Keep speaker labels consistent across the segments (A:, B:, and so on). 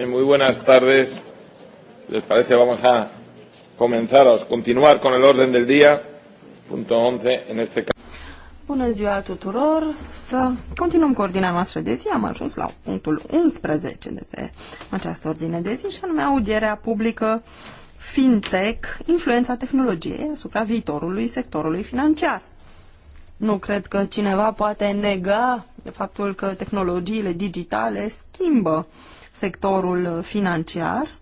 A: Eh, muy buenas tardes. Les parece, vamos a comenzar, a continuar con el orden del día. Punto 11 en este caso.
B: Bună ziua tuturor! Să continuăm cu ordinea noastră de zi. Am ajuns la punctul 11 de pe această ordine de zi și anume audierea publică FinTech, influența tehnologiei asupra viitorului sectorului financiar. Nu cred că cineva poate nega faptul că tehnologiile digitale schimbă uh, sectorul financiar.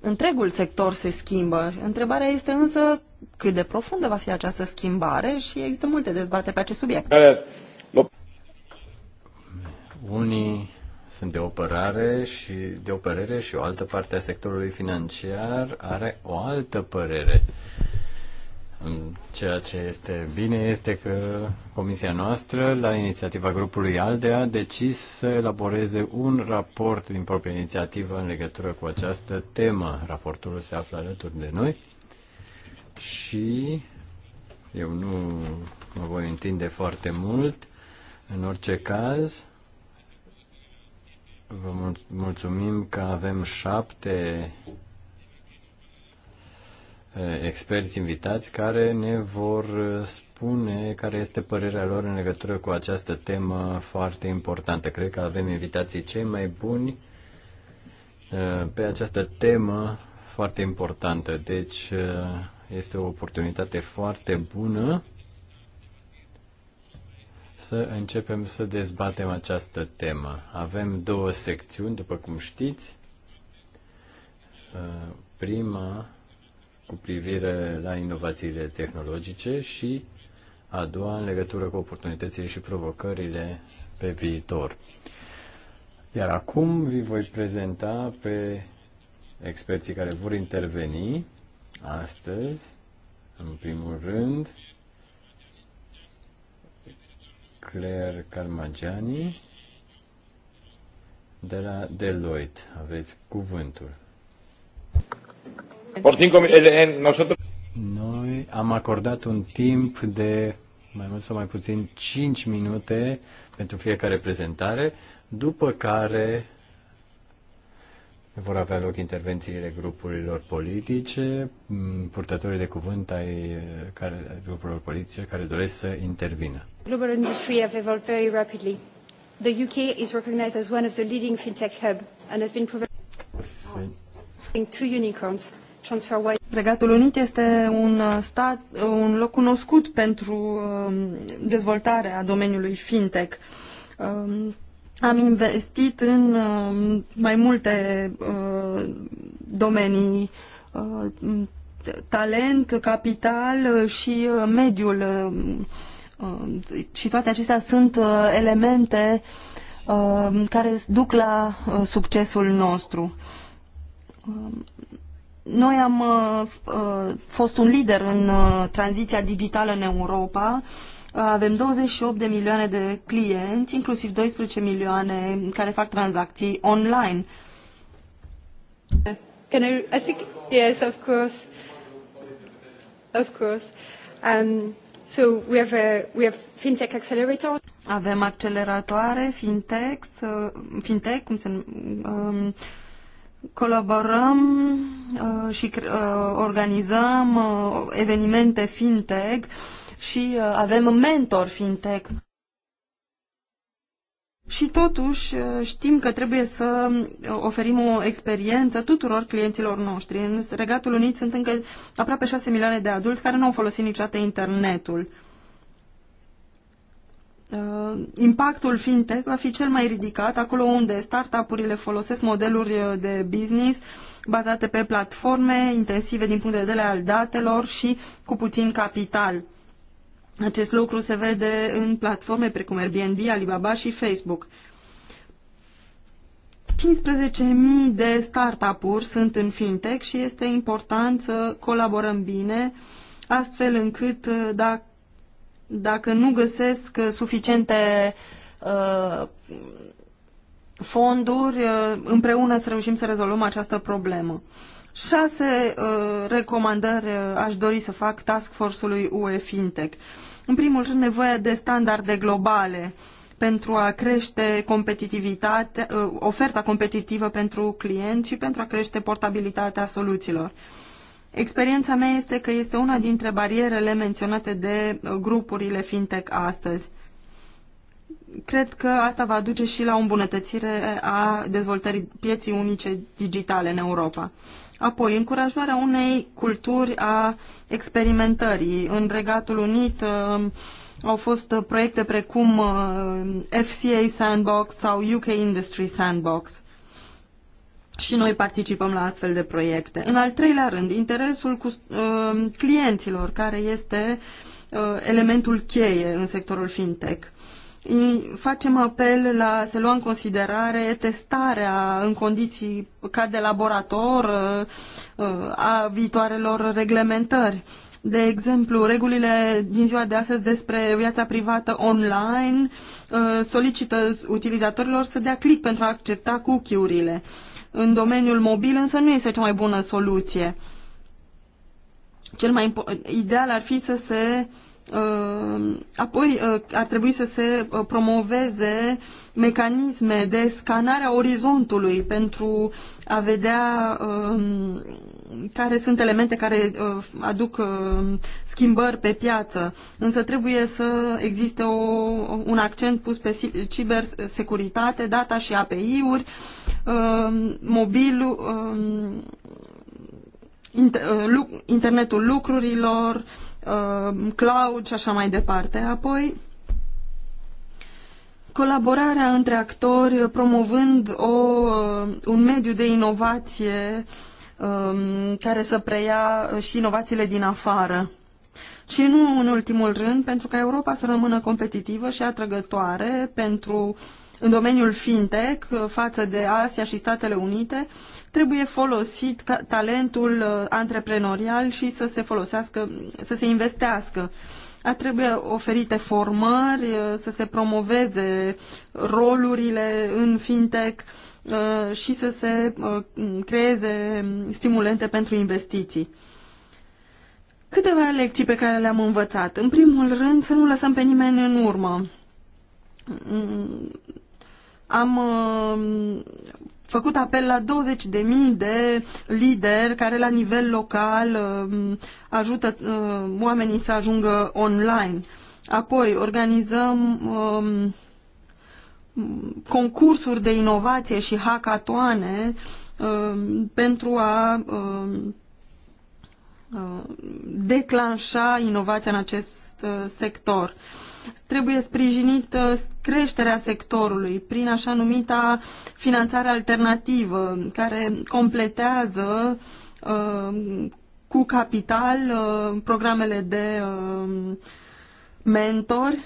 B: Întregul sector se schimbă. Întrebarea este însă cât de profundă va fi această schimbare și există multe dezbateri pe acest
C: subiect. Unii sunt de o părere și de o părere și o altă parte a sectorului financiar are o altă părere. Ceea ce este bine este că comisia noastră, la inițiativa grupului ALDE, a decis să elaboreze un raport din propria inițiativă în legătură cu această temă. Raportul se află alături de noi și eu nu mă voi întinde foarte mult. În orice caz, vă mulțumim că avem șapte Eh, experți invitați care ne vor eh, spune care este părerea lor în legătură cu această temă foarte importantă. Cred că avem invitații cei mai buni eh, pe această temă foarte importantă. Deci este o oportunitate foarte bună să începem să dezbatem această temă. Avem două secțiuni, după cum știți. Prima cu privire la inovațiile tehnologice și a doua în legătură cu oportunitățile și provocările pe viitor. Iar acum vi voi prezenta pe experții care vor interveni astăzi, în primul rând, Claire Calmagiani de la Deloitte. Aveți cuvântul. Noi am acordat un timp de mai mult sau mai puțin 5 minute pentru fiecare prezentare, după care vor avea loc intervențiile grupurilor politice, mm, purtătorii de cuvânt ai care, grupurilor politice care doresc să intervină.
D: Global industry have evolved very rapidly. The UK is recognized as one of the leading fintech hub and has been providing two unicorns
B: Regatul Unit este un, uh, stat, uh, un loc cunoscut pentru um, dezvoltarea domeniului fintech. Um, am investit în um, mai multe uh, domenii talent, capital și mediul. Și toate acestea sunt elemente care duc la succesul nostru. Noi am uh, uh, fost un lider în uh, tranziția digitală în Europa. Avem 28 de milioane de clienți, inclusiv 12 milioane care fac tranzacții online. Can I, I speak? Yes, of course.
D: Of course. Um, so we have, a, we have FinTech
B: Accelerator. Avem acceleratoare, fintech, fintech cum se um, Colaborăm uh, și uh, organizăm uh, evenimente fintech și uh, avem mentor fintech. Și totuși uh, știm că trebuie să uh, oferim o experiență tuturor clienților noștri. În Regatul Unit sunt încă aproape 6 milioane de adulți care nu au folosit niciodată internetul. Uh, Uh, impactul fintech va fi cel mai ridicat acolo unde startup-urile folosesc modeluri uh, de business bazate pe platforme intensive din punct de vedere al datelor și cu puțin capital. Acest lucru se vede în platforme precum Airbnb, Alibaba și Facebook. 15.000 de startup-uri sunt în fintech și este important să colaborăm bine astfel încât uh, dacă dacă nu găsesc uh, suficiente uh, fonduri, uh, împreună să reușim să rezolvăm această problemă. Șase uh, recomandări uh, aș dori să fac task force-ului UE Fintech. În primul rând, nevoie de standarde globale pentru a crește competitivitatea, uh, oferta competitivă pentru clienți și pentru a crește portabilitatea soluțiilor. Uh, Experiența mea este că este una dintre barierele menționate de uh, grupurile fintech astăzi. Cred că asta va duce și la o îmbunătățire a dezvoltării pieții unice digitale în Europa. Apoi, încurajarea unei culturi a experimentării. În Regatul Unit uh, au fost proiecte precum uh, FCA Sandbox sau UK Industry Sandbox și noi participăm la astfel de proiecte. În al treilea rând, interesul cu, uh, clienților, care este uh, elementul cheie în sectorul fintech. I facem apel la se lua în considerare testarea în condiții ca de laborator uh, uh, a viitoarelor reglementări. De exemplu, regulile din ziua de astăzi despre viața privată online uh, solicită utilizatorilor să dea click pentru a accepta cookie-urile în domeniul mobil, însă nu este cea mai bună soluție. Cel mai ideal ar fi să se uh, apoi uh, ar trebui să se uh, promoveze mecanisme de scanare a orizontului pentru a vedea care sunt elemente care uh, aduc uh, schimbări pe piață, însă trebuie să existe o, un accent pus pe cibersecuritate, data și API-uri, uh, mobilul, um, internetul lucrurilor, cloud și așa mai departe. Apoi, colaborarea între actori promovând o, un mediu de inovație Um, care să preia și inovațiile din afară. Și nu în ultimul rând, pentru ca Europa să rămână competitivă și atrăgătoare pentru în domeniul fintech față de Asia și Statele Unite, trebuie folosit talentul uh, antreprenorial și să se folosească, să se investească. A trebuie oferite formări, uh, să se promoveze rolurile în fintech, Uh, și să se uh, creeze stimulente pentru investiții. Câteva lecții pe care le-am învățat. În primul rând, să nu lăsăm pe nimeni în urmă. Mm, am uh, făcut apel la 20.000 de lideri care la nivel local ajută oamenii să ajungă online. Apoi organizăm um, concursuri de inovație și hackatoane um, pentru a um, uh, declanșa inovația în acest uh, sector. Trebuie sprijinită uh, creșterea sectorului prin așa numita finanțare alternativă, care completează um, cu capital programele de mentori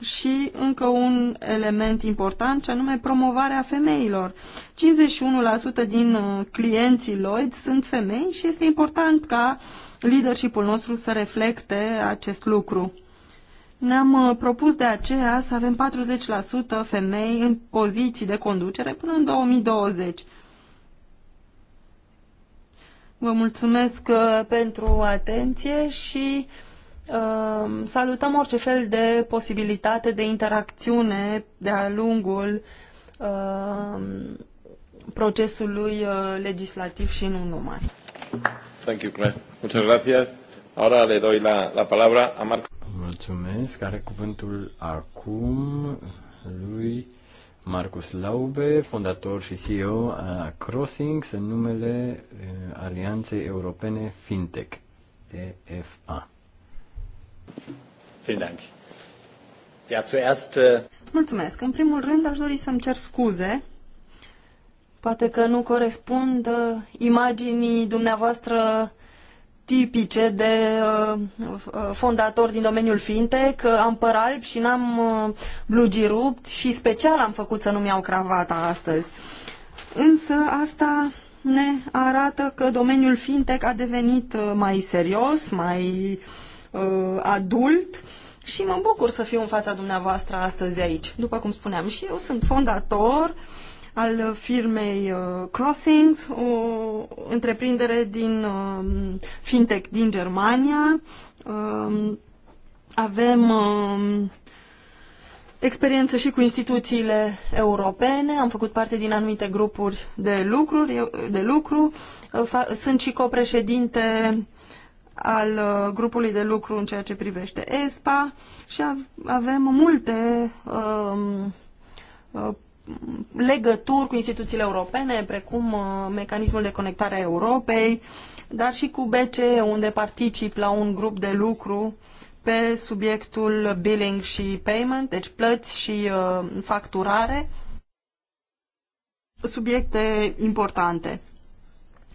B: și încă un element important, ce anume promovarea femeilor. 51% din uh, clienții Lloyd sunt femei și este important ca leadershipul nostru să reflecte acest lucru. Ne-am uh, propus de aceea să avem 40% femei în poziții de conducere până în 2020. Vă mulțumesc uh, pentru atenție și Ehm, salutăm orice fel de posibilitate de interacțiune de-a lungul uh, procesului uh, legislativ și nu numai.
C: Thank you, Claire. Muchas
A: gracias. Ahora le doy la, la palabra a Marco.
C: Mulțumesc. Are cuvântul acum lui Marcus Laube, fondator și CEO a Crossings în numele uh, Alianței Europene Fintech, EFA. Äh,
B: Mulțumesc. În primul rând, aș dori să-mi cer scuze. Poate că nu corespund uh, imaginii dumneavoastră tipice de uh, uh fondator din domeniul fintech. Am păr alb și n-am uh, blugi rupt și special am făcut să nu-mi iau cravata astăzi. Însă asta ne arată că domeniul fintech a devenit uh, mai serios, mai uh, Uh, adult și mă bucur să fiu în fața dumneavoastră astăzi aici. După cum spuneam și eu, sunt fondator al firmei uh, Crossings, o întreprindere din um, fintech din Germania. Um, avem um, experiență și cu instituțiile europene, am făcut parte din anumite grupuri de, lucruri, de lucru, uh, sunt și copreședinte al uh, grupului de lucru în ceea ce privește ESPA și avem multe um, uh, legături cu instituțiile europene, precum uh, mecanismul de conectare a Europei, dar și cu BCE, unde particip la un grup de lucru pe subiectul billing și payment, deci plăți și facturare, subiecte importante.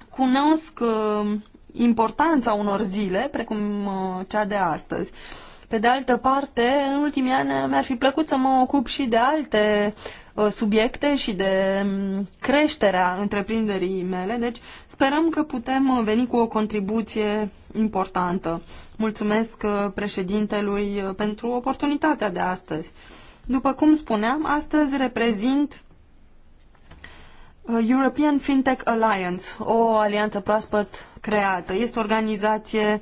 B: Cunosc importanța unor zile, precum uh, cea de astăzi. Pe de altă parte, în ultimii ani mi-ar fi plăcut să mă ocup și de alte uh, subiecte și de mm, creșterea întreprinderii mele, deci sperăm că putem uh, veni cu o contribuție importantă. Mulțumesc președintelui pentru oportunitatea de astăzi. După cum spuneam, astăzi reprezint Uh, european Fintech Alliance, o alianță proaspăt creată. Este o organizație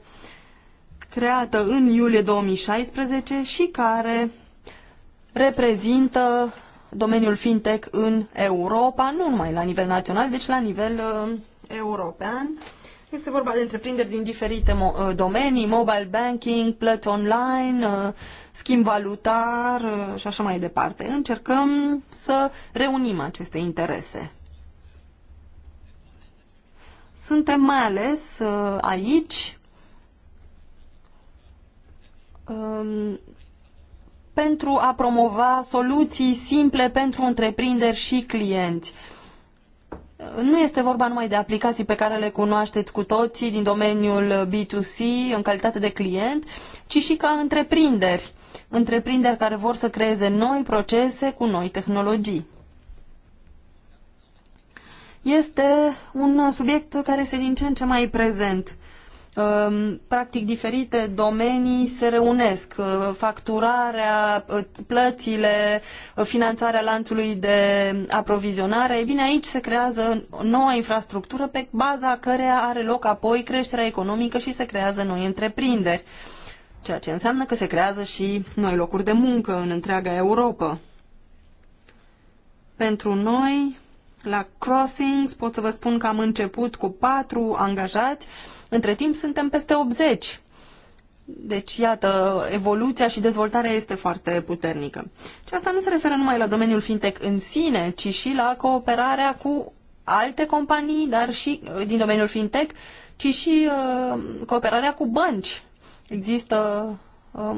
B: creată în iulie 2016 și care reprezintă domeniul fintech în Europa, nu numai la nivel național, deci la nivel uh, european. Este vorba de întreprinderi din diferite mo uh, domenii, mobile banking, plăți online, uh, schimb valutar uh, și așa mai departe. Încercăm să reunim aceste interese. Suntem mai ales uh, aici um, pentru a promova soluții simple pentru întreprinderi și clienți. Nu este vorba numai de aplicații pe care le cunoașteți cu toții din domeniul B2C în calitate de client, ci și ca întreprinderi. Întreprinderi care vor să creeze noi procese cu noi tehnologii este un subiect care este din ce în ce mai prezent. Um, practic, diferite domenii se reunesc. Uh, facturarea, uh, plățile, uh, finanțarea lanțului de aprovizionare. E bine, aici se creează noua infrastructură pe baza căreia are loc apoi creșterea economică și se creează noi întreprinderi. Ceea ce înseamnă că se creează și noi locuri de muncă în întreaga Europa. Pentru noi, la Crossings pot să vă spun că am început cu patru angajați, între timp suntem peste 80. Deci, iată, evoluția și dezvoltarea este foarte puternică. Și asta nu se referă numai la domeniul fintech în sine, ci și la cooperarea cu alte companii, dar și uh, din domeniul fintech, ci și uh, cooperarea cu bănci. Există uh,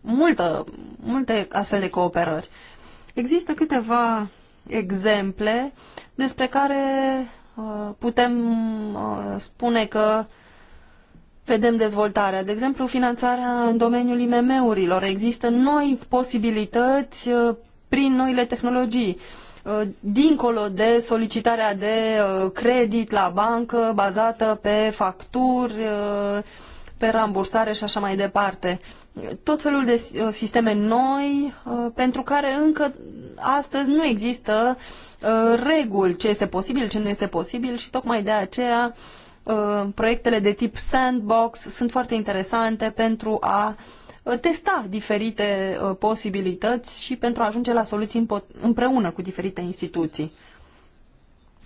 B: multă, multe astfel de cooperări. Există câteva exemple despre care uh, putem uh, spune că vedem dezvoltarea. De exemplu, finanțarea în domeniul IMM-urilor. Există noi posibilități uh, prin noile tehnologii dincolo de solicitarea de credit la bancă bazată pe facturi pe rambursare și așa mai departe. Tot felul de uh, sisteme noi uh, pentru care încă astăzi nu există uh, reguli ce este posibil, ce nu este posibil și tocmai de aceea proiectele de tip sandbox sunt foarte interesante pentru a testa diferite posibilități și pentru a ajunge la soluții împreună cu diferite instituții.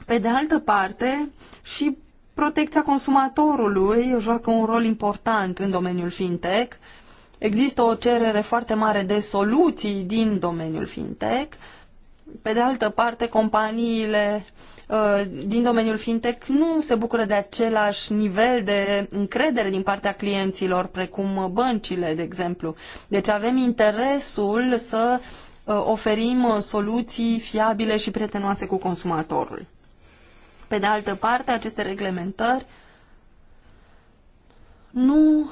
B: Pe de altă parte, și Protecția consumatorului joacă un rol important în domeniul fintech. Există o cerere foarte mare de soluții din domeniul fintech. Pe de altă parte, companiile uh, din domeniul fintech nu se bucură de același nivel de încredere din partea clienților, precum băncile, de exemplu. Deci avem interesul să uh, oferim soluții fiabile și prietenoase cu consumatorul. Pe de altă parte, aceste reglementări nu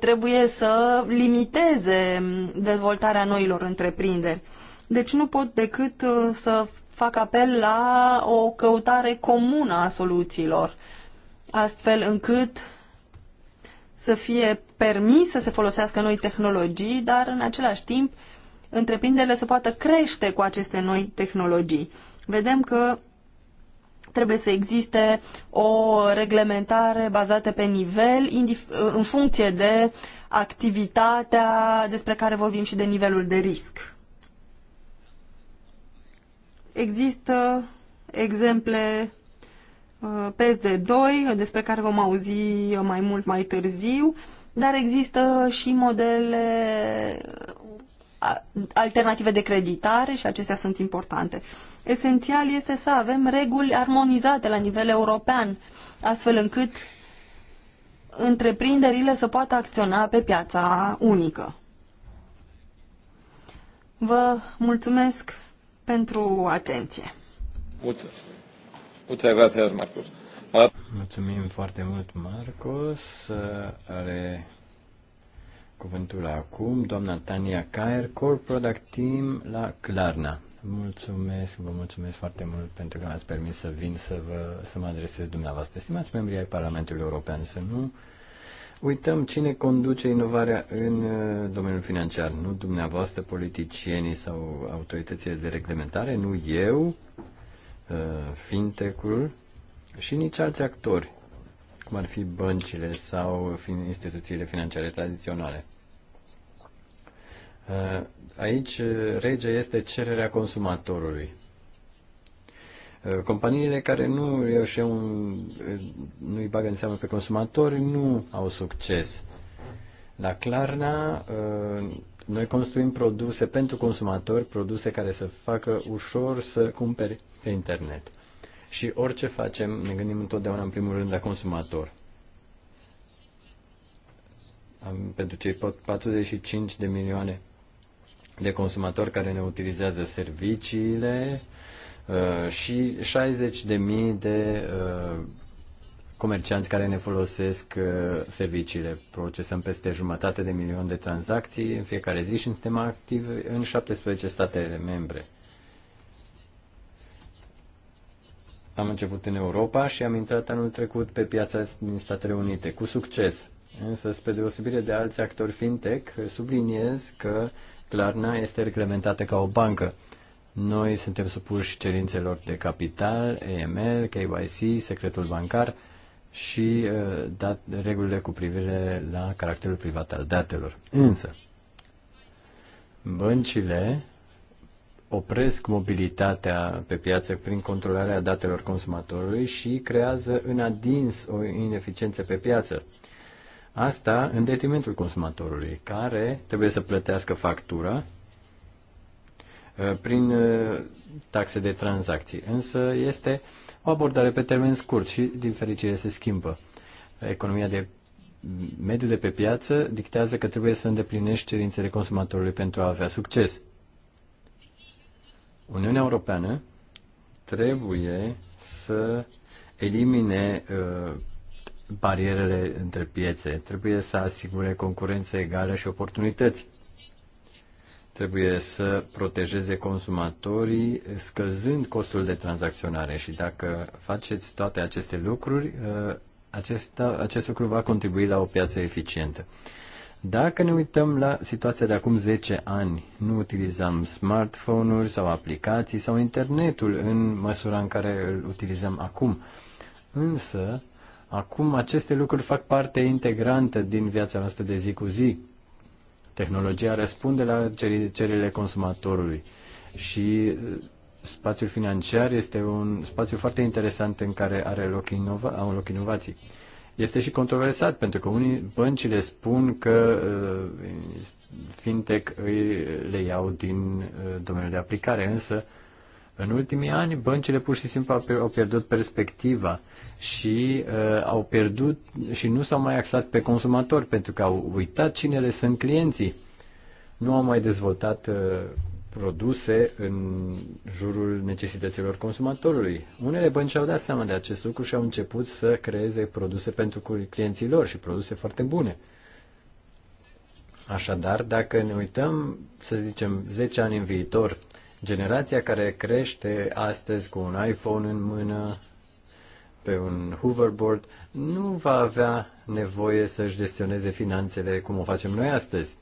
B: trebuie să limiteze dezvoltarea noilor întreprinderi. Deci nu pot decât uh, să fac apel la o căutare comună a soluțiilor, astfel încât să fie permis să se folosească noi tehnologii, dar în același timp întreprinderile să poată crește cu aceste noi tehnologii. Vedem că trebuie să existe o reglementare bazată pe nivel, în funcție de activitatea despre care vorbim și de nivelul de risc. Există exemple uh, PSD2, despre care vom auzi mai mult mai târziu, dar există și modele uh, alternative de creditare și acestea sunt importante esențial este să avem reguli armonizate la nivel european, astfel încât întreprinderile să poată acționa pe piața unică. Vă mulțumesc pentru atenție.
C: Mulțumim foarte mult, Marcos. Are cuvântul acum doamna Tania Caer, Core Product Team la Clarna. Mulțumesc, vă mulțumesc foarte mult pentru că m-ați permis să vin să, vă, să mă adresez dumneavoastră. Stimați membrii ai Parlamentului European, să nu uităm cine conduce inovarea în uh, domeniul financiar. Nu dumneavoastră, politicienii sau autoritățile de reglementare, nu eu, uh, fintech-ul și nici alți actori, cum ar fi băncile sau instituțiile financiare tradiționale uh, Aici uh, rege este cererea consumatorului. Uh, companiile care nu reușeau, uh, nu îi bagă în seamă pe consumatori, nu au succes. La Clarna, noi construim produse pentru consumatori, produse care să facă ușor să cumperi pe internet. Și orice facem, ne gândim întotdeauna în primul rând la consumator. Am, pentru cei 45 de milioane de consumatori care ne utilizează serviciile uh, și 60.000 de uh, comercianți care ne folosesc uh, serviciile. Procesăm peste jumătate de milion de tranzacții în fiecare zi și suntem activi în 17 state membre. Am început în Europa și am intrat anul trecut pe piața din Statele Unite, cu succes. Însă, spre deosebire de alți actori fintech, subliniez că Clarna este reglementată ca o bancă. Noi suntem supuși cerințelor de capital, EML, KYC, secretul bancar și uh, dat, regulile cu privire la caracterul privat al datelor. Însă, băncile opresc mobilitatea pe piață prin controlarea datelor consumatorului și creează în adins o ineficiență pe piață. Asta în detrimentul consumatorului, care trebuie să plătească factura uh, prin uh, taxe de tranzacții. Însă este o abordare pe termen scurt și, din fericire, se schimbă. Economia de mediu de pe piață dictează că trebuie să îndeplinești cerințele consumatorului pentru a avea succes. Uniunea Europeană trebuie să elimine uh, barierele între piețe. Trebuie să asigure concurență egală și oportunități. Trebuie să protejeze consumatorii scăzând costul de tranzacționare și dacă faceți toate aceste lucruri, ă, acesta, acest lucru va contribui la o piață eficientă. Dacă ne uităm la situația de acum 10 ani, nu utilizam smartphone-uri sau aplicații sau internetul în măsura în care îl utilizăm acum. Însă, Acum aceste lucruri fac parte integrantă din viața noastră de zi cu zi. Tehnologia răspunde la cererile consumatorului și uh, spațiul financiar este un spațiu foarte interesant în care are loc, inova, au loc inovații. Este și controversat pentru că unii băncile spun că uh, fintech îi, le iau din uh, domeniul de aplicare, însă în ultimii ani băncile pur și simplu au pierdut perspectiva și uh, au pierdut și nu s-au mai axat pe consumatori pentru că au uitat cine le sunt clienții. Nu au mai dezvoltat uh, produse în jurul necesităților consumatorului. Unele bănci au dat seama de acest lucru și au început să creeze produse pentru clienții lor și produse foarte bune. Așadar, dacă ne uităm, să zicem, 10 ani în viitor, generația care crește astăzi cu un iPhone în mână, pe un hoverboard, nu va avea nevoie să-și gestioneze finanțele cum o facem noi astăzi.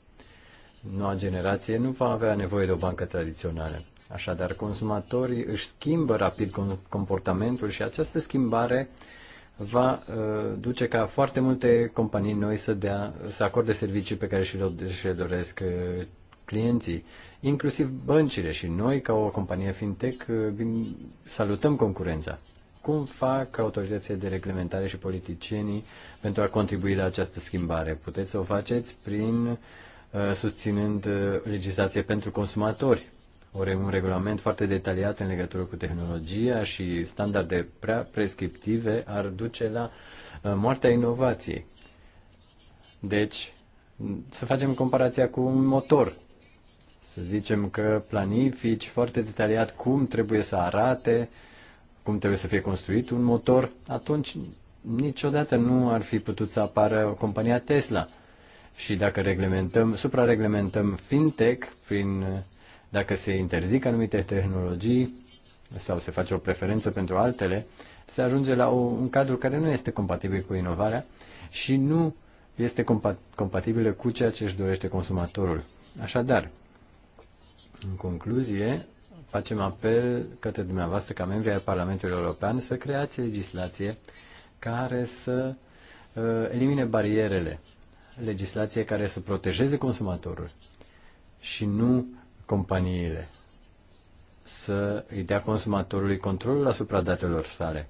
C: Noua generație nu va avea nevoie de o bancă tradițională. Așadar, consumatorii își schimbă rapid comportamentul și această schimbare va uh, duce ca foarte multe companii noi să, dea, să acorde servicii pe care și le doresc uh, clienții, inclusiv băncile și noi, ca o companie fintech, uh, salutăm concurența. Cum fac autoritățile de reglementare și politicienii pentru a contribui la această schimbare? Puteți să o faceți prin uh, susținând uh, legislație pentru consumatori, ori un regulament foarte detaliat în legătură cu tehnologia și standarde prea prescriptive ar duce la uh, moartea inovației. Deci, să facem comparația cu un motor. Să zicem că planifici foarte detaliat cum trebuie să arate uh, cum trebuie să fie construit un motor, atunci niciodată nu ar fi putut să apară compania Tesla. Și dacă reglementăm, suprareglementăm fintech prin dacă se interzic anumite tehnologii sau se face o preferență pentru altele, se ajunge la o, un cadru care nu este compatibil cu inovarea și nu este compat, compatibilă cu ceea ce își dorește consumatorul. Așadar, în concluzie, facem apel către dumneavoastră ca membri ai Parlamentului European să creați legislație care să uh, elimine barierele, legislație care să protejeze consumatorul și nu companiile, să îi dea consumatorului controlul asupra datelor sale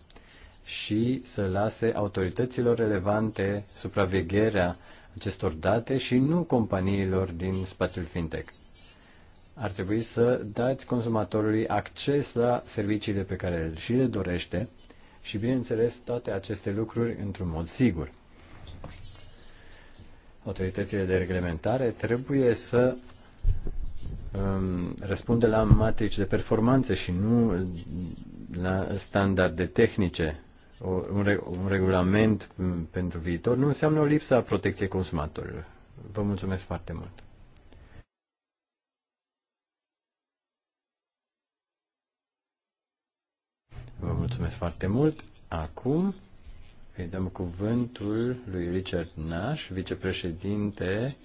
C: și să lase autorităților relevante supravegherea acestor date și nu companiilor din spațiul fintech ar trebui să dați consumatorului acces la serviciile pe care și le dorește și, bineînțeles, toate aceste lucruri într-un mod sigur. Autoritățile de reglementare trebuie să um, răspundă la matrici de performanță și nu la standarde tehnice. O, un, re, un regulament um, pentru viitor nu înseamnă o lipsă a protecției consumatorilor. Vă mulțumesc foarte mult! Vă mulțumesc foarte mult. Acum îi dăm cuvântul lui Richard Nash, vicepreședinte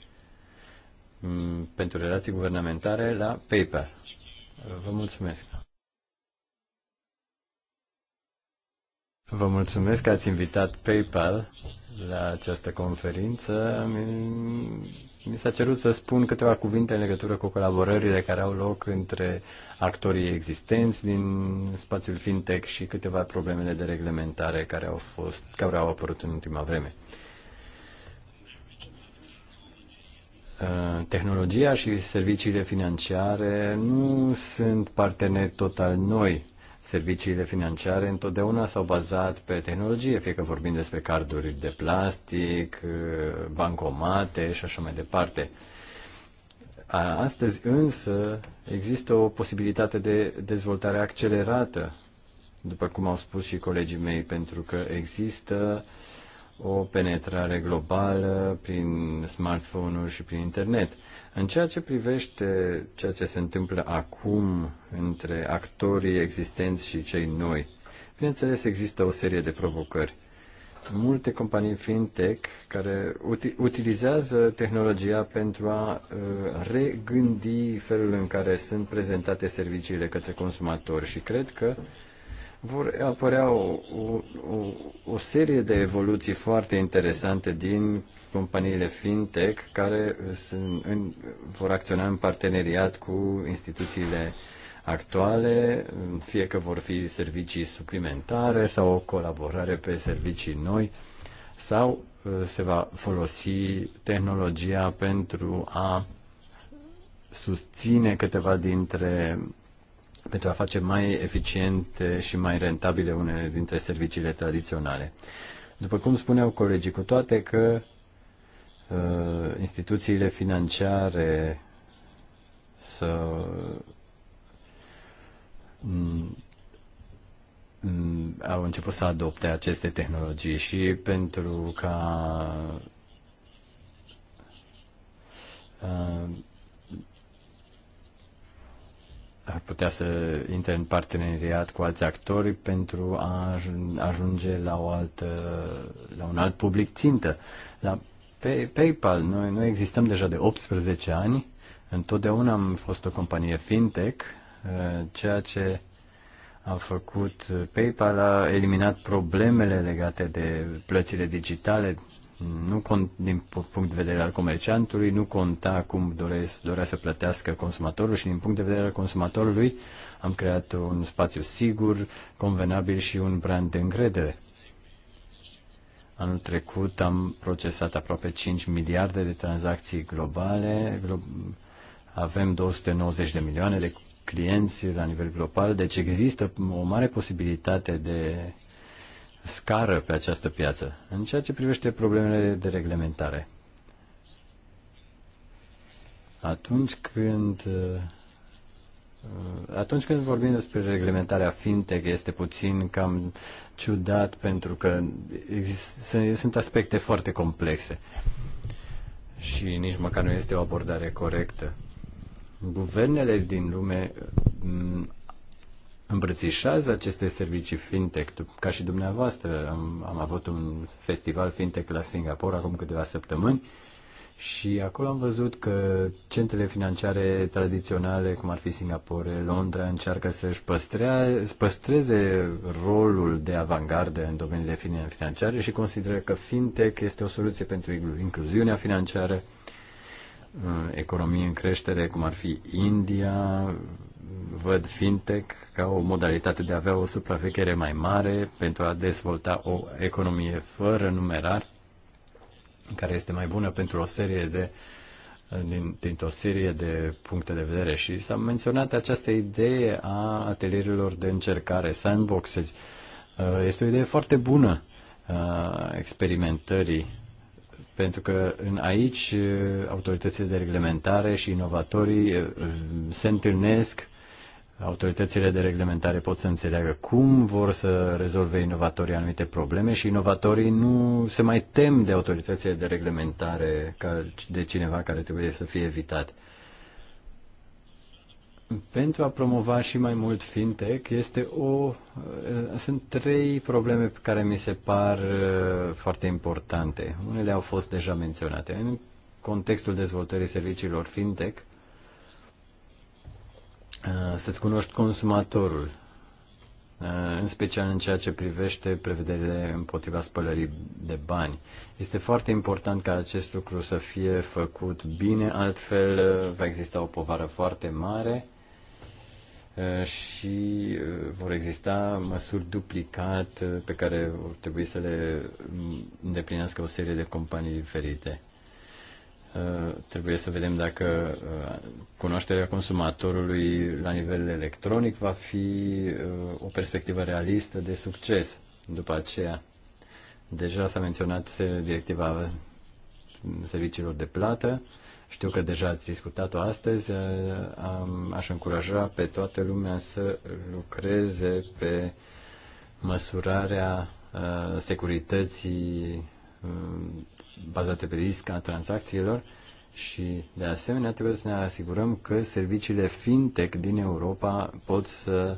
C: mm, pentru relații guvernamentare la PayPal. Vă mulțumesc. Vă mulțumesc că ați invitat PayPal la această conferință. Mi s-a cerut să spun câteva cuvinte în legătură cu colaborările care au loc între actorii existenți din spațiul fintech și câteva problemele de reglementare care au, fost, care au apărut în ultima vreme. Uh, tehnologia și serviciile financiare nu sunt parteneri total noi Serviciile financiare întotdeauna s-au bazat pe tehnologie, fie că vorbim despre carduri de plastic, eh, bancomate și așa mai departe. Astăzi însă există o posibilitate de dezvoltare accelerată, după cum au spus și colegii mei, pentru că există uh, o penetrare globală prin smartphone-uri și prin internet. În ceea ce privește ceea ce se întâmplă acum între actorii existenți și cei noi, bineînțeles există o serie de provocări. Multe companii fintech care utilizează tehnologia pentru a uh, regândi felul în care sunt prezentate serviciile către consumatori și cred că uh, vor apărea o, o, o, o serie de evoluții foarte interesante din companiile fintech care sunt în, vor acționa în parteneriat cu instituțiile actuale, fie că vor fi servicii suplimentare sau o colaborare pe servicii noi sau uh, se va folosi tehnologia pentru a susține câteva dintre pentru a face mai eficiente și mai rentabile unele dintre serviciile tradiționale. După cum spuneau colegii, cu toate că uh, instituțiile financiare să mm, mm, au început să adopte aceste tehnologii și pentru ca uh, ar putea să intre în parteneriat cu alți actori pentru a ajunge la, o altă, la un alt public țintă. La PayPal, noi, noi existăm deja de 18 ani, întotdeauna am fost o companie fintech, uh, ceea ce a făcut uh, PayPal a eliminat problemele legate de plățile digitale nu din punct de vedere al comerciantului, nu conta cum doresc, dorea să plătească consumatorul și din punct de vedere al consumatorului am creat un spațiu sigur, convenabil și un brand de încredere. Anul trecut am procesat aproape 5 miliarde de tranzacții globale, avem 290 de milioane de clienți la nivel global, deci există o mare posibilitate de scară pe această piață în ceea ce privește problemele de reglementare. Atunci când uh, atunci când vorbim despre reglementarea fintech, este puțin cam ciudat pentru că exist, sunt aspecte foarte complexe și nici măcar nu este o abordare corectă. Guvernele din lume mm, îmbrățișează aceste servicii fintech. Ca și dumneavoastră, am, am avut un festival fintech la Singapore acum câteva săptămâni și acolo am văzut că centrele financiare tradiționale, cum ar fi Singapore, Londra, încearcă să-și păstreze rolul de avangardă în domeniile financiare și consideră că fintech este o soluție pentru incluziunea financiară, uh, economie în creștere, cum ar fi India, văd fintech ca o modalitate de a avea o supraveghere mai mare pentru a dezvolta o economie fără numerar, care este mai bună pentru o serie de din, dintr-o serie de puncte de vedere și s-a menționat această idee a atelierilor de încercare, sandboxes. Uh, este o idee foarte bună a uh, experimentării pentru că în aici uh, autoritățile de reglementare și inovatorii se întâlnesc autoritățile de reglementare pot să înțeleagă cum vor să rezolve inovatorii anumite probleme și inovatorii nu se mai tem de autoritățile de reglementare ca de cineva care trebuie să fie evitat. Pentru a promova și mai mult fintech este o, uh, sunt trei probleme care mi se par uh, foarte importante. Unele au fost deja menționate. În contextul dezvoltării serviciilor fintech, Uh, să-ți cunoști consumatorul, uh, în special în ceea ce privește prevederile împotriva spălării de bani. Este foarte important ca acest lucru să fie făcut bine, altfel uh, va exista o povară foarte mare și vor exista măsuri duplicat pe care vor trebui să le mm, îndeplinească o serie de companii diferite. Eh, trebuie să vedem dacă eh, cunoașterea consumatorului la nivel electronic va fi eh, o perspectivă realistă de succes. După aceea, deja s-a menționat directiva mm, serviciilor de plată. Știu că deja ați discutat-o astăzi. Aș încuraja pe toată lumea să lucreze pe măsurarea securității Uh, bazate pe risc a tranzacțiilor și, de asemenea, trebuie să ne asigurăm că serviciile fintech din Europa pot să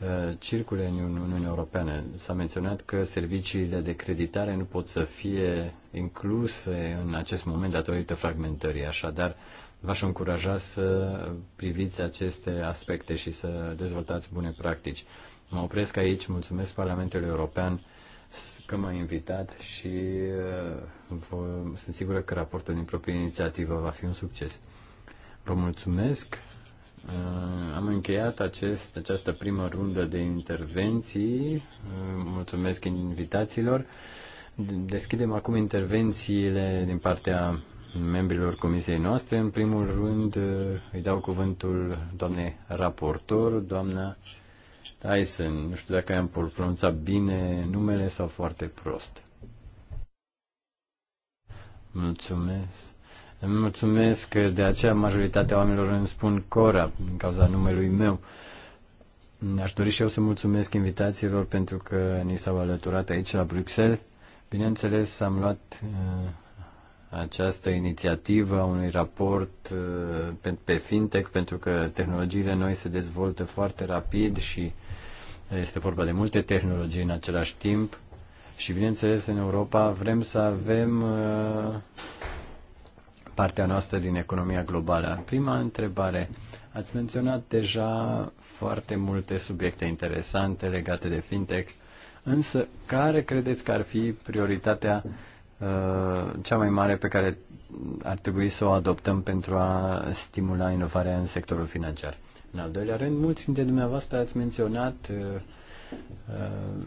C: uh, circule în Uniunea Europeană. S-a menționat că serviciile de creditare nu pot să fie incluse în acest moment datorită fragmentării, așadar v-aș încuraja să priviți aceste aspecte și să dezvoltați bune practici. Mă opresc aici, mulțumesc Parlamentului European că m-a invitat și uh, vă, sunt sigură că raportul din proprie inițiativă va fi un succes. Vă mulțumesc. Uh, am încheiat acest, această primă rundă de intervenții. Uh, mulțumesc invitațiilor. Deschidem acum intervențiile din partea membrilor comisiei noastre. În primul rând îi dau cuvântul doamnei raportor, doamna Tyson. Nu știu dacă am pronunțat bine numele sau foarte prost. Mulțumesc. Îmi mulțumesc că de aceea majoritatea oamenilor îmi spun Cora, din cauza numelui meu. Aș dori și eu să mulțumesc invitațiilor pentru că ni s-au alăturat aici la Bruxelles. Bineînțeles, am luat uh, această inițiativă a unui raport uh, pe fintech, pentru că tehnologiile noi se dezvoltă foarte rapid și este vorba de multe tehnologii în același timp. Și bineînțeles, în Europa vrem să avem uh, partea noastră din economia globală. Prima întrebare. Ați menționat deja foarte multe subiecte interesante legate de fintech, însă care credeți că ar fi prioritatea Uh, cea mai mare pe care ar trebui să o adoptăm pentru a stimula inovarea în sectorul financiar. În al doilea rând, mulți dintre dumneavoastră ați menționat uh, uh,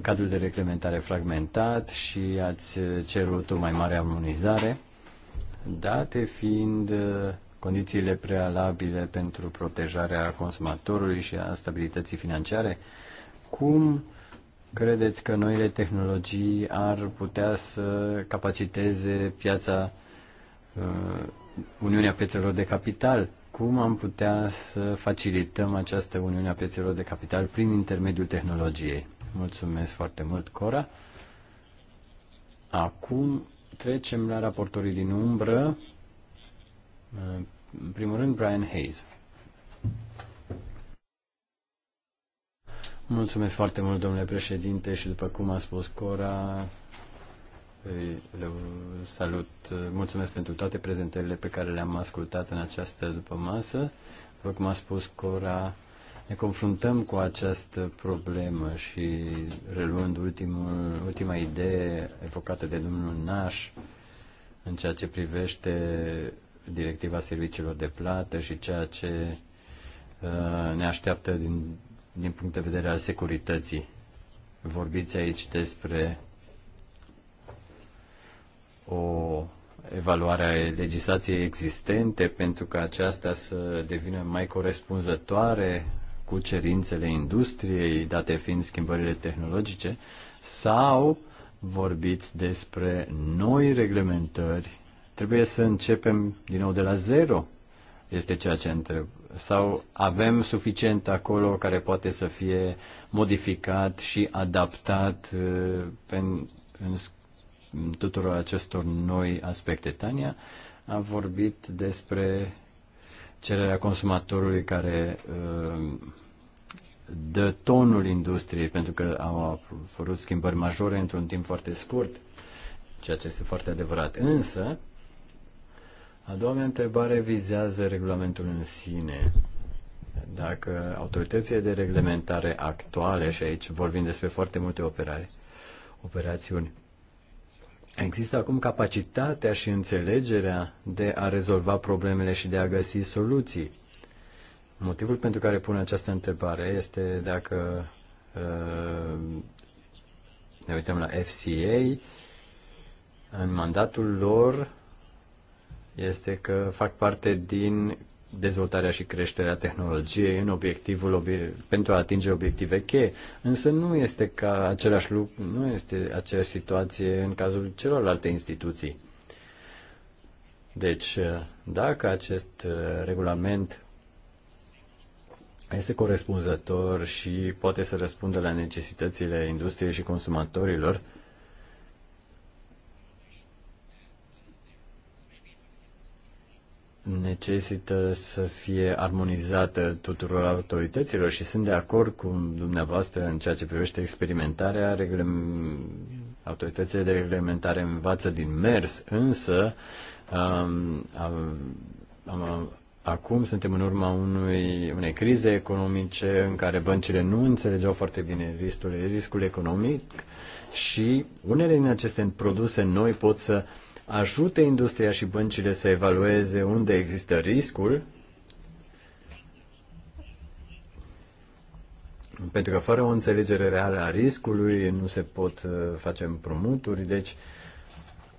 C: cadrul de reglementare fragmentat și ați cerut o mai mare armonizare, date fiind condițiile prealabile pentru protejarea consumatorului și a stabilității financiare, cum uh, Credeți că noile tehnologii ar putea să capaciteze piața uh, Uniunea Piețelor de Capital? Cum am putea să facilităm această uniunea Piețelor de Capital prin intermediul tehnologiei? Mulțumesc foarte mult, Cora. Acum trecem la raportorii din umbră. Uh, în primul rând, Brian Hayes. Mulțumesc foarte mult, domnule președinte, și după cum a spus Cora, le salut, mulțumesc pentru toate prezentările pe care le-am ascultat în această după masă. După cum a spus Cora, ne confruntăm cu această problemă și reluând ultimul, ultima idee evocată de domnul Naș în ceea ce privește directiva serviciilor de plată și ceea ce uh, ne așteaptă din din punct de vedere al securității. Vorbiți aici despre o evaluare a legislației existente pentru ca aceasta să devină mai corespunzătoare cu cerințele industriei, date fiind schimbările tehnologice, sau vorbiți despre noi reglementări. Trebuie să începem din nou de la zero, este ceea ce întreb, sau avem suficient acolo care poate să fie modificat și adaptat uh, în, în tuturor acestor noi aspecte. Tania a vorbit despre cererea consumatorului care uh, dă tonul industriei, pentru că au apărut schimbări majore într-un timp foarte scurt, ceea ce este foarte adevărat. Însă, a doua mea întrebare vizează regulamentul în sine. Dacă autoritățile de reglementare actuale, și aici vorbim despre foarte multe operare, operațiuni, există acum capacitatea și înțelegerea de a rezolva problemele și de a găsi soluții. Motivul pentru care pun această întrebare este dacă uh, ne uităm la FCA, în mandatul lor este că fac parte din dezvoltarea și creșterea tehnologiei în obiectivul obie- pentru a atinge obiective cheie, însă nu este ca același lucru, nu este aceeași situație în cazul celorlalte instituții. Deci, dacă acest uh, regulament este corespunzător și poate să răspundă la necesitățile industriei și consumatorilor, necesită să fie armonizată tuturor autorităților și sunt de acord cu dumneavoastră în ceea ce privește experimentarea. Autoritățile de reglementare învață din mers, însă um, am, acum suntem în urma unui, unei crize economice în care băncile nu înțelegeau foarte bine riscul, riscul economic și unele din aceste produse noi pot să uh, ajute industria și băncile să evalueze unde există riscul, pentru că fără o înțelegere reală a riscului nu se pot uh, face împrumuturi, deci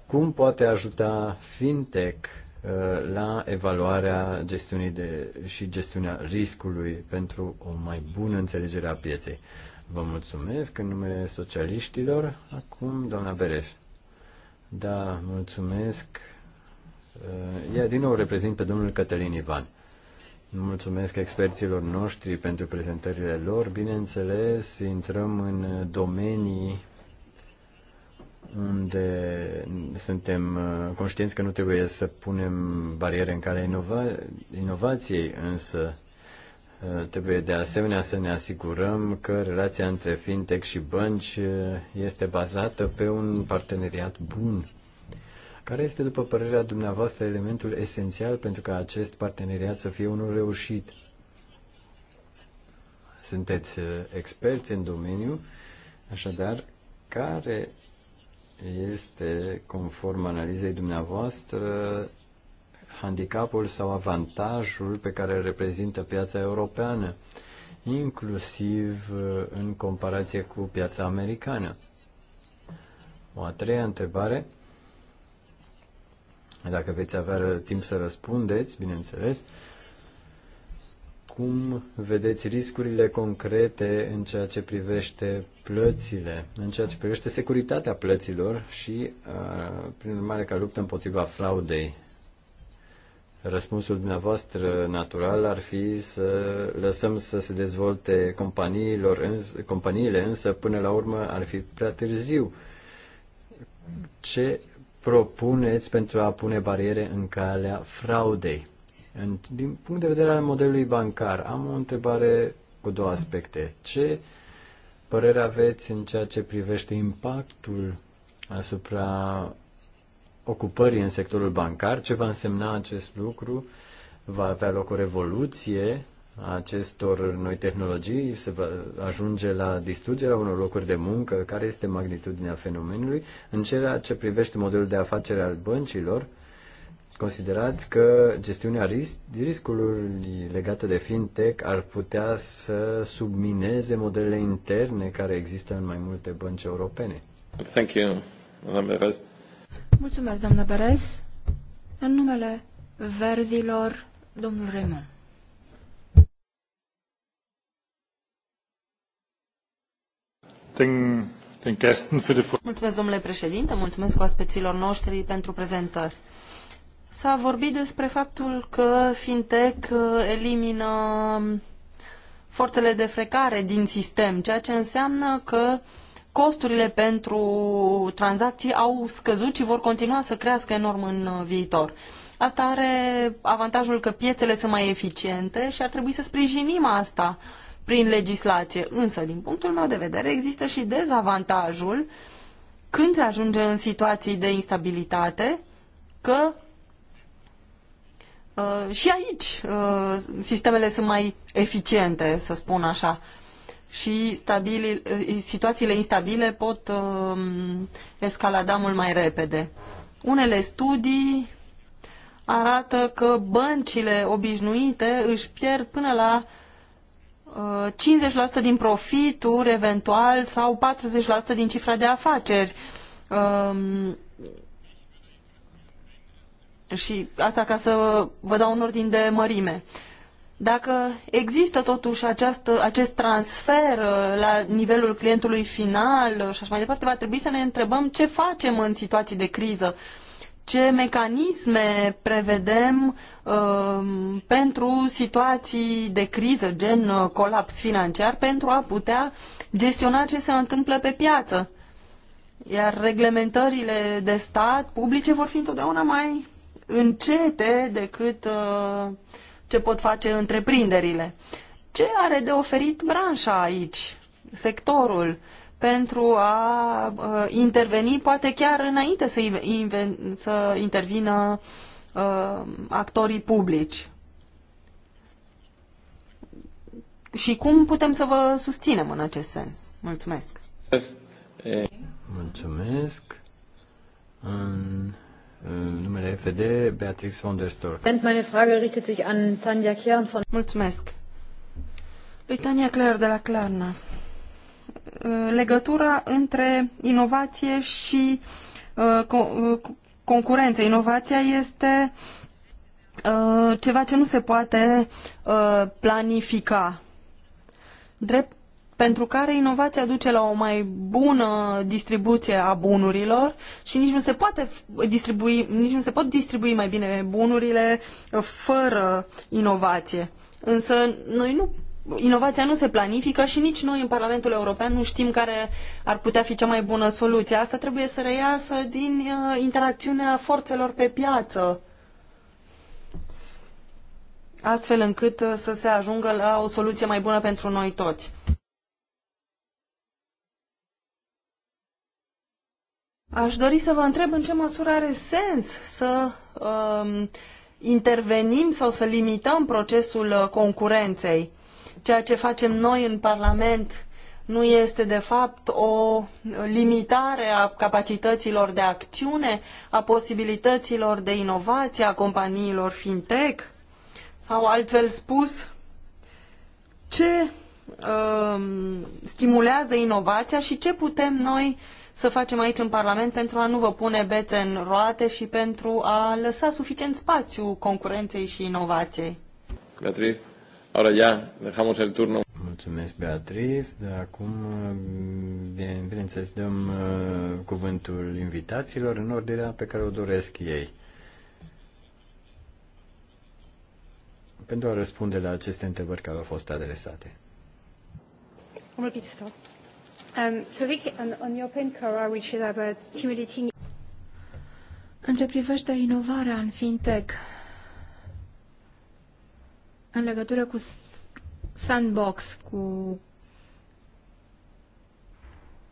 C: cum poate ajuta fintech uh, la evaluarea gestiunii de, și gestiunea riscului pentru o mai bună înțelegere a pieței. Vă mulțumesc în numele socialiștilor. Acum, doamna Bereș. Da, mulțumesc. Uh, ia din nou reprezint pe domnul Cătălin Ivan. Mulțumesc experților noștri pentru prezentările lor. Bineînțeles, intrăm în domenii unde suntem uh, conștienți că nu trebuie să punem bariere în calea inova- inovației, însă Uh, trebuie de asemenea să ne asigurăm că relația între fintech și bănci uh, este bazată pe un parteneriat bun. Care este, după părerea dumneavoastră, elementul esențial pentru ca acest parteneriat să fie unul reușit? Sunteți uh, experți în domeniu, așadar, care este, conform analizei dumneavoastră, handicapul sau avantajul pe care îl reprezintă piața europeană, inclusiv uh, în comparație cu piața americană. O a treia întrebare, dacă veți avea timp să răspundeți, bineînțeles, cum vedeți riscurile concrete în ceea ce privește plățile, în ceea ce privește securitatea plăților și, uh, prin urmare, ca luptă împotriva fraudei. Răspunsul dumneavoastră natural ar fi să lăsăm să se dezvolte companiilor, companiile, însă până la urmă ar fi prea târziu. Ce propuneți pentru a pune bariere în calea fraudei? În, din punct de vedere al modelului bancar, am o întrebare cu două aspecte. Ce părere aveți în ceea ce privește impactul asupra ocupării în sectorul bancar. Ce va însemna acest lucru? Va avea loc o revoluție a acestor noi tehnologii, se va ajunge la distrugerea unor locuri de muncă, care este magnitudinea fenomenului. În ceea ce privește modelul de afacere al băncilor, considerați că gestiunea risc, riscului legată de fintech ar putea să submineze modelele interne care există în mai multe bănci europene?
A: Thank you,
D: Mulțumesc, doamnă Beres. În numele verzilor, domnul Raymond.
B: Mulțumesc, domnule președinte, mulțumesc oaspeților noștri pentru prezentări. S-a vorbit despre faptul că fintech uh, elimină um, forțele de frecare din sistem, ceea ce înseamnă că costurile pentru tranzacții au scăzut și vor continua să crească enorm în uh, viitor. Asta are avantajul că piețele sunt mai eficiente și ar trebui să sprijinim asta prin legislație. Însă, din punctul meu de vedere, există și dezavantajul când se ajunge în situații de instabilitate că uh, și aici uh, sistemele sunt mai eficiente, să spun așa și stabili, situațiile instabile pot uh, escalada mult mai repede. Unele studii arată că băncile obișnuite își pierd până la uh, 50% din profituri eventual sau 40% din cifra de afaceri. Uh, și asta ca să vă dau un ordin de mărime. Uh, dacă există totuși acest acest transfer uh, la nivelul clientului final uh, și așa mai departe, va trebui să ne întrebăm ce facem în situații de criză, ce mecanisme prevedem uh, pentru situații de criză, gen uh, colaps financiar, pentru a putea gestiona ce se întâmplă pe piață. Iar reglementările de stat publice vor fi întotdeauna mai încete decât uh, ce pot face întreprinderile. Ce are de oferit branșa aici, sectorul, pentru a interveni, poate chiar înainte să, să intervină uh, actorii publici? Și cum putem să vă susținem în acest sens?
C: Mulțumesc! Mulțumesc! În numele FD, Beatrix von der Stork.
B: Meine Frage richtet sich an Tanja Kern von... Mulțumesc. Lui Tania Clare de la Clarna. Ă, legătura între inovație și ă, ă, concurență. Inovația este ceva ce nu se poate planifica. Drept pentru care inovația duce la o mai bună distribuție a bunurilor și nici nu se poate distribui, nici nu se pot distribui mai bine bunurile uh, fără inovație. Însă noi nu inovația nu se planifică și nici noi în Parlamentul European nu știm care ar putea fi cea mai bună soluție. Asta trebuie să reiasă din uh, interacțiunea forțelor pe piață astfel încât uh, să se ajungă la o soluție mai bună pentru noi toți. Aș dori să vă întreb în ce măsură are sens să um, intervenim sau să limităm procesul uh, concurenței. Ceea ce facem noi în Parlament nu este de fapt o limitare a capacităților de acțiune, a posibilităților de inovație a companiilor fintech? Sau altfel spus, ce um, stimulează inovația și ce putem noi uh, să facem aici în Parlament pentru a nu vă pune bețe în roate și pentru a lăsa suficient spațiu concurenței și inovației.
A: Beatriz, ahora ya dejamos el turno.
C: Mulțumesc, Beatriz. De acum, bineînțeles, dăm uh, cuvântul invitațiilor în ordinea pe care o doresc ei. Pentru a răspunde la aceste întrebări care au fost adresate.
D: Cum Um, so Vic, on, your pen, which is about stimulating... În ce privește inovarea în fintech, în legătură cu sandbox, cu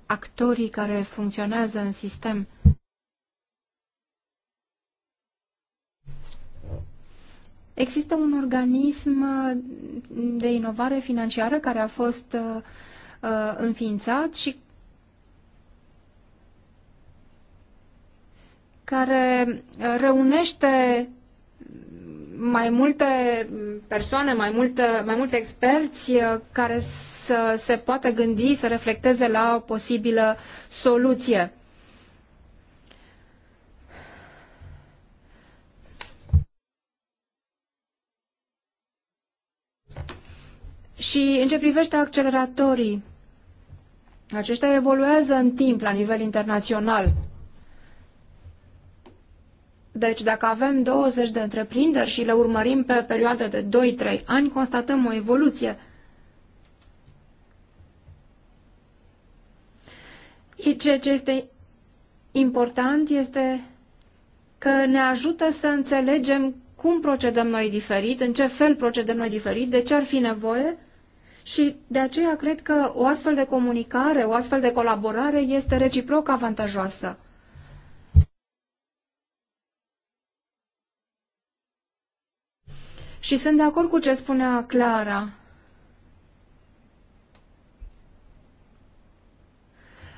D: actorii care funcționează în sistem. Există un organism de inovare financiară care a fost uh, uh, înființat și care uh, reunește mai multe persoane, mai, multe, mai mulți experți uh, care să se poată gândi, să reflecteze la o posibilă soluție. Și în ce privește acceleratorii, aceștia evoluează în timp la nivel internațional. Deci dacă avem 20 de întreprinderi și le urmărim pe perioade de 2-3 ani, constatăm o evoluție. Ceea ce este important este că ne ajută să înțelegem cum procedăm noi diferit, în ce fel procedăm noi diferit, de ce ar fi nevoie și de aceea cred că o astfel de comunicare, o astfel de colaborare este reciproc avantajoasă. Și sunt de acord cu ce spunea Clara.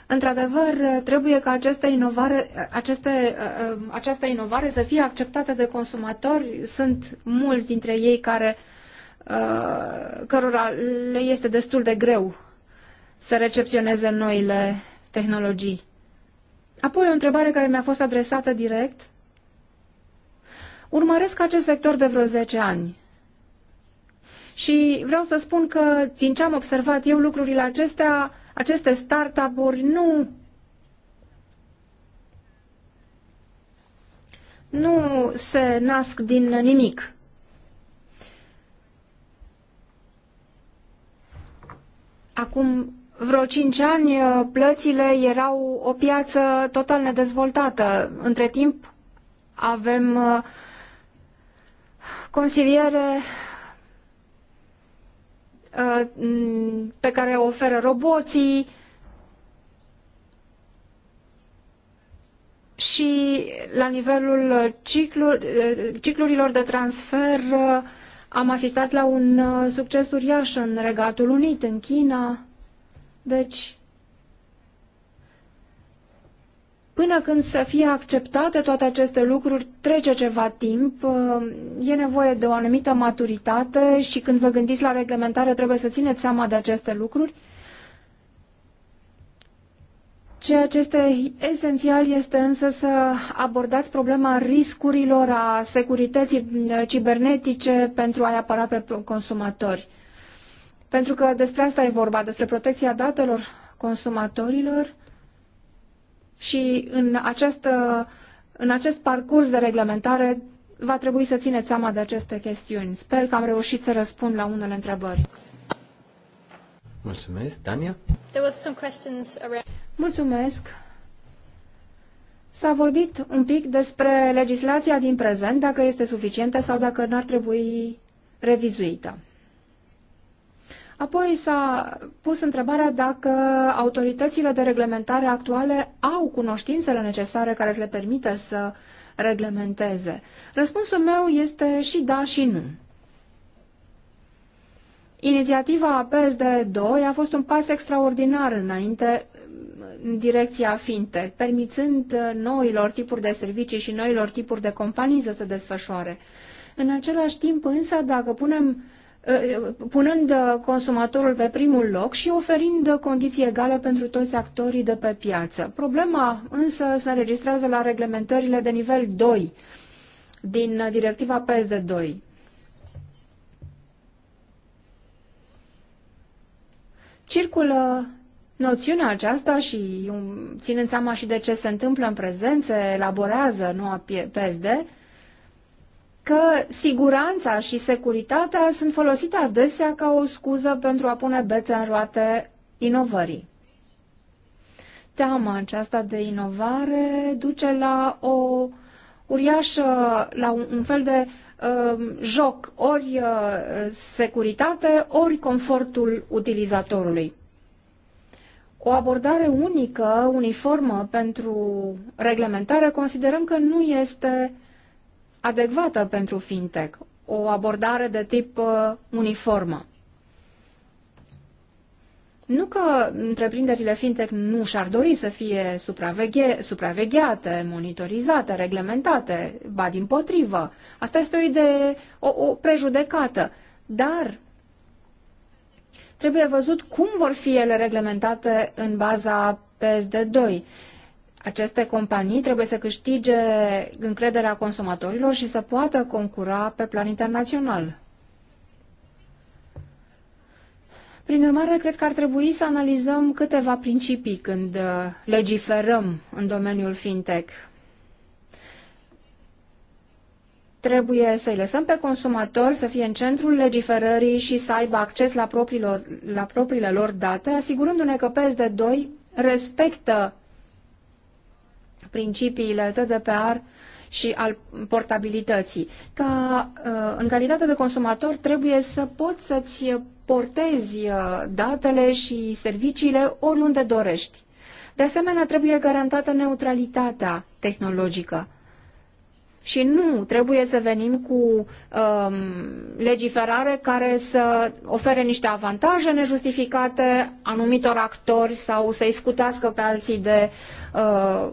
D: Într-adevăr, trebuie ca aceste inovare, aceste, uh, uh, această inovare să fie acceptată de consumatori. Sunt mulți dintre ei care Uh, cărora le este destul de greu să recepționeze noile tehnologii. Apoi o întrebare care mi-a fost adresată direct. Urmăresc acest sector de vreo 10 ani. Și vreau să spun că, din ce am observat eu, lucrurile acestea, aceste startup-uri nu nu se nasc din nimic. Acum vreo cinci ani uh, plățile erau o piață total nedezvoltată. Între timp avem uh, consiliere uh, pe care o oferă roboții și la nivelul ciclurilor de transfer am asistat la un uh, succes uriaș în Regatul Unit, în China. Deci, până când să fie acceptate toate aceste lucruri, trece ceva timp, uh, e nevoie de o anumită maturitate și când vă gândiți la reglementare trebuie să țineți seama de aceste lucruri. Ceea ce este esențial este însă să abordați problema riscurilor a securității mm, cibernetice pentru a-i apăra pe consumatori. Pentru că despre asta e vorba, despre protecția datelor consumatorilor și în, acest în acest parcurs de reglementare va trebui să țineți seama de aceste chestiuni. Sper că am reușit să răspund la unele întrebări.
C: Mulțumesc. Dania?
A: There was some questions around...
D: Mulțumesc! S-a vorbit un pic despre legislația din prezent, dacă este suficientă sau dacă n-ar trebui revizuită. Apoi s-a pus întrebarea dacă autoritățile de reglementare actuale au cunoștințele necesare care să le permită să reglementeze. Răspunsul meu este și da și nu. Inițiativa PSD2 a fost un pas extraordinar înainte în direcția fintech, permițând uh, noilor tipuri de servicii și noilor tipuri de companii să se desfășoare. În același timp, însă, dacă punem uh, punând uh, consumatorul pe primul loc și oferind condiții egale pentru toți actorii de pe piață. Problema însă se înregistrează la reglementările de nivel 2 din directiva PSD2. Circulă Noțiunea aceasta și um, ținând seama și de ce se întâmplă în prezent, se elaborează noua PSD, că siguranța și securitatea sunt folosite adesea ca o scuză pentru a pune bețe în roate inovării. Teama aceasta de inovare duce la o uriașă, la un fel de uh, joc, ori uh, securitate, ori confortul utilizatorului o abordare unică, uniformă pentru reglementare, considerăm că nu este adecvată pentru fintech. O abordare de tip uh, uniformă. Nu că întreprinderile fintech nu și-ar dori să fie supraveghe, supravegheate, monitorizate, reglementate, ba din potrivă. Asta este o idee, o, o prejudecată. Dar Trebuie văzut cum vor fi ele reglementate în baza PSD2. Aceste companii trebuie să câștige încrederea consumatorilor și să poată concura pe plan internațional. Prin urmare, cred că ar trebui să analizăm câteva principii când uh, legiferăm în domeniul fintech. Trebuie să-i lăsăm pe consumatori să fie în centrul legiferării și să aibă acces la, propriilor, la propriile lor date, asigurându-ne că PSD2 respectă principiile TDPR și al portabilității. Ca, uh, în calitate de consumator trebuie să poți să-ți portezi uh, datele și serviciile oriunde dorești. De asemenea, trebuie garantată neutralitatea tehnologică. Și nu trebuie să venim cu um, legiferare care să ofere niște avantaje nejustificate anumitor actori sau să-i scutească pe alții de uh,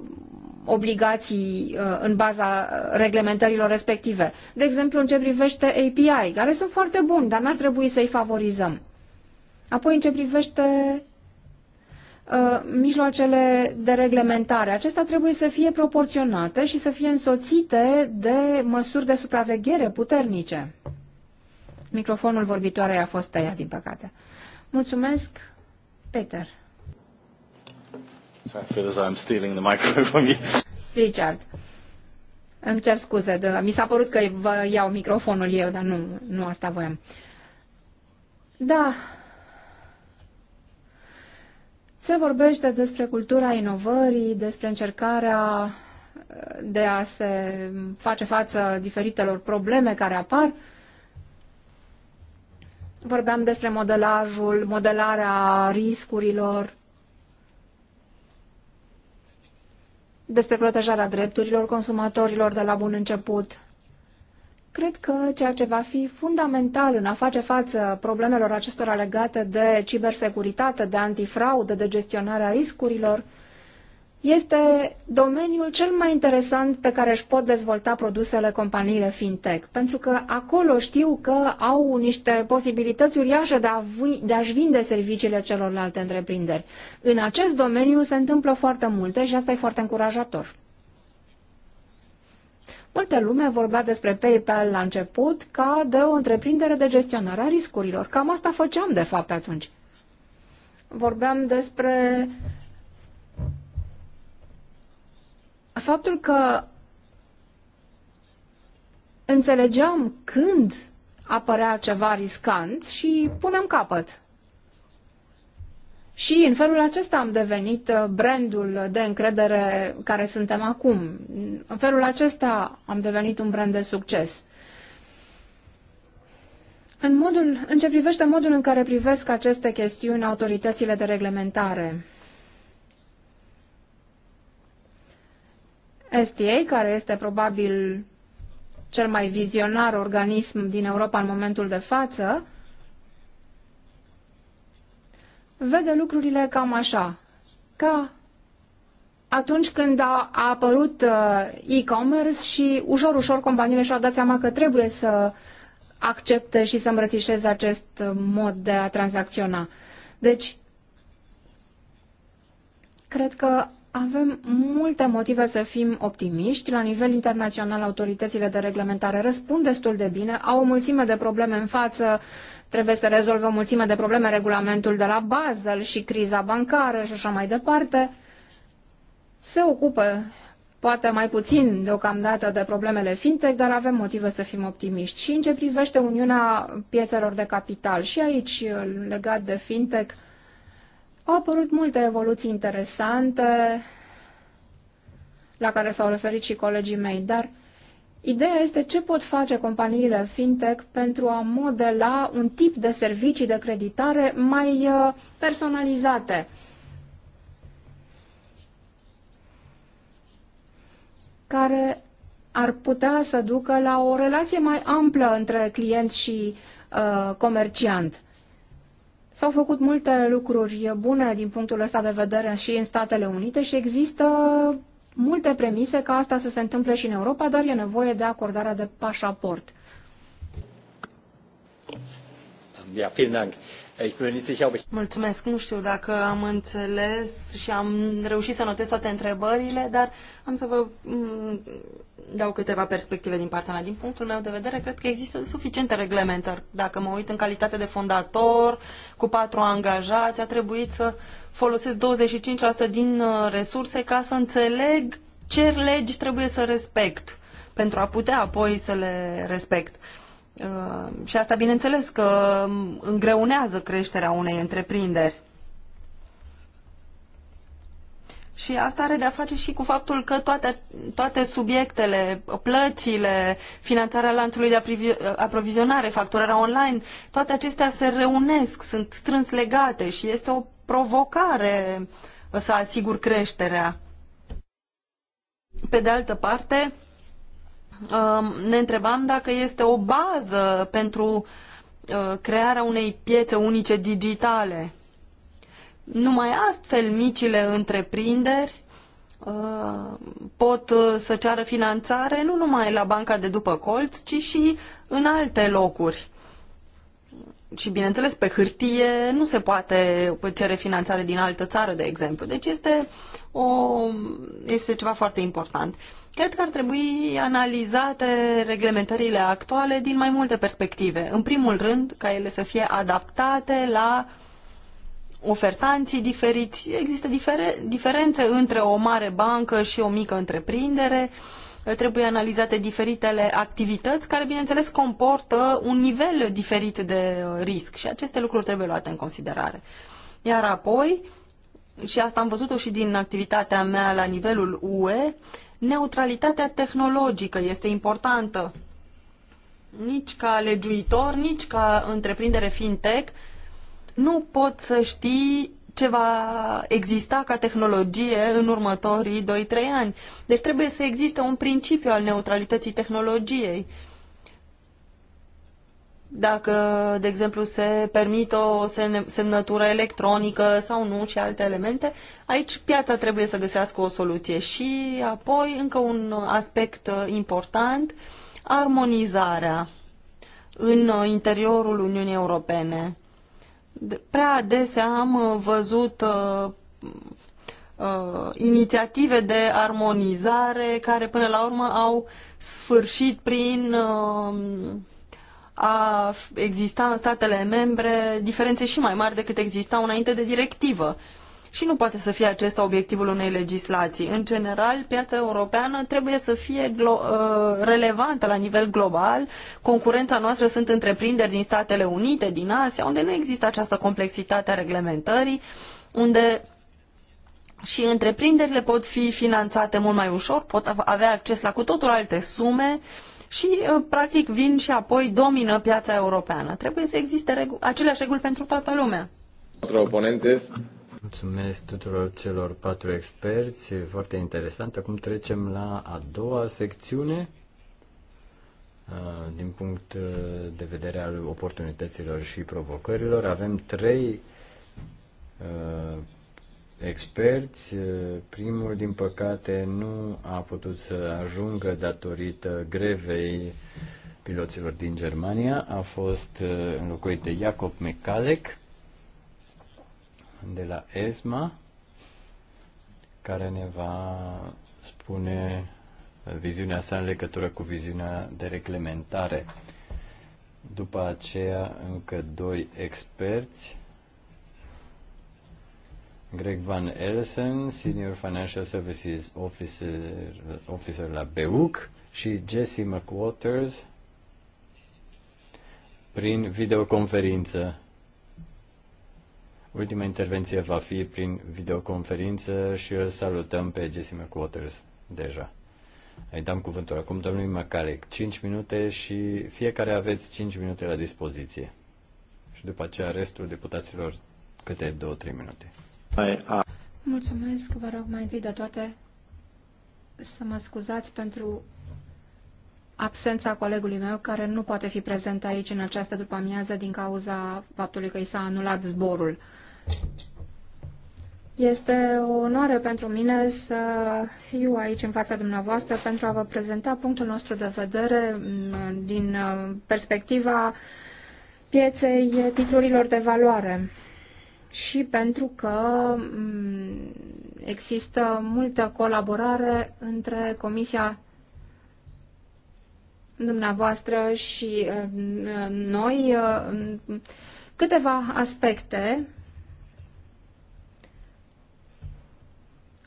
D: obligații uh, în baza reglementărilor respective. De exemplu, în ce privește API, care sunt foarte buni, dar n-ar trebui să-i favorizăm. Apoi, în ce privește Uh, mijloacele de reglementare. Acestea trebuie să fie proporționate și să fie însoțite de măsuri de supraveghere puternice. Microfonul vorbitoarei a fost tăiat, din păcate. Mulțumesc, Peter.
C: So I feel as I'm stealing the microphone from you.
D: Richard. Îmi cer scuze, de, mi s-a părut că vă iau microfonul eu, dar nu, nu asta voiam. Da, se vorbește despre cultura inovării, despre încercarea uh, de a se face față diferitelor probleme care apar. Vorbeam despre modelajul, modelarea riscurilor, despre protejarea drepturilor consumatorilor de la bun început. Cred că ceea ce va fi fundamental în a face față problemelor acestora legate de cibersecuritate, de antifraudă, de gestionarea riscurilor, este domeniul cel mai interesant pe care își pot dezvolta produsele companiile fintech, pentru că acolo știu că au niște posibilități uriașe de, a de a-și vinde serviciile celorlalte întreprinderi. În acest domeniu se întâmplă foarte multe și asta e foarte încurajator. Multă lume vorbea despre PayPal la început ca de o întreprindere de gestionare a riscurilor. Cam asta făceam, de fapt, atunci. Vorbeam despre faptul că înțelegeam când apărea ceva riscant și punem capăt. Și în felul acesta am devenit uh, brandul de încredere care suntem acum. În felul acesta am devenit un brand de succes. În, modul, în ce privește modul în care privesc aceste chestiuni autoritățile de reglementare, STA, care este probabil cel mai vizionar organism din Europa în momentul de față, vede lucrurile cam așa, ca atunci când a, a apărut uh, e-commerce și ușor, ușor companiile și-au dat seama că trebuie să accepte și să îmbrățișeze acest uh, mod de a tranzacționa. Deci, cred că avem multe motive să fim optimiști. La nivel internațional, autoritățile de reglementare răspund destul de bine, au o mulțime de probleme în față, trebuie să rezolve o mulțime de probleme, regulamentul de la Basel și criza bancară și așa mai departe. Se ocupă poate mai puțin deocamdată de problemele fintech, dar avem motive să fim optimiști. Și în ce privește Uniunea Piețelor de Capital, și aici legat de fintech, au apărut multe evoluții interesante la care s-au referit și colegii mei, dar ideea este ce pot face companiile fintech pentru a modela un tip de servicii de creditare mai uh, personalizate. care ar putea să ducă la o relație mai amplă între client și uh, comerciant. S-au făcut multe lucruri bune din punctul ăsta de vedere și în Statele Unite și există multe premise ca asta să se întâmple și în Europa, dar e nevoie de acordarea de pașaport.
C: Ja, vielen Dank.
B: Mulțumesc. Nu știu dacă am înțeles și am reușit să notez toate întrebările, dar am să vă mm, dau câteva perspective din partea mea. Din punctul meu de vedere, cred că există suficiente reglementări. Dacă mă uit în calitate de fondator, cu patru angajați, a trebuit să folosesc 25% din uh, resurse ca să înțeleg ce legi trebuie să respect pentru a putea apoi să le respect. Uh, și asta, bineînțeles, că um, îngreunează creșterea unei întreprinderi. Și asta are de-a face și cu faptul că toate, toate subiectele, plățile, finanțarea lanțului de aprovizionare, facturarea online, toate acestea se reunesc, sunt strâns legate și este o provocare să asigur creșterea. Pe de altă parte, um, ne întrebam dacă este o bază pentru uh, crearea unei piețe unice digitale numai astfel micile întreprinderi uh, pot uh, să ceară finanțare nu numai la banca de după colț, ci și în alte locuri. Și bineînțeles, pe hârtie nu se poate cere finanțare din altă țară, de exemplu. Deci este, o, este ceva foarte important. Cred că ar trebui analizate reglementările actuale din mai multe perspective. În primul rând, ca ele să fie adaptate la uh, ofertanții diferiți, există difere, diferențe între o mare bancă și o mică întreprindere, trebuie analizate diferitele activități care, bineînțeles, comportă un nivel diferit de uh, risc și aceste lucruri trebuie luate în considerare. Iar apoi, și asta am văzut-o și din activitatea mea la nivelul UE, neutralitatea tehnologică este importantă. Nici ca legiuitor, nici ca întreprindere fintech, nu pot să știi ce va exista ca tehnologie în următorii 2-3 ani. Deci trebuie să existe un principiu al neutralității tehnologiei. Dacă, de exemplu, se permite o semnătură electronică sau nu și alte elemente, aici piața trebuie să găsească o soluție. Și apoi, încă un aspect uh, important, armonizarea în uh, interiorul Uniunii Europene Prea adesea am uh, văzut uh, uh, inițiative de armonizare care până la urmă au sfârșit prin uh, a exista în statele membre diferențe și mai mari decât existau înainte de directivă și nu poate să fie acesta obiectivul unei legislații. În general, piața europeană trebuie să fie uh, relevantă la nivel global. Concurența noastră sunt întreprinderi din Statele Unite, din Asia, unde nu există această complexitate a reglementării, unde și întreprinderile pot fi finanțate mult mai ușor, pot avea acces la cu totul alte sume și uh, practic vin și apoi domină piața europeană. Trebuie să existe regu- aceleași reguli pentru toată lumea.
C: oponente. Mulțumesc tuturor celor patru experți, foarte interesant. Acum trecem la a doua secțiune uh, din punct uh, de vedere al oportunităților și provocărilor. Avem trei uh, experți. Primul, din păcate, nu a putut să ajungă datorită grevei piloților din Germania. A fost înlocuit de Jacob Mekalek de la ESMA, care ne va spune viziunea sa în legătură cu viziunea de reglementare. După aceea, încă doi experți, Greg Van Elsen, Senior Financial Services Officer, Officer la BEUC, și Jesse McWaters prin videoconferință. Ultima intervenție va fi prin videoconferință și îl salutăm pe Jessica Waters deja. Îi dăm cuvântul acum domnului Macarec. 5 minute și fiecare aveți 5 minute la dispoziție. Și după aceea restul deputaților câte 2-3 minute.
D: Mulțumesc, vă rog mai întâi de toate să mă scuzați pentru absența colegului meu, care nu poate fi prezent aici în această după-amiază din cauza faptului că i s-a anulat zborul. Este o onoare pentru mine să fiu aici în fața dumneavoastră pentru a vă prezenta punctul nostru de vedere mm, din uh, perspectiva pieței titlurilor de valoare. Și pentru că mm, există multă colaborare între Comisia dumneavoastră și uh, noi uh, câteva aspecte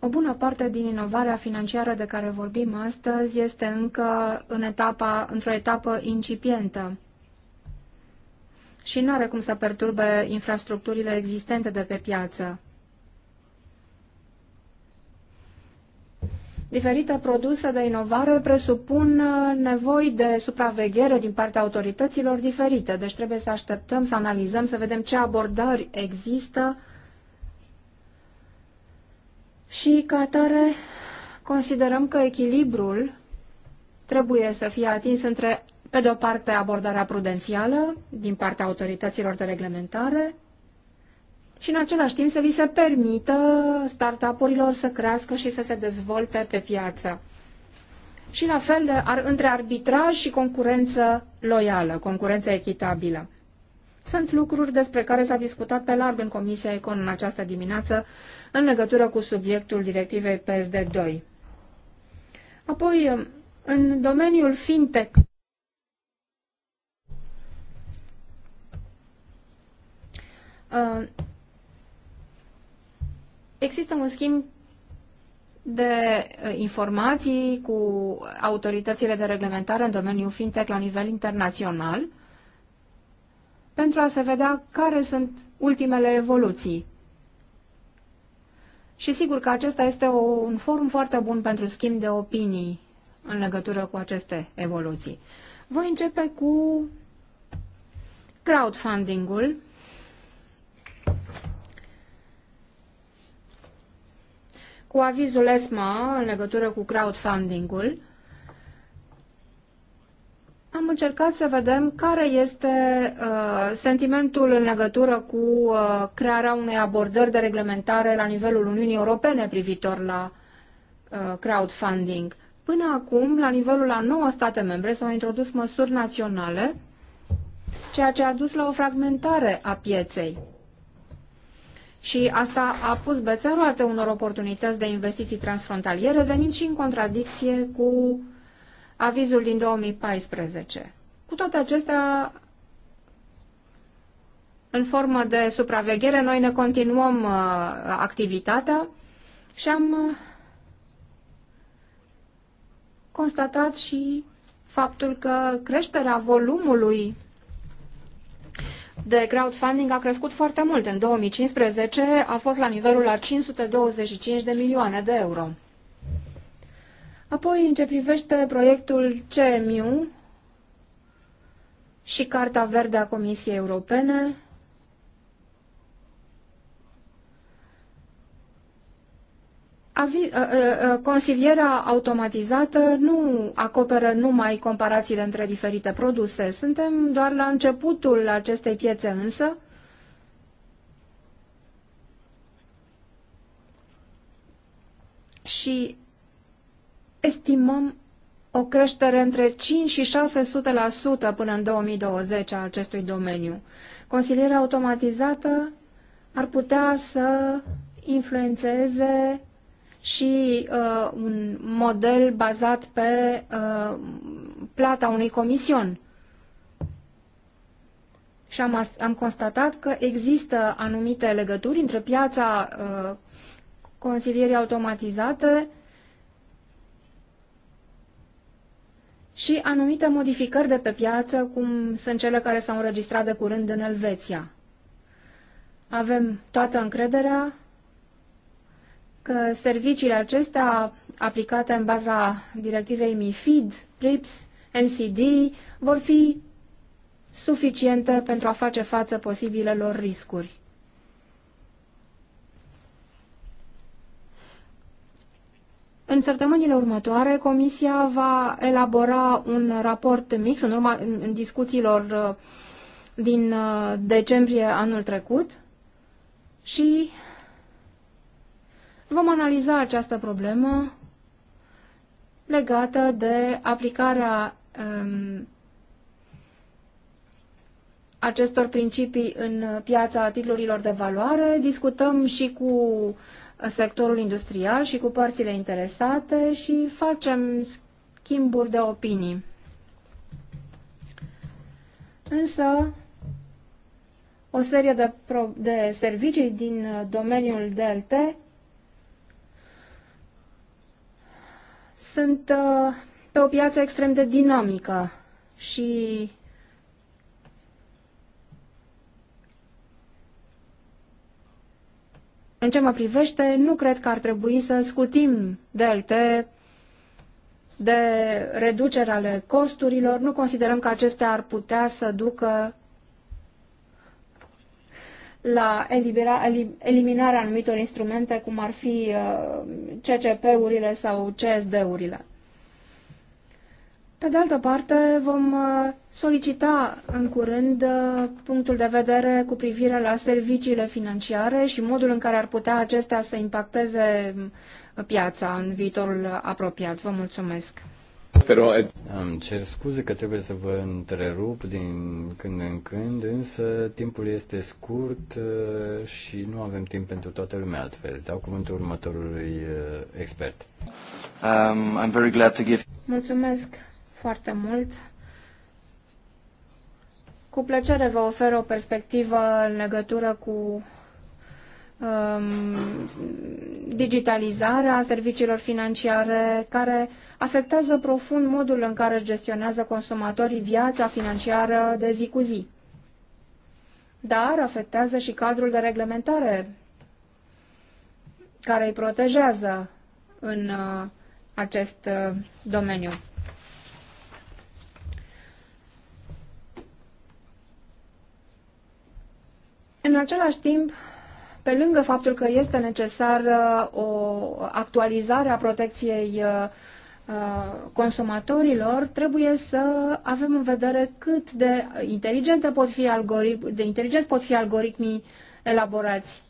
D: O bună parte din inovarea financiară de care vorbim astăzi este încă în etapa, într-o etapă incipientă și nu are cum să perturbe infrastructurile existente de pe piață. Diferite produse de inovare presupun uh, nevoi de supraveghere din partea autorităților diferite, deci trebuie să așteptăm, să analizăm, să vedem ce abordări există și ca atare considerăm că echilibrul trebuie să fie atins între, pe de o parte, abordarea prudențială din partea autorităților de reglementare și, în același timp, să li se permită startup-urilor să crească și să se dezvolte pe piață. Și, la fel, de, ar, între arbitraj și concurență loială, concurență echitabilă. Sunt lucruri despre care s-a discutat pe larg în Comisia Econ în această dimineață în legătură cu subiectul directivei PSD2. Apoi, în domeniul fintech, uh, există un schimb de uh, informații cu autoritățile de reglementare în domeniul fintech la nivel internațional – pentru a se vedea care sunt ultimele evoluții. Și sigur că acesta este o, un forum foarte bun pentru schimb de opinii în legătură cu aceste evoluții. Voi începe cu crowdfunding-ul. Cu avizul ESMA în legătură cu crowdfunding-ul, am încercat să vedem care este uh, sentimentul în legătură cu uh, crearea unei abordări de reglementare la nivelul Uniunii Europene privitor la uh, crowdfunding. Până acum, la nivelul la 9 state membre s-au introdus măsuri naționale, ceea ce a dus la o fragmentare a pieței. Și asta a pus bețe roate unor oportunități de investiții transfrontaliere, venind și în contradicție cu uh, avizul din 2014. Cu toate acestea, în formă de supraveghere, noi ne continuăm uh, activitatea și am uh, constatat și faptul că creșterea volumului de crowdfunding a crescut foarte mult. În 2015 a fost la nivelul la 525 de milioane de euro. Apoi, în ce privește proiectul CMU și Carta Verde a Comisiei Europene, Consilierea automatizată nu acoperă numai comparațiile între diferite produse. Suntem doar la începutul acestei piețe însă. Și estimăm o creștere între 5 și 600% până în 2020 a acestui domeniu. Consilierea automatizată ar putea să influențeze și uh, un model bazat pe uh, plata unui comision. Și am, am constatat că există anumite legături între piața uh, consilierii automatizate și anumite modificări de pe piață, cum sunt cele care s-au înregistrat de curând în Elveția. Avem toată încrederea că serviciile acestea aplicate în baza directivei MIFID, PRIPS, NCD, vor fi suficiente pentru a face față posibilelor riscuri. În săptămânile următoare, Comisia va elabora un raport mix în urma în discuțiilor uh, din uh, decembrie anul trecut și vom analiza această problemă legată de aplicarea um, acestor principii în piața titlurilor de valoare. Discutăm și cu uh, sectorul industrial și cu părțile interesate și facem schimburi de opinii. Însă, o serie de, pro- de servicii din domeniul DLT sunt uh, pe o piață extrem de dinamică și În ce mă privește, nu cred că ar trebui să scutim delte de reducere ale costurilor. Nu considerăm că acestea ar putea să ducă la eliminarea anumitor instrumente, cum ar fi uh, CCP-urile sau CSD-urile. Pe de altă parte, vom uh, solicita în curând uh, punctul de vedere cu privire la serviciile financiare și modul în care ar putea acestea să impacteze uh, piața în viitorul apropiat. Vă mulțumesc!
A: Pero...
C: Am cer scuze că trebuie să vă întrerup din când în când, însă timpul este scurt și nu avem timp pentru toată lumea altfel. Dau cuvântul următorului expert. Um, I'm very glad to give...
D: Mulțumesc! foarte mult. Cu plăcere vă ofer o perspectivă în legătură cu um, digitalizarea serviciilor financiare care afectează profund modul în care gestionează consumatorii viața financiară de zi cu zi. Dar afectează și cadrul de reglementare care îi protejează în uh, acest uh, domeniu. În același timp, pe lângă faptul că este necesară o actualizare a protecției uh, uh, consumatorilor, trebuie să avem în vedere cât de inteligente pot fi algoritmi, de inteligenți pot fi algoritmii elaborați.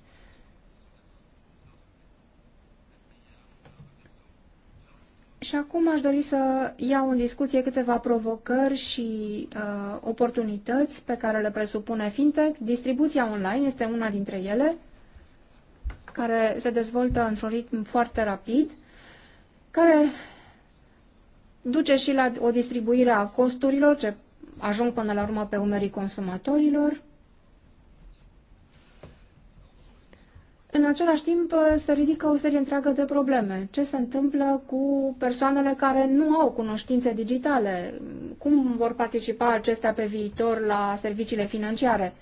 D: Și acum aș dori să iau în discuție câteva provocări și uh, oportunități pe care le presupune fintech. Distribuția online este una dintre ele, care se dezvoltă într-un ritm foarte rapid, care duce și la o distribuire a costurilor ce ajung până la urmă pe umerii consumatorilor. În același timp, uh, se ridică o serie întreagă de probleme. Ce se întâmplă cu persoanele care nu au cunoștințe digitale? Cum vor participa acestea pe viitor la serviciile financiare?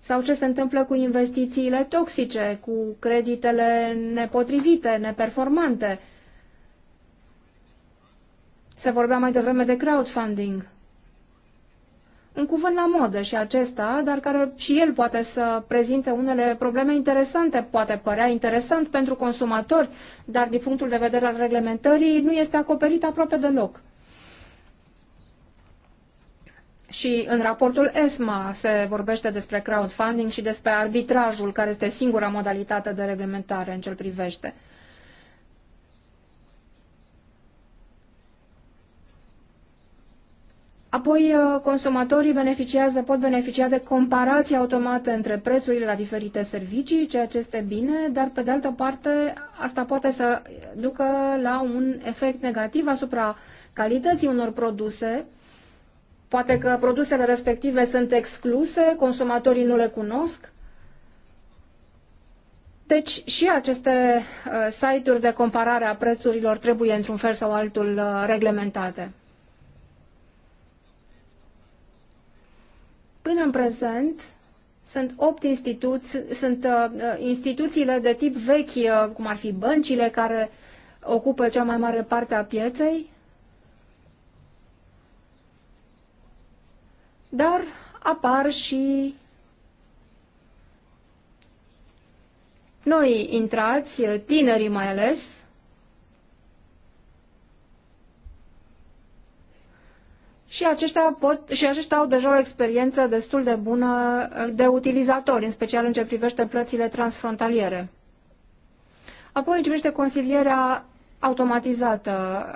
D: Sau ce se întâmplă cu investițiile toxice, cu creditele nepotrivite, neperformante? Se vorbea mai devreme de crowdfunding un cuvânt la modă și acesta, dar care și el poate să prezinte unele probleme interesante, poate părea interesant pentru consumatori, dar din punctul de vedere al reglementării nu este acoperit aproape deloc. Și în raportul ESMA se vorbește despre crowdfunding și despre arbitrajul, care este singura modalitate de reglementare în ce privește. Apoi, uh, consumatorii beneficiază, pot beneficia de comparații automate între prețurile la diferite servicii, ceea ce este bine, dar pe de altă parte asta poate să ducă la un efect negativ asupra calității unor produse. Poate că produsele respective sunt excluse, consumatorii nu le cunosc. Deci și aceste uh, site-uri de comparare a prețurilor trebuie într-un fel sau altul uh, reglementate. Până în prezent, sunt opt instituții, sunt uh, instituțiile de tip vechi, uh, cum ar fi băncile, care ocupă cea mai mare parte a pieței, dar apar și noi intrați, tinerii mai ales, și aceștia, pot, și aceștia au deja o experiență destul de bună uh, de utilizatori, în special în ce privește plățile transfrontaliere. Apoi, în ce privește consilierea automatizată.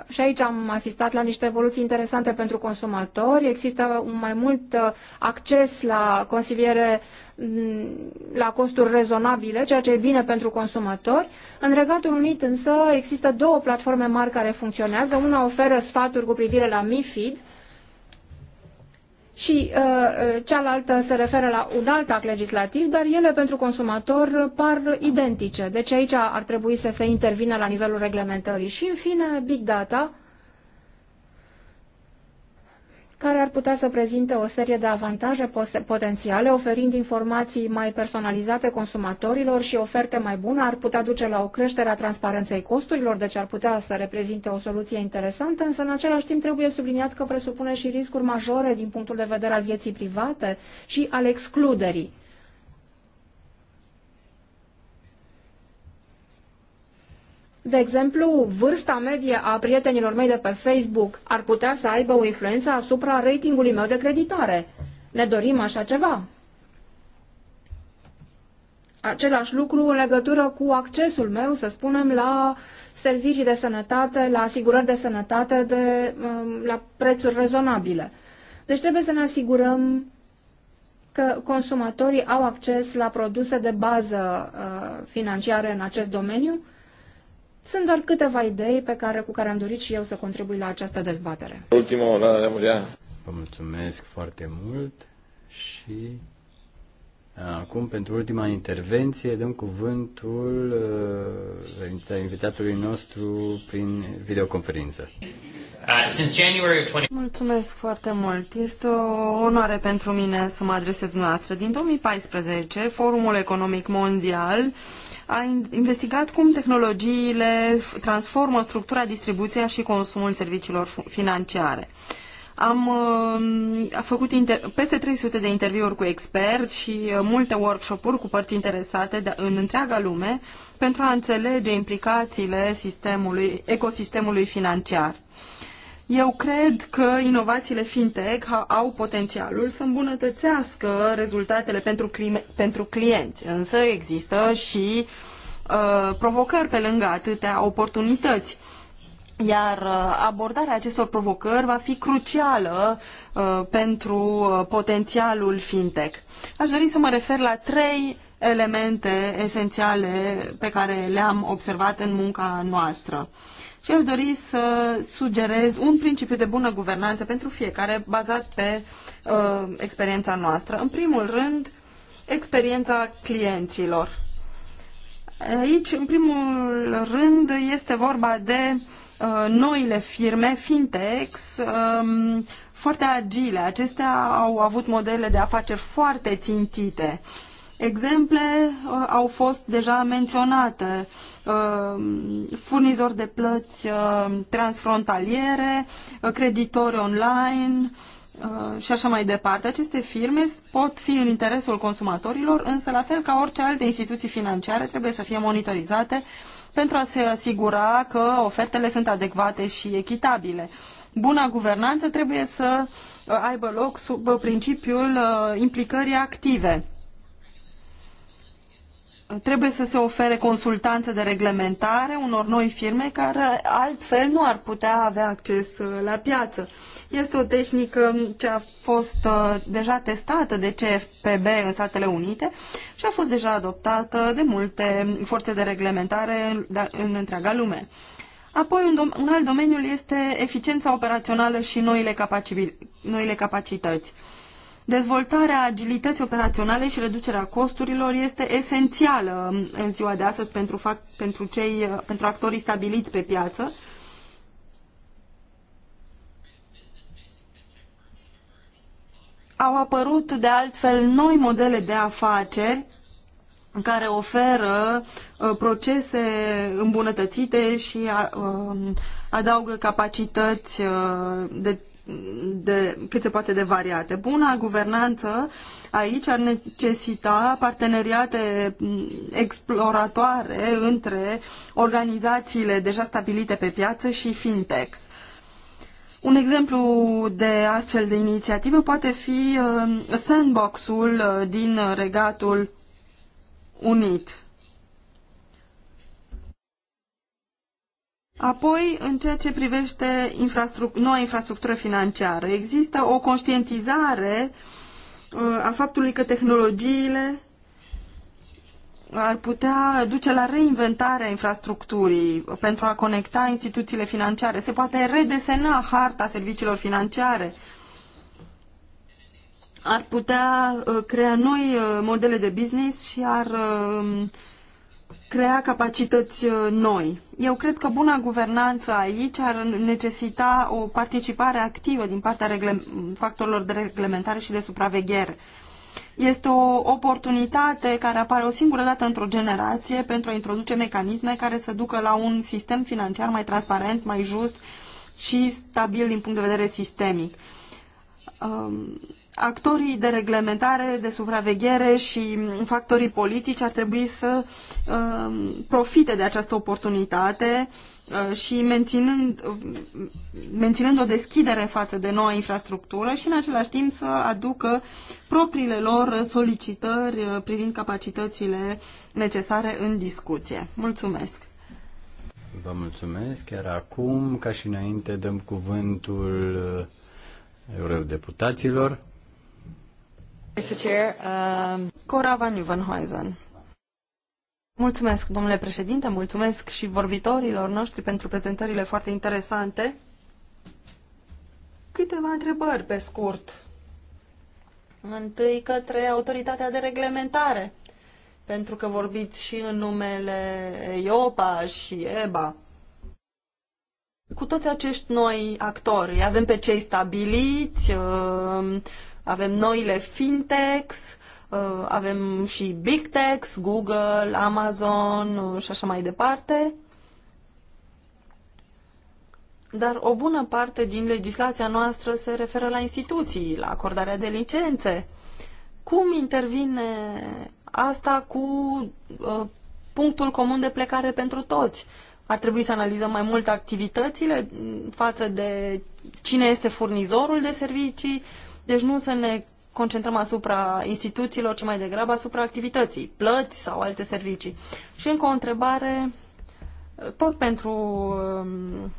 D: Și aici am asistat la niște evoluții interesante pentru consumatori. Există un mai mult uh, acces la consiliere mm, la costuri rezonabile, ceea ce e bine pentru consumatori. În Regatul Unit însă există două platforme mari care funcționează. Una oferă sfaturi cu privire la MIFID, și uh, uh, cealaltă se referă la un alt act legislativ, dar ele pentru consumator par identice. Deci aici ar trebui să se intervină la nivelul reglementării. Și, în fine, big data care ar putea să prezinte o serie de avantaje potențiale, oferind informații mai personalizate consumatorilor și oferte mai bune, ar putea duce la o creștere a transparenței costurilor, deci ar putea să reprezinte o soluție interesantă, însă în același timp trebuie subliniat că presupune și riscuri majore din punctul de vedere al vieții private și al excluderii. de exemplu, vârsta medie a prietenilor mei de pe Facebook ar putea să aibă o influență asupra ratingului meu de creditare. Ne dorim așa ceva. Același lucru în legătură cu accesul meu, să spunem, la servicii de sănătate, la asigurări de sănătate, de, um, la prețuri rezonabile. Deci trebuie să ne asigurăm că consumatorii au acces la produse de bază uh, financiare în acest domeniu, sunt doar câteva idei pe care, cu care am dorit și eu să contribui la această dezbatere.
C: Ultima, la Remulia. Vă mulțumesc foarte mult și acum, pentru ultima intervenție, dăm cuvântul uh, invitatului nostru prin videoconferință.
A: Uh,
B: mulțumesc foarte mult. Este o onoare pentru mine să mă adresez dumneavoastră. Din 2014, Forumul Economic Mondial uh, a investigat cum tehnologiile transformă structura, distribuția și consumul serviciilor financiare. Am uh, a făcut inter- peste 300 de interviuri cu experți și uh, multe workshop-uri cu părți interesate de, în întreaga lume pentru a înțelege implicațiile sistemului, ecosistemului financiar. Eu cred că inovațiile fintech au potențialul să îmbunătățească rezultatele pentru, clime, pentru clienți, însă există și uh, provocări pe lângă atâtea oportunități. Iar uh, abordarea acestor provocări va fi crucială uh, pentru uh, potențialul fintech. Aș dori să mă refer la trei elemente esențiale pe care le-am observat în munca noastră. Uh, și aș dori să sugerez un principiu de bună guvernanță pentru fiecare bazat pe uh, experiența noastră. În primul rând, experiența clienților. Aici, în primul rând, este vorba de uh, noile firme, fintechs, um, foarte agile. Acestea au avut modele de afaceri foarte țintite. Uh, Exemple uh, au fost deja menționate, uh, furnizori de plăți uh, transfrontaliere, uh, creditori online uh, și așa mai departe. Aceste firme pot fi în interesul consumatorilor, însă la fel ca orice alte instituții financiare trebuie să fie monitorizate pentru a se asigura că ofertele sunt adecvate și echitabile. Buna guvernanță trebuie să uh, aibă loc sub uh, principiul uh, implicării active trebuie să se ofere consultanță de reglementare unor noi firme care altfel nu ar putea avea acces uh, la piață. Este o tehnică ce a fost uh, deja testată de CFPB în Statele Unite și a fost deja adoptată de multe forțe de reglementare da, în întreaga lume. Apoi, un, un alt domeniu este eficiența operațională și noile, noile capacități. Dezvoltarea agilității operaționale și reducerea costurilor este esențială um, în ziua de astăzi pentru, fac, pentru, cei, uh, pentru actorii stabiliți pe piață, au apărut de altfel noi modele de afaceri care oferă uh, procese îmbunătățite și um, adaugă capacități uh, de de, cât se poate de variate. Buna guvernanță aici ar necesita parteneriate mm, exploratoare între organizațiile deja stabilite pe piață și fintechs. Un exemplu de astfel de inițiativă poate fi uh, sandbox-ul uh, din Regatul Unit Apoi, în ceea ce privește infrastruct noua infrastructură financiară, există o conștientizare uh, a faptului că tehnologiile ar putea duce la reinventarea infrastructurii pentru a conecta instituțiile financiare. Se poate redesena harta serviciilor financiare. Ar putea uh, crea noi uh, modele de business și ar crea capacități uh, noi. Eu cred că buna guvernanță aici ar necesita o participare activă din partea factorilor de reglementare și de supraveghere. Este o oportunitate care apare o singură dată într-o generație pentru a introduce mecanisme care să ducă la un sistem financiar mai transparent, mai just și stabil din punct de vedere sistemic. Um actorii de reglementare, de supraveghere și factorii politici ar trebui să um, profite de această oportunitate uh, și menținând, uh, menținând o deschidere față de noua infrastructură și în același timp să aducă propriile lor solicitări uh, privind capacitățile necesare în discuție. Mulțumesc!
C: Vă mulțumesc. Chiar acum, ca și înainte, dăm cuvântul eurodeputaților.
B: Um, Cora van Nieuwenhuizen. Mulțumesc, domnule președinte, mulțumesc și vorbitorilor noștri pentru prezentările foarte interesante. Câteva întrebări pe scurt. Întâi către autoritatea de reglementare, pentru că vorbiți și în numele EIOPA și EBA. Cu toți acești noi actori, avem pe cei stabiliți, uh, avem noile fintechs, uh, avem și big techs, Google, Amazon uh, și așa mai departe. Dar o bună parte din legislația noastră se referă la instituții, la acordarea de licențe. Cum intervine asta cu uh, punctul comun de plecare pentru toți? Ar trebui să analizăm mai mult activitățile mm, față de cine este furnizorul de servicii, deci nu să ne concentrăm asupra instituțiilor, ci mai degrabă asupra activității, plăți sau alte servicii. Și încă o întrebare, tot pentru um,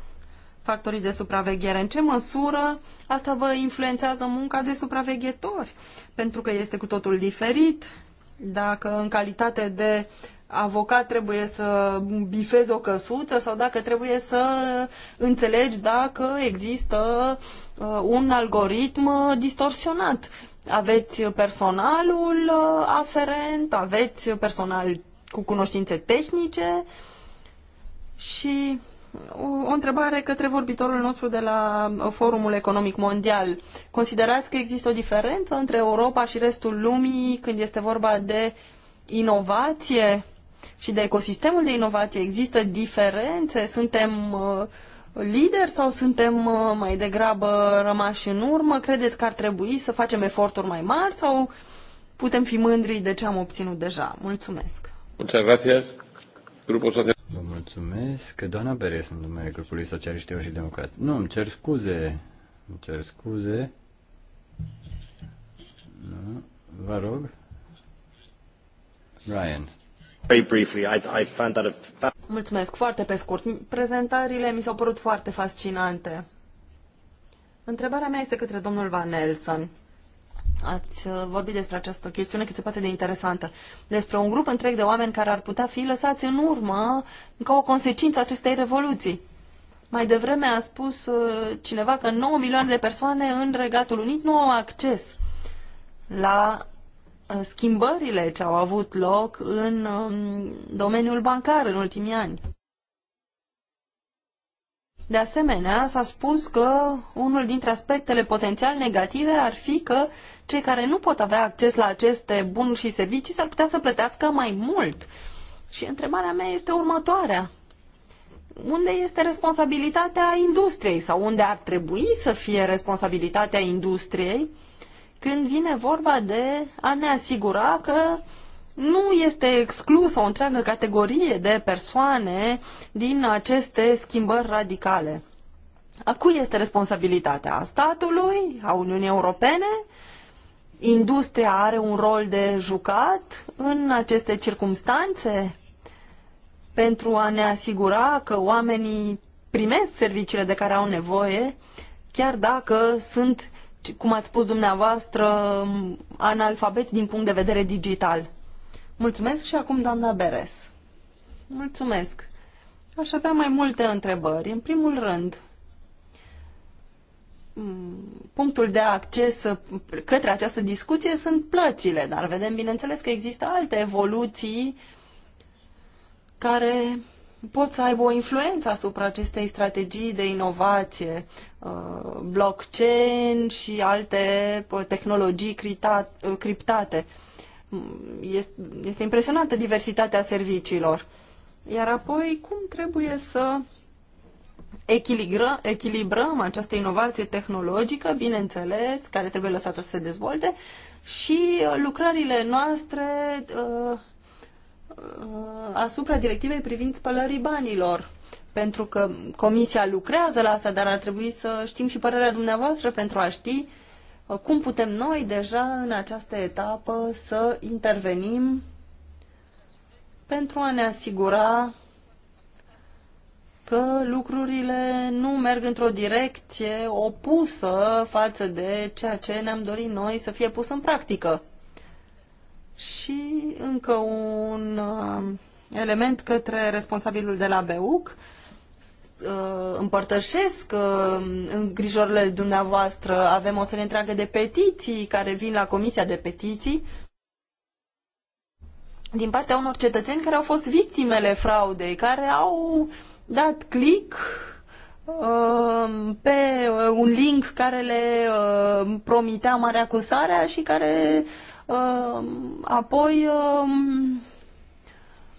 B: factorii de supraveghere. În ce măsură asta vă influențează munca de supraveghetori? Pentru că este cu totul diferit dacă în calitate de avocat trebuie să bifezi o căsuță sau dacă trebuie să înțelegi dacă există uh, un algoritm distorsionat. Aveți personalul uh, aferent, aveți personal cu cunoștințe tehnice și uh, o întrebare către vorbitorul nostru de la Forumul Economic Mondial. Considerați că există o diferență între Europa și restul lumii când este vorba de inovație? și de ecosistemul de inovație. Există diferențe? Suntem uh, lideri sau suntem uh, mai degrabă rămași în urmă? Credeți că ar trebui să facem eforturi mai mari sau putem fi mândri de ce am obținut deja? Mulțumesc!
A: Mulțumesc!
C: Grupul Social... Vă mulțumesc. Doamna Beres, sunt numele grupului Socialiștilor și Democrați. Nu, îmi cer scuze. Îmi cer scuze. Nu. Vă rog. Ryan.
B: Mulțumesc foarte pe scurt. Prezentările mi s-au părut foarte fascinante. Întrebarea mea este către domnul Van Nelson. Ați uh, vorbit despre această chestiune cât se poate de interesantă, despre un grup întreg de oameni care ar putea fi lăsați în urmă ca o consecință a acestei revoluții. Mai devreme a spus uh, cineva că 9 milioane de persoane în Regatul Unit nu au acces la Uh, schimbările ce au avut loc în um, domeniul bancar în ultimii ani. De asemenea, s-a spus că unul dintre aspectele potențial negative ar fi că cei care nu pot avea acces la aceste bunuri și servicii s-ar putea să plătească mai mult. Și întrebarea mea este următoarea. Unde este responsabilitatea industriei sau unde ar trebui să fie responsabilitatea industriei când vine vorba de a ne asigura că nu este exclusă o întreagă categorie de persoane din aceste schimbări radicale. A cui este responsabilitatea? A statului? A Uniunii Europene? Industria are un rol de jucat în aceste circumstanțe pentru a ne asigura că oamenii primesc serviciile de care au nevoie, chiar dacă sunt cum ați spus dumneavoastră, analfabeți din punct de vedere digital. Mulțumesc și acum doamna Beres. Mulțumesc. Aș avea mai multe întrebări. În primul rând, punctul de acces către această discuție sunt plățile, dar vedem, bineînțeles, că există alte evoluții care pot să aibă o influență asupra acestei strategii de inovație, uh, blockchain și alte uh, tehnologii uh, criptate. Mm, este impresionantă diversitatea serviciilor. Iar apoi, cum trebuie să echilibră, echilibrăm această inovație tehnologică, bineînțeles, care trebuie lăsată să se dezvolte, și lucrările noastre Uh, asupra directivei privind spălării banilor. Pentru că Comisia lucrează la asta, dar ar trebui să știm și părerea dumneavoastră pentru a ști uh, cum putem noi deja în această etapă să intervenim pentru a ne asigura că lucrurile nu merg într-o direcție opusă față de ceea ce ne-am dorit noi să fie pus în practică. Și încă un uh, element către responsabilul de la BEUC. Uh, împărtășesc uh, îngrijorările dumneavoastră. Avem o serie întreagă de petiții care vin la Comisia de Petiții din partea unor cetățeni care au fost victimele fraudei, care au dat click pe un link care le promitea marea cusarea și care Ehm, apoi ehm,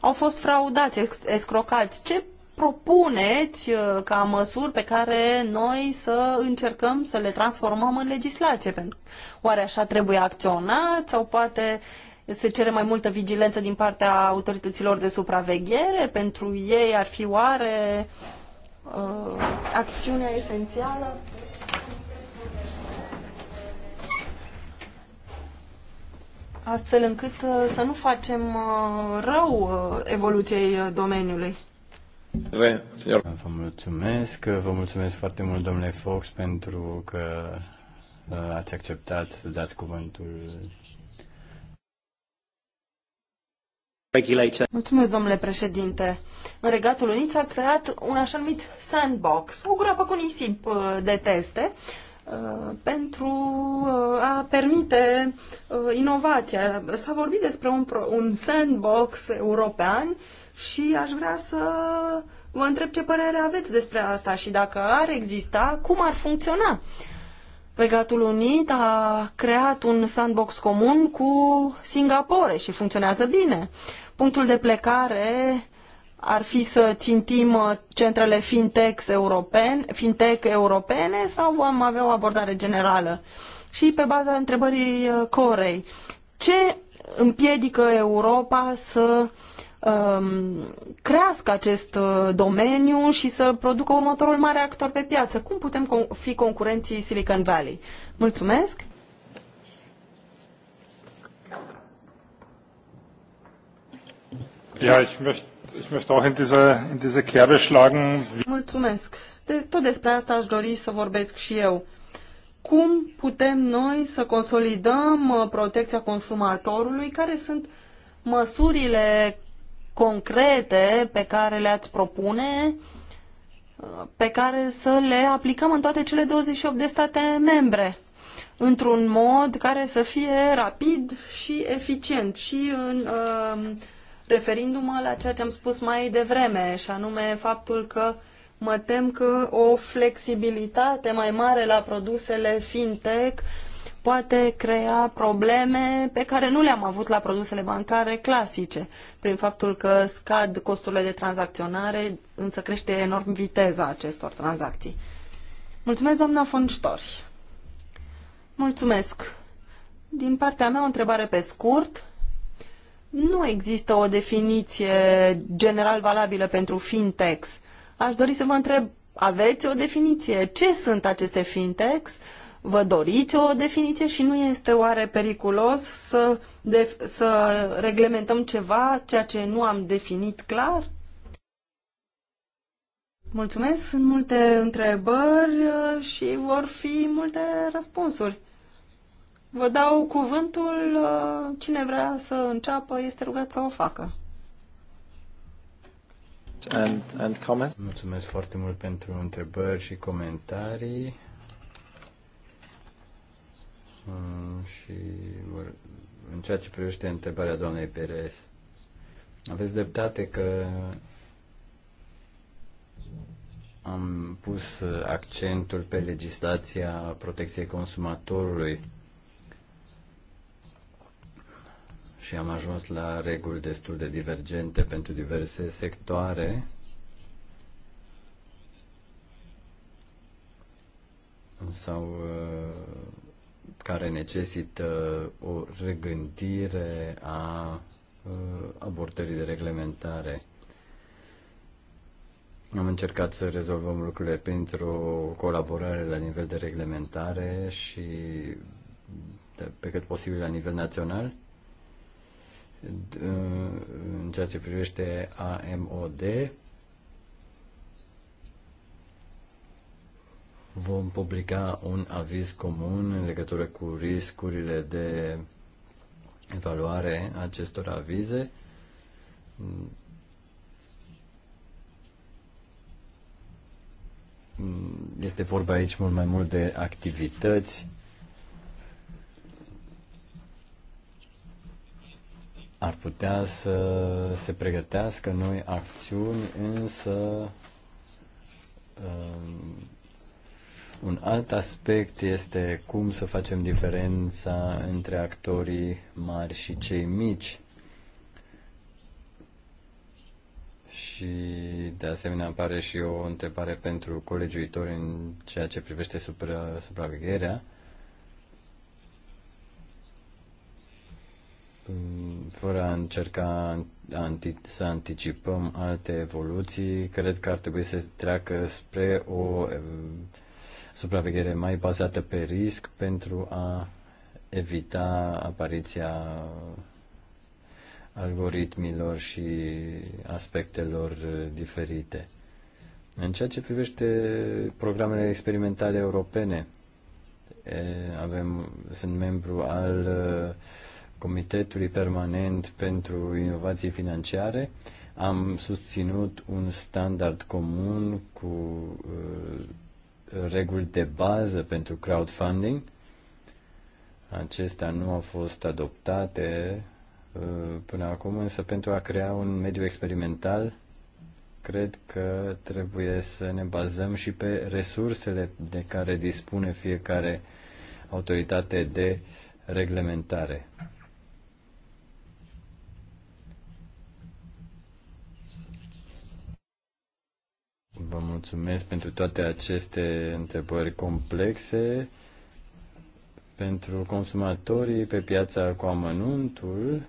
B: au fost fraudați, escrocați. Ce propuneți eh, ca măsuri pe care noi să încercăm să le transformăm în legislație? Pentru oare așa trebuie acționat sau poate se cere mai multă vigilență din partea autorităților de supraveghere? Pentru ei ar fi oare uh, acțiunea esențială? astfel încât uh, să nu facem uh, rău uh, evoluției domeniului.
C: Vă mulțumesc, vă mulțumesc foarte mult, domnule Fox, pentru că ați acceptat să dați cuvântul. Mulțumesc, domnule președinte.
B: În Regatul Unit s-a creat un așa numit sandbox, o groapă cu nisip de teste, Uh, pentru uh, a permite uh, inovația. S-a vorbit despre un, un sandbox european și aș vrea să vă întreb ce părere aveți despre asta și dacă ar exista, cum ar funcționa. Regatul Unit a creat un sandbox comun cu Singapore și funcționează bine. Punctul de plecare ar fi să țintim uh, centrele fintech europene, fintech europene sau am avea o abordare generală? Și pe baza întrebării uh, Corei, ce împiedică Europa să um, crească acest uh, domeniu și să producă următorul mare actor pe piață? Cum putem fi concurenții Silicon Valley? Mulțumesc!
A: Ja, ich möchte
B: Mulțumesc. De, tot despre asta aș dori să vorbesc și eu. Cum putem noi să consolidăm uh, protecția consumatorului? Care sunt măsurile concrete pe care le-ați propune, uh, pe care să le aplicăm în toate cele 28 de state membre? într-un mod care să fie rapid și eficient și în uh, referindu-mă la ceea ce am spus mai devreme, și anume faptul că mă tem că o flexibilitate mai mare la produsele fintech poate crea probleme pe care nu le-am avut la produsele bancare clasice, prin faptul că scad costurile de tranzacționare, însă crește enorm viteza acestor tranzacții. Mulțumesc, doamna Fonștori. Mulțumesc. Din partea mea, o întrebare pe scurt nu există o definiție general valabilă pentru fintechs. Aș dori să vă întreb, aveți o definiție? Ce sunt aceste fintechs? Vă doriți o definiție și nu este oare periculos să, de, să reglementăm ceva, ceea ce nu am definit clar? Mulțumesc, sunt multe întrebări uh, și vor fi multe răspunsuri. Vă dau cuvântul, uh, cine vrea să înceapă este rugat să o facă.
C: And, and comments. Mulțumesc foarte mult pentru întrebări și comentarii. Mm, și în ceea ce privește întrebarea doamnei Perez, aveți dreptate că am pus accentul pe legislația protecției consumatorului și am ajuns la reguli destul de divergente pentru diverse sectoare. sau uh, care necesită o regândire a uh, abortării de reglementare. Am încercat să rezolvăm lucrurile pentru o colaborare la nivel de reglementare și pe cât posibil la nivel național. Uh, în ceea ce privește AMOD, vom publica un aviz comun în legătură cu riscurile de evaluare acestor avize. Este vorba aici mult mai mult de activități ar putea să se pregătească noi acțiuni, însă um, un alt aspect este cum să facem diferența între actorii mari și cei mici. Și de asemenea apare și o întrebare pentru colegiuitori în ceea ce privește supra, supravegherea. fără a încerca să anticipăm alte evoluții, cred că ar trebui să treacă spre o supraveghere mai bazată pe risc pentru a evita apariția algoritmilor și aspectelor diferite. În ceea ce privește programele experimentale europene, avem, sunt membru al uh, Comitetului Permanent pentru Inovații Financiare, am susținut un standard comun cu uh, reguli de bază pentru crowdfunding. Acestea nu au fost adoptate uh, până acum, însă pentru a crea un mediu experimental, cred că trebuie să ne bazăm și pe resursele de care dispune fiecare autoritate de reglementare. Vă mulțumesc pentru toate aceste întrebări complexe. Pentru consumatorii pe piața cu amănuntul,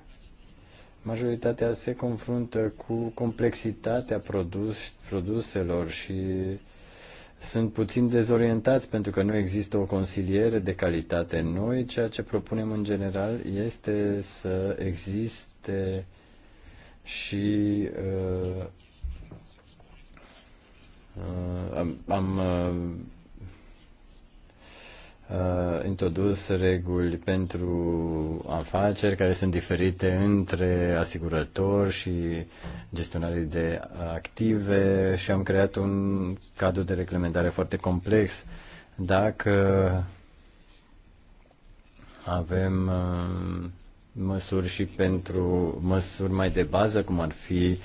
C: majoritatea se confruntă cu complexitatea produs, produselor și sunt puțin dezorientați pentru că nu există o consiliere de calitate. Noi ceea ce propunem în general este să existe și uh, Uh, am, am uh, uh, introdus reguli pentru afaceri care sunt diferite între asigurători și gestionarii de active și am creat un cadru de reglementare foarte complex. Dacă avem uh, măsuri și pentru măsuri mai de bază, cum ar fi uh,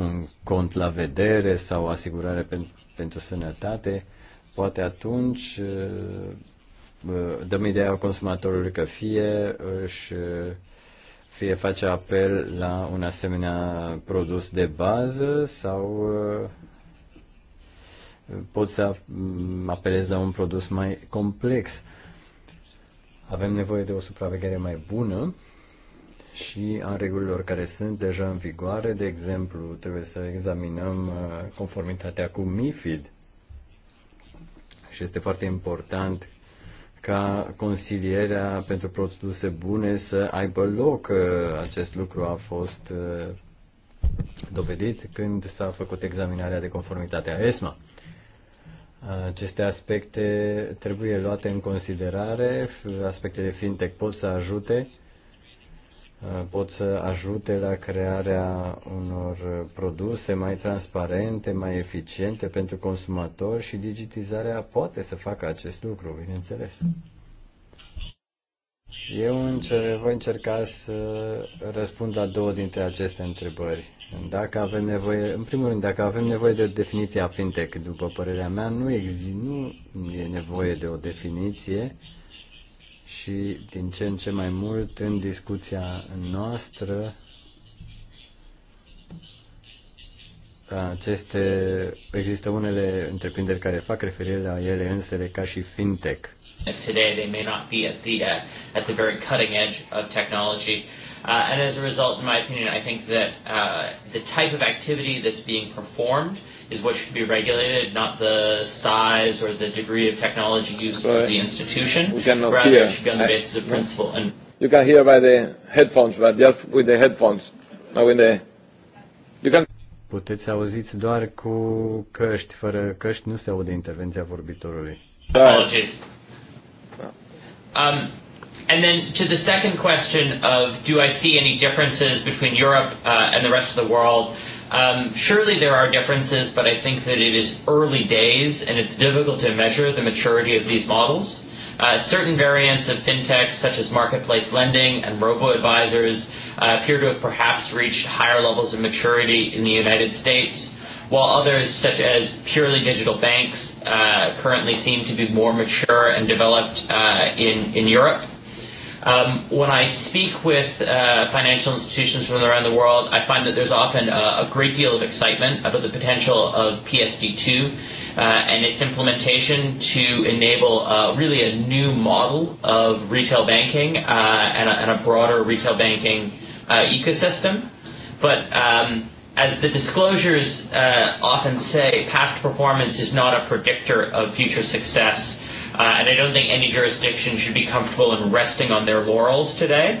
C: un cont la vedere sau asigurare pen, pentru sănătate, poate atunci uh, uh, dăm ideea consumatorului că fie își fie face apel la un asemenea produs de bază sau uh, pot să mm, apelez la un produs mai complex. Avem nevoie de o supraveghere mai bună și a regulilor care sunt deja în vigoare. De exemplu, trebuie să examinăm uh, conformitatea cu MIFID și este foarte important ca consilierea pentru produse bune să aibă loc. Uh, acest lucru a fost uh, dovedit când s-a făcut examinarea de conformitate a ESMA. Aceste aspecte trebuie luate în considerare, aspectele fintech pot să ajute Uh, pot să ajute la crearea unor produse mai transparente, mai eficiente pentru consumatori și digitizarea poate să facă acest lucru, bineînțeles. Eu încer- voi încerca să răspund la două dintre aceste întrebări. Dacă avem nevoie, în primul rând, dacă avem nevoie de o definiție a fintech, după părerea mea, nu, exi- nu e nevoie de o definiție uh, și din ce în ce mai mult în discuția noastră aceste, există unele întreprinderi care fac referire la ele însele ca și fintech
A: today they may not be at the uh, at the very cutting edge of technology. Uh, and as a result, in my opinion, I think that uh, the type of activity that's being performed is what should be regulated, not the size or the degree of technology use so of the institution. We cannot Rather, hear. it should be on the basis of principle. And you can hear by the headphones, but just with the headphones, not with the. You can. Puteți să
C: auziți doar cu căști, fără căști nu se aude intervenția vorbitorului.
A: Da. Apologies. Um, and then to the second question of do I see any differences between Europe uh, and the rest of the world? Um, surely there are differences, but I think that it is early days and it's difficult to measure the maturity of these models. Uh, certain variants of fintech, such as marketplace lending and robo advisors, uh, appear to have perhaps reached higher levels of maturity in the United States while others, such as purely digital banks, uh, currently seem to be more mature and developed uh, in, in Europe. Um, when I speak with uh, financial institutions from around the world, I find that there's often a, a great deal of excitement about the potential of PSD2 uh, and its implementation to enable uh, really a new model of retail banking uh, and, a, and a broader retail banking uh, ecosystem. But um, as the disclosures uh, often say, past performance is not a predictor of future success. Uh, and I don't think any jurisdiction should be comfortable in resting on their laurels today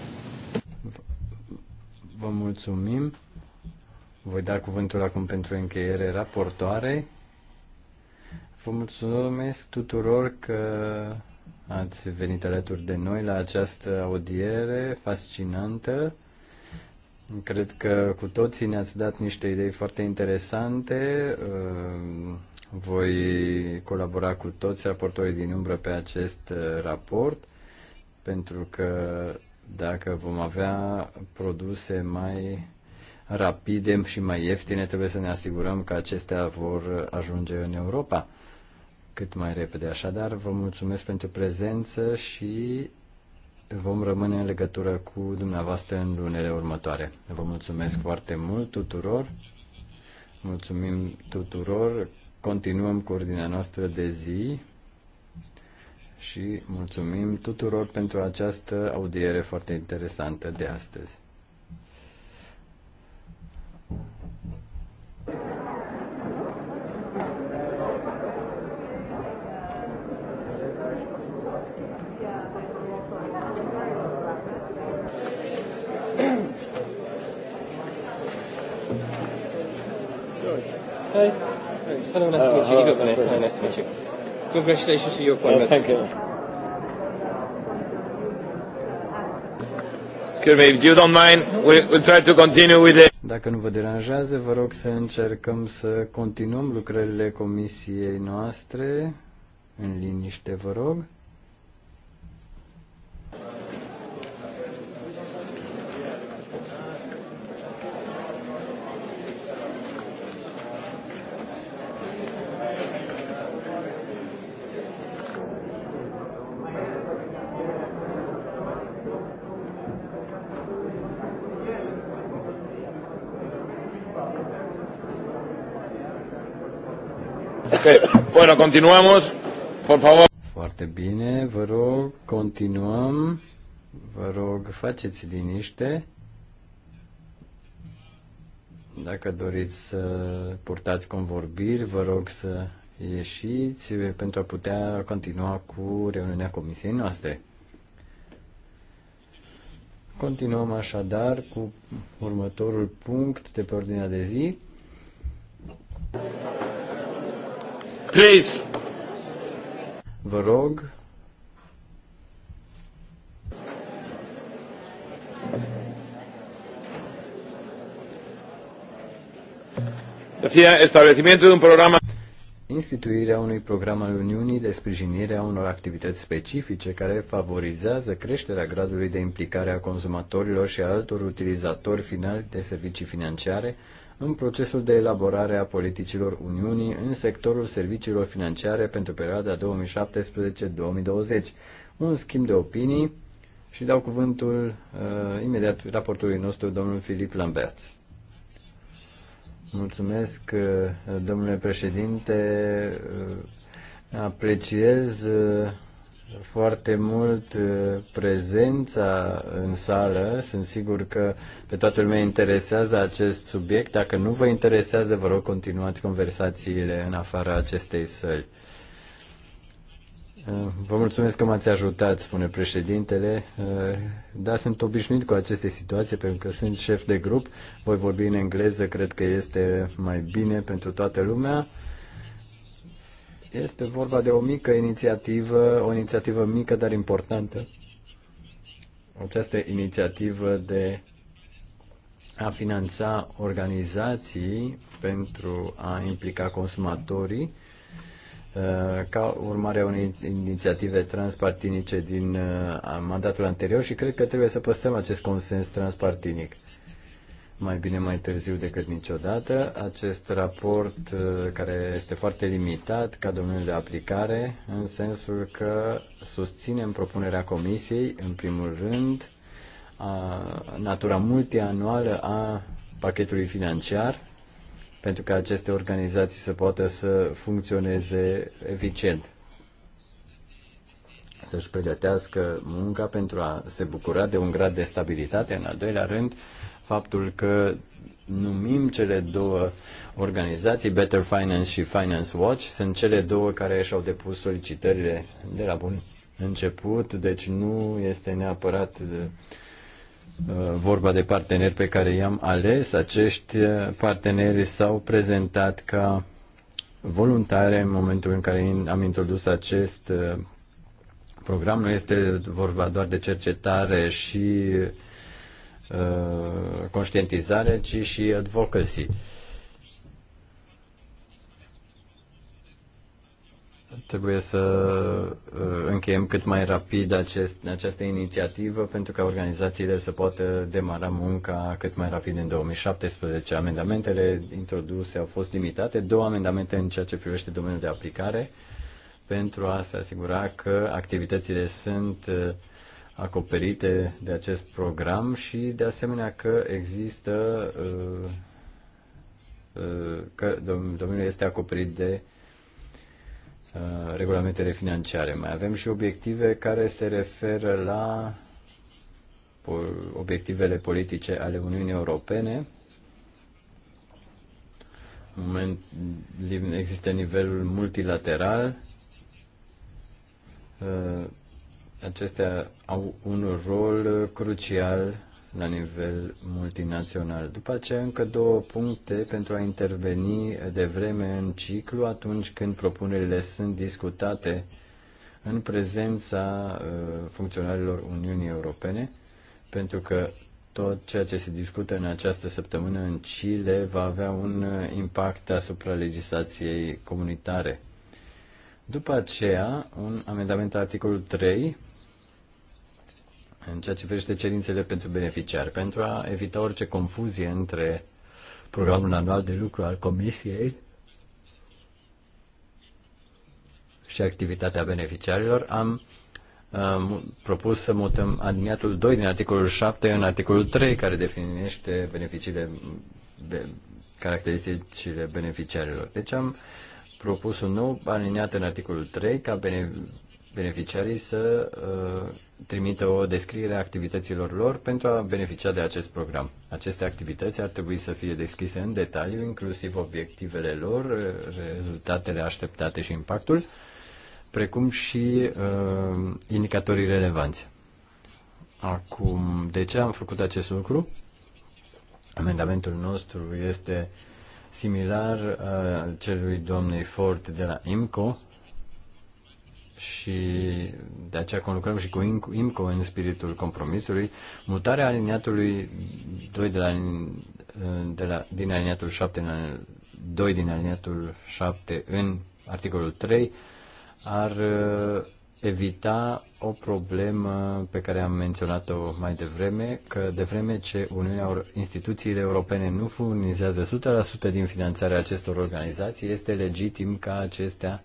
C: Vă mulțumim. Voi da cuvântul acum pentru încheiere raportoarei. Vă mulțumesc tuturor că ați venit alături de noi la această audiere fascinantă. Cred că cu toții ne-ați dat niște idei foarte interesante. Uh, voi colabora cu toți raportorii din umbră pe acest uh, raport, pentru că dacă vom avea produse mai rapide și mai ieftine, trebuie să ne asigurăm că acestea vor ajunge în Europa cât mai repede. Așadar, vă mulțumesc pentru prezență și vom rămâne în legătură cu dumneavoastră în lunele următoare. Vă mulțumesc foarte mult tuturor. Mulțumim tuturor. Continuăm cu ordinea noastră de zi și mulțumim tuturor pentru această audiere foarte interesantă de astăzi. Hey. Hey. Hello, nice uh, to meet you. Uh, you Nice, nice to meet you. Congratulations to your appointment. thank you. Dacă nu vă deranjează, vă rog să încercăm să continuăm lucrările comisiei noastre. În liniște, vă rog.
A: Continuăm, por favor.
C: Foarte bine, vă rog, continuăm. Vă rog, faceți liniște. Dacă doriți să purtați convorbiri, vă rog să ieșiți pentru a putea continua cu reuniunea comisiei noastre. Continuăm așadar cu următorul punct de pe ordinea de zi. Please. Vă rog. Decía,
A: establecimiento de un programa
C: instituirea unui program al Uniunii de sprijinire a unor activități specifice care favorizează creșterea gradului de implicare a consumatorilor și a altor utilizatori finali de servicii financiare în procesul de elaborare a politicilor Uniunii în sectorul serviciilor financiare pentru perioada 2017-2020. Un schimb de opinii și dau cuvântul uh, imediat raportului nostru, domnul Filip Lambert. Mulțumesc, uh, domnule președinte. Uh, apreciez uh, foarte mult uh, prezența în sală. Sunt sigur că pe toată lumea interesează acest subiect. Dacă nu vă interesează, vă rog continuați conversațiile în afara acestei săli. Uh, vă mulțumesc că m-ați ajutat, spune președintele. Uh, da, sunt obișnuit cu aceste situații pentru că sunt șef de grup. Voi vorbi în engleză, cred că este mai bine pentru toată lumea. Este vorba de o mică inițiativă, o inițiativă mică, dar importantă. Această inițiativă de a finanța organizații pentru a implica consumatorii uh, ca urmare a unei inițiative transpartinice din uh, mandatul anterior și cred că trebuie să păstrăm acest consens transpartinic mai bine mai târziu decât niciodată. Acest raport uh, care este foarte limitat ca domeniul de aplicare, în sensul că susținem propunerea Comisiei, în primul rând, a, natura multianuală a pachetului financiar, pentru ca aceste organizații să poată să funcționeze eficient să-și pregătească munca pentru a se bucura de un grad de stabilitate. În al doilea rând, uh, faptul că numim cele două organizații, Better Finance și Finance Watch, sunt cele două care și-au depus solicitările de la bun început, deci nu este neapărat uh, vorba de parteneri pe care i-am ales. Acești uh, parteneri s-au prezentat ca voluntare în momentul în care am introdus acest uh, program. Nu este vorba doar de cercetare și uh, Uh, conștientizare, ci și advocacy. Trebuie să uh, încheiem cât mai rapid acest, această inițiativă pentru ca organizațiile să poată demara munca cât mai rapid în 2017. Amendamentele introduse au fost limitate, două amendamente în ceea ce privește domeniul de aplicare pentru a se asigura că activitățile sunt uh, acoperite de acest program și de asemenea că există uh, uh, că domeniul este acoperit de uh, regulamentele financiare. Mai avem și obiective care se referă la obiectivele politice ale Uniunii Europene. În moment există nivelul multilateral acestea au un rol crucial la nivel multinațional. După aceea, încă două puncte pentru a interveni de vreme în ciclu atunci când propunerile sunt discutate în prezența uh, funcționarilor Uniunii Europene, pentru că tot ceea ce se discută în această săptămână în Chile va avea un uh, impact asupra legislației comunitare. După aceea, un amendament articolul 3 în ceea ce privește cerințele pentru beneficiari, pentru a evita orice confuzie între programul anual de lucru al Comisiei și activitatea beneficiarilor, am um, propus să mutăm aliniatul 2 din articolul 7 în articolul 3, care definește beneficiile, be, caracteristicile beneficiarilor. Deci am propus un nou aliniat în articolul 3 ca bene, beneficiarii să uh, trimite o descriere a activităților lor pentru a beneficia de acest program. Aceste activități ar trebui să fie descrise în detaliu, inclusiv obiectivele lor, eh, rezultatele așteptate și impactul, precum și uh, indicatorii relevanți. Acum, de ce am făcut acest lucru? Amendamentul nostru este similar uh, celui doamnei Ford de la IMCO, și de aceea conlucrăm și cu IMCO în spiritul compromisului, mutarea aliniatului 2 de la, de la, din aliniatul 7 în 2 din aliniatul 7 în articolul 3 ar uh, evita o problemă pe care am menționat-o mai devreme, că de vreme ce Uniunea, instituțiile europene nu furnizează 100% din finanțarea acestor organizații, este legitim ca acestea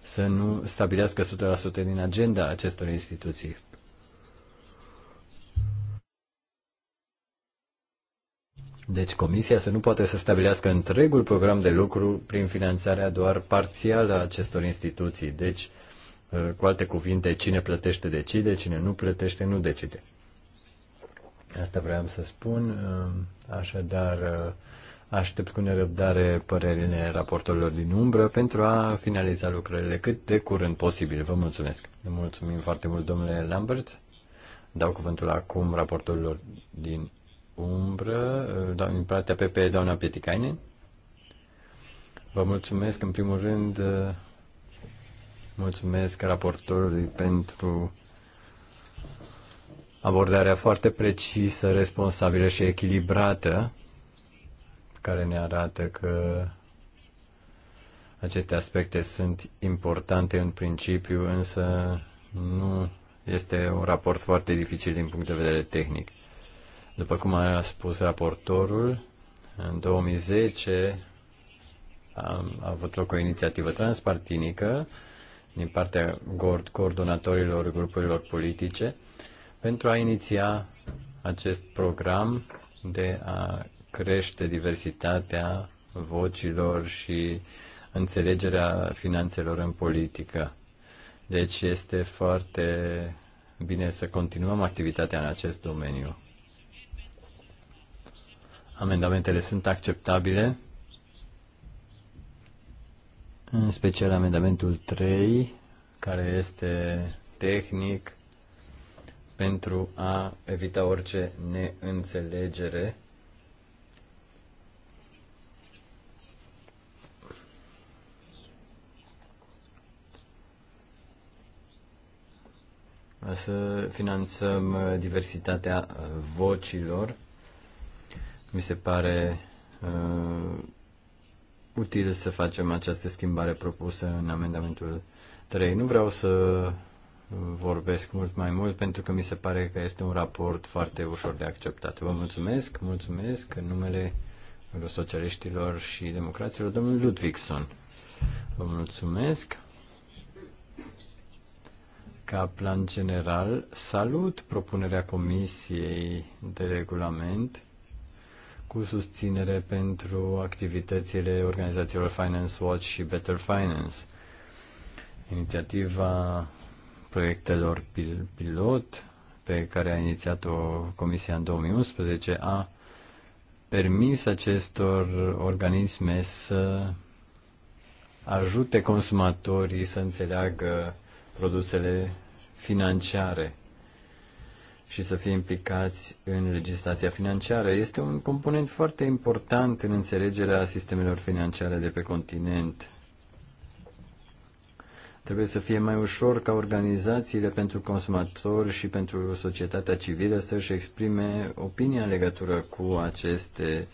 C: să nu stabilească 100% din agenda acestor instituții. Deci comisia să nu poate să stabilească întregul program de lucru prin finanțarea doar parțială a acestor instituții. Deci, uh, cu alte cuvinte, cine plătește decide, cine nu plătește nu decide. Asta vreau să spun. Uh, așadar, uh, Aștept cu nerăbdare părerile raportorilor din umbră pentru a finaliza lucrările cât de curând posibil. Vă mulțumesc. Mulțumim foarte mult, domnule Lambert. Dau cuvântul acum raportorilor din umbră, da, din partea PP, doamna Pieticainen. Vă mulțumesc, în primul rând, mulțumesc raportorului pentru abordarea foarte precisă, responsabilă și echilibrată care ne arată că aceste aspecte sunt importante în principiu, însă nu este un raport foarte dificil din punct de vedere tehnic. După cum a spus raportorul, în 2010 a avut loc o inițiativă transpartinică din partea coordonatorilor grupurilor politice pentru a iniția acest program de a crește diversitatea vocilor și înțelegerea finanțelor în politică. Deci este foarte bine să continuăm activitatea în acest domeniu. Amendamentele sunt acceptabile, în special amendamentul 3, care este tehnic pentru a evita orice neînțelegere să finanțăm uh, diversitatea uh, vocilor. Mi se pare uh, util să facem această schimbare propusă în amendamentul 3. Nu vreau să uh, vorbesc mult mai mult pentru că mi se pare că este un raport foarte ușor de acceptat. Vă mulțumesc, mulțumesc în numele socialiștilor și democraților, domnul Ludvigson. Vă mulțumesc. Ca plan general, salut propunerea Comisiei de regulament cu susținere pentru activitățile organizațiilor Finance Watch și Better Finance. Inițiativa proiectelor pil- pilot pe care a inițiat-o Comisia în 2011 a permis acestor organisme să ajute consumatorii să înțeleagă produsele financiare și să fie implicați în legislația financiară. Este un component foarte important în înțelegerea sistemelor financiare de pe continent. Trebuie să fie mai ușor ca organizațiile pentru consumatori și pentru societatea civilă să-și exprime opinia în legătură cu aceste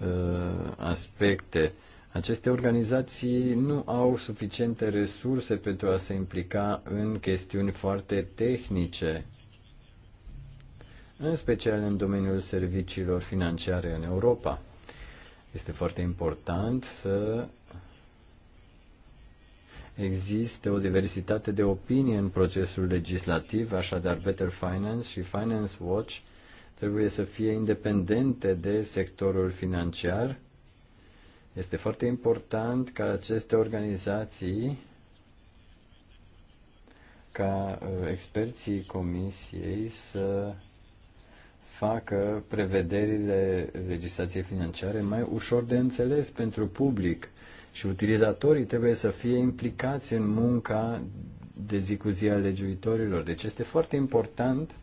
C: uh, aspecte. Uh, aceste organizații nu au suficiente resurse pentru a se implica în chestiuni foarte tehnice, în special în domeniul serviciilor financiare în Europa. Este foarte important să Există o diversitate de opinie în procesul legislativ, așadar Better Finance și Finance Watch trebuie să fie independente de sectorul financiar este foarte important ca aceste organizații, ca uh, experții comisiei să facă prevederile legislației financiare mai ușor de înțeles pentru public și utilizatorii trebuie să fie implicați în munca de zi cu zi a legiuitorilor. Deci este foarte important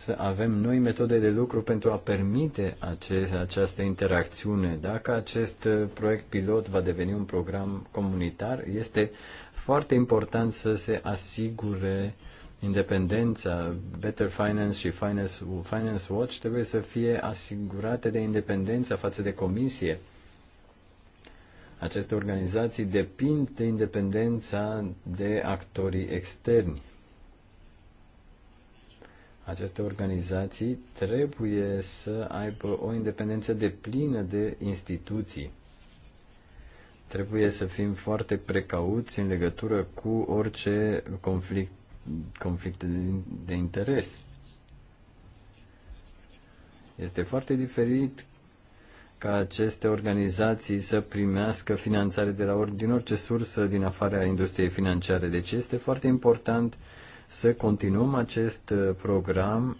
C: să avem noi metode de lucru pentru a permite acest, această interacțiune. Dacă acest uh, proiect pilot va deveni un program comunitar, este foarte important să se asigure independența. Better Finance și Finance, Finance Watch trebuie să fie asigurate de independența față de comisie. Aceste organizații depind de independența de actorii externi aceste organizații trebuie să aibă o independență de plină de instituții. Trebuie să fim foarte precauți în legătură cu orice conflict, conflict de interes. Este foarte diferit ca aceste organizații să primească finanțare de la ori, din orice sursă din afara industriei financiare. Deci este foarte important uh, să continuăm acest uh, program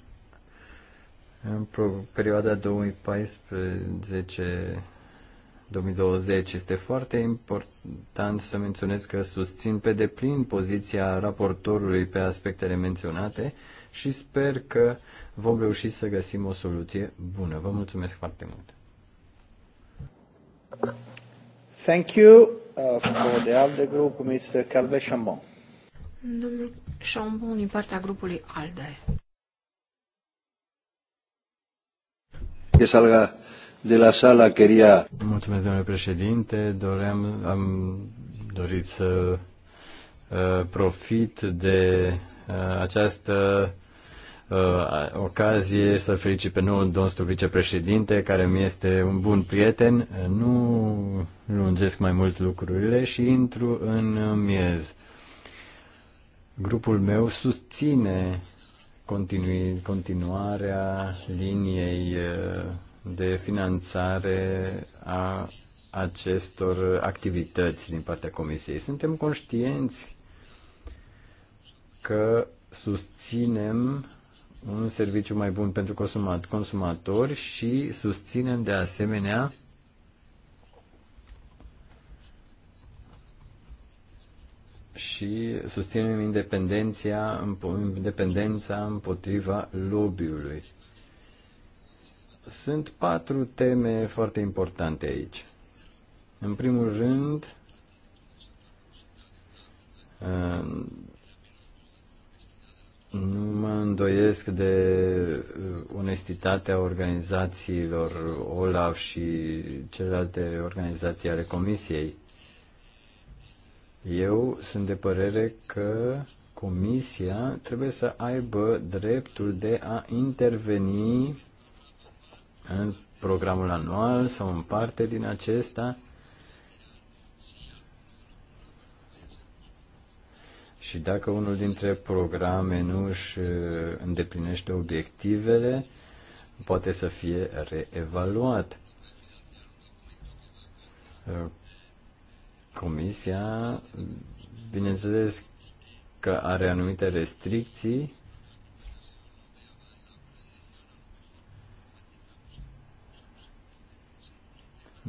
C: în perioada 2014 2020. Este foarte important să menționez că susțin pe deplin poziția raportorului pe aspectele menționate și sper că vom reuși să găsim o soluție bună. Vă mulțumesc foarte mult. Thank you uh, for the other group, Mr. Calvet Chambon. Domnul
D: Șambon, din partea grupului ALDE.
C: Que salga de la sala, quería... Mulțumesc, domnule președinte. Doream, am dorit să uh, profit de uh, această uh, ocazie să felicit pe noul nostru vicepreședinte, care mi este un bun prieten. Nu lungesc mai mult lucrurile și intru în miez. Grupul meu susține continui, continuarea liniei uh, de finanțare a acestor activități din partea Comisiei. Suntem conștienți că susținem un serviciu mai bun pentru consumatori și susținem de asemenea și susținem independența, independența împotriva lobby-ului. Sunt patru teme foarte importante aici. În primul rând, uh, nu mă îndoiesc de uh, onestitatea organizațiilor OLAF și celelalte organizații ale Comisiei eu sunt de părere că Comisia trebuie să aibă dreptul de a interveni în programul anual sau în parte din acesta Și dacă unul dintre programe nu își uh, îndeplinește obiectivele, poate să fie reevaluat. Uh, Comisia, bineînțeles că are anumite restricții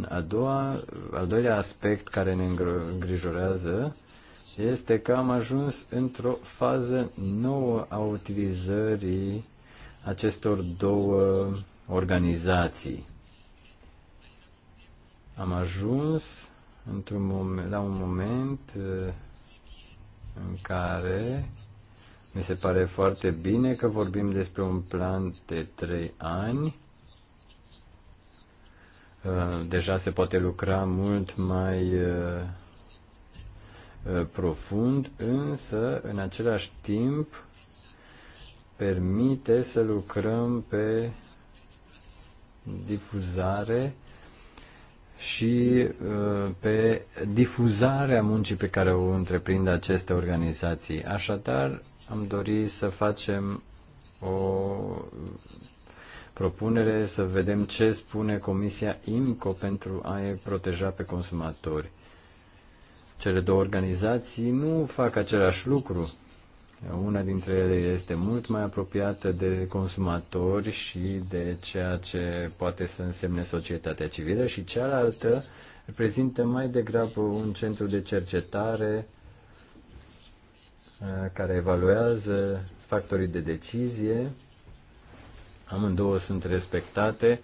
C: A doua, al doilea aspect care ne îngrijorează este că am ajuns într-o fază nouă a utilizării acestor două organizații. Am ajuns într-un moment, la un moment uh, în care mi se pare foarte bine că vorbim despre un plan de trei ani. Uh, deja se poate lucra mult mai uh, profund, însă în același timp permite să lucrăm pe difuzare și uh, pe difuzarea muncii pe care o întreprind aceste organizații. Așadar, am dorit să facem o propunere să vedem ce spune Comisia IMCO pentru a-i proteja pe consumatori. Cele două organizații nu fac același lucru. Una dintre ele este mult mai apropiată de consumatori și de ceea ce poate să însemne societatea civilă și cealaltă reprezintă mai degrabă un centru de cercetare uh, care evaluează factorii de decizie. Amândouă sunt respectate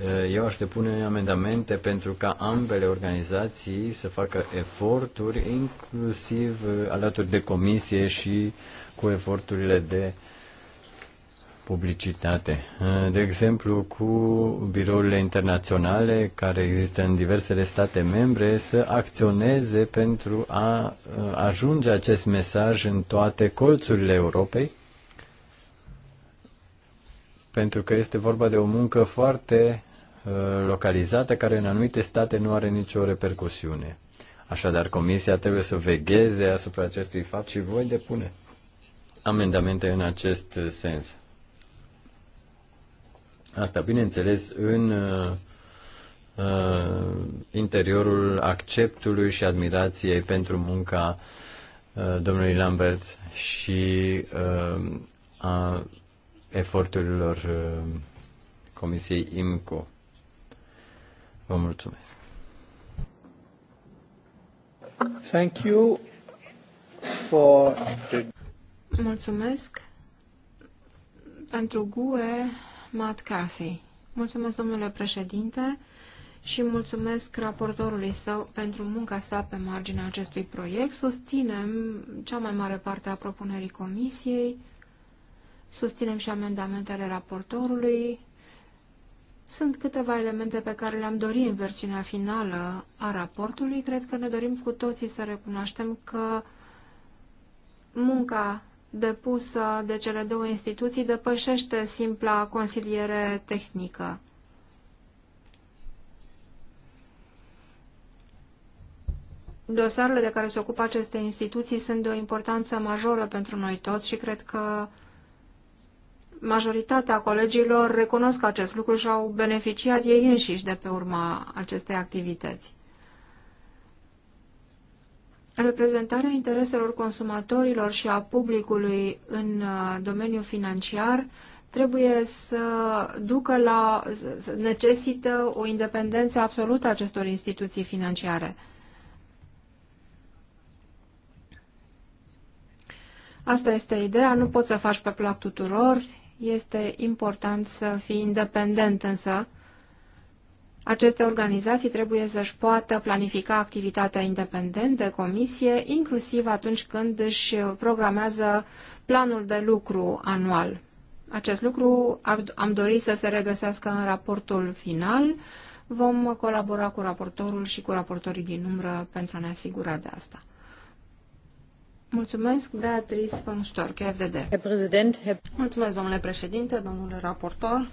C: Eh, eu aș depune amendamente pentru ca ambele organizații să facă eforturi, inclusiv eh, alături de comisie și cu eforturile de publicitate. Eh, de exemplu, cu birourile internaționale care există în diversele state membre să acționeze pentru a ajunge acest mesaj în toate colțurile Europei pentru că este vorba de o muncă foarte uh, localizată care în anumite state nu are nicio repercusiune. Așadar, Comisia trebuie să vegheze asupra acestui fapt și voi depune amendamente în acest uh, sens. Asta, bineînțeles, în uh, uh, interiorul acceptului și admirației pentru munca uh, domnului Lambert și uh, a eforturilor uh, Comisiei IMCO. Vă mulțumesc.
B: Thank you for...
D: Mulțumesc pentru GUE Matt Cathy. Mulțumesc, domnule președinte, și mulțumesc raportorului său pentru munca sa pe marginea acestui proiect. Susținem cea mai mare parte a propunerii comisiei Susținem și amendamentele raportorului. Sunt câteva elemente pe care le-am dorit în versiunea finală a raportului. Cred că ne dorim cu toții să recunoaștem că munca depusă de cele două instituții depășește simpla consiliere tehnică. Dosarele de care se ocupă aceste instituții sunt de o importanță majoră pentru noi toți și cred că majoritatea colegilor recunosc acest lucru și au beneficiat ei înșiși de pe urma acestei activități. Reprezentarea intereselor consumatorilor și a publicului în uh, domeniul financiar trebuie să ducă la, necesită o independență absolută a acestor instituții financiare. Asta este ideea, nu poți să faci pe plac tuturor, este important să fii independent însă. Aceste organizații trebuie să-și poată planifica activitatea independent de comisie, inclusiv atunci când își programează planul de lucru anual. Acest lucru am dorit să se regăsească în raportul final. Vom colabora cu raportorul și cu raportorii din umbră pentru a ne asigura de asta. Mulțumesc, Beatrice von
B: Storch, FDD. Mulțumesc, domnule președinte, domnule raportor.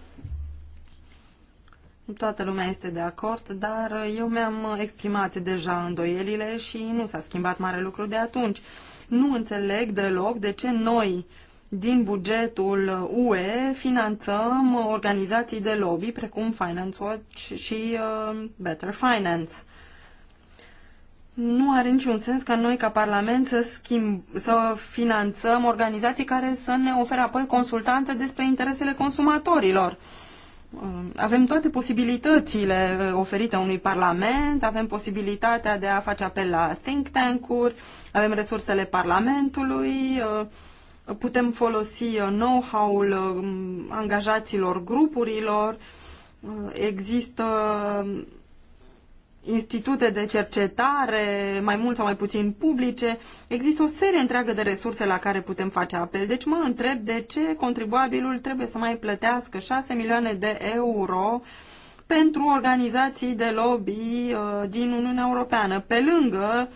B: Toată lumea este de acord, dar eu mi-am exprimat deja îndoielile și nu s-a schimbat mare lucru de atunci. Nu înțeleg deloc de ce noi, din bugetul UE, finanțăm organizații de lobby precum Finance Watch și uh, Better Finance nu are niciun sens ca noi, ca Parlament, să, schimb, să finanțăm organizații care să ne ofere apoi consultanțe despre interesele consumatorilor. Uh, avem toate posibilitățile uh, oferite unui Parlament, avem posibilitatea de a face apel la think tank-uri, avem resursele Parlamentului, uh, putem folosi know-how-ul angajaților grupurilor, există institute de cercetare, mai mult sau mai puțin publice. Există o serie întreagă de resurse la care putem face apel. Deci mă întreb de ce contribuabilul trebuie să mai plătească 6 milioane de euro pentru organizații de lobby uh, din Uniunea Europeană, pe lângă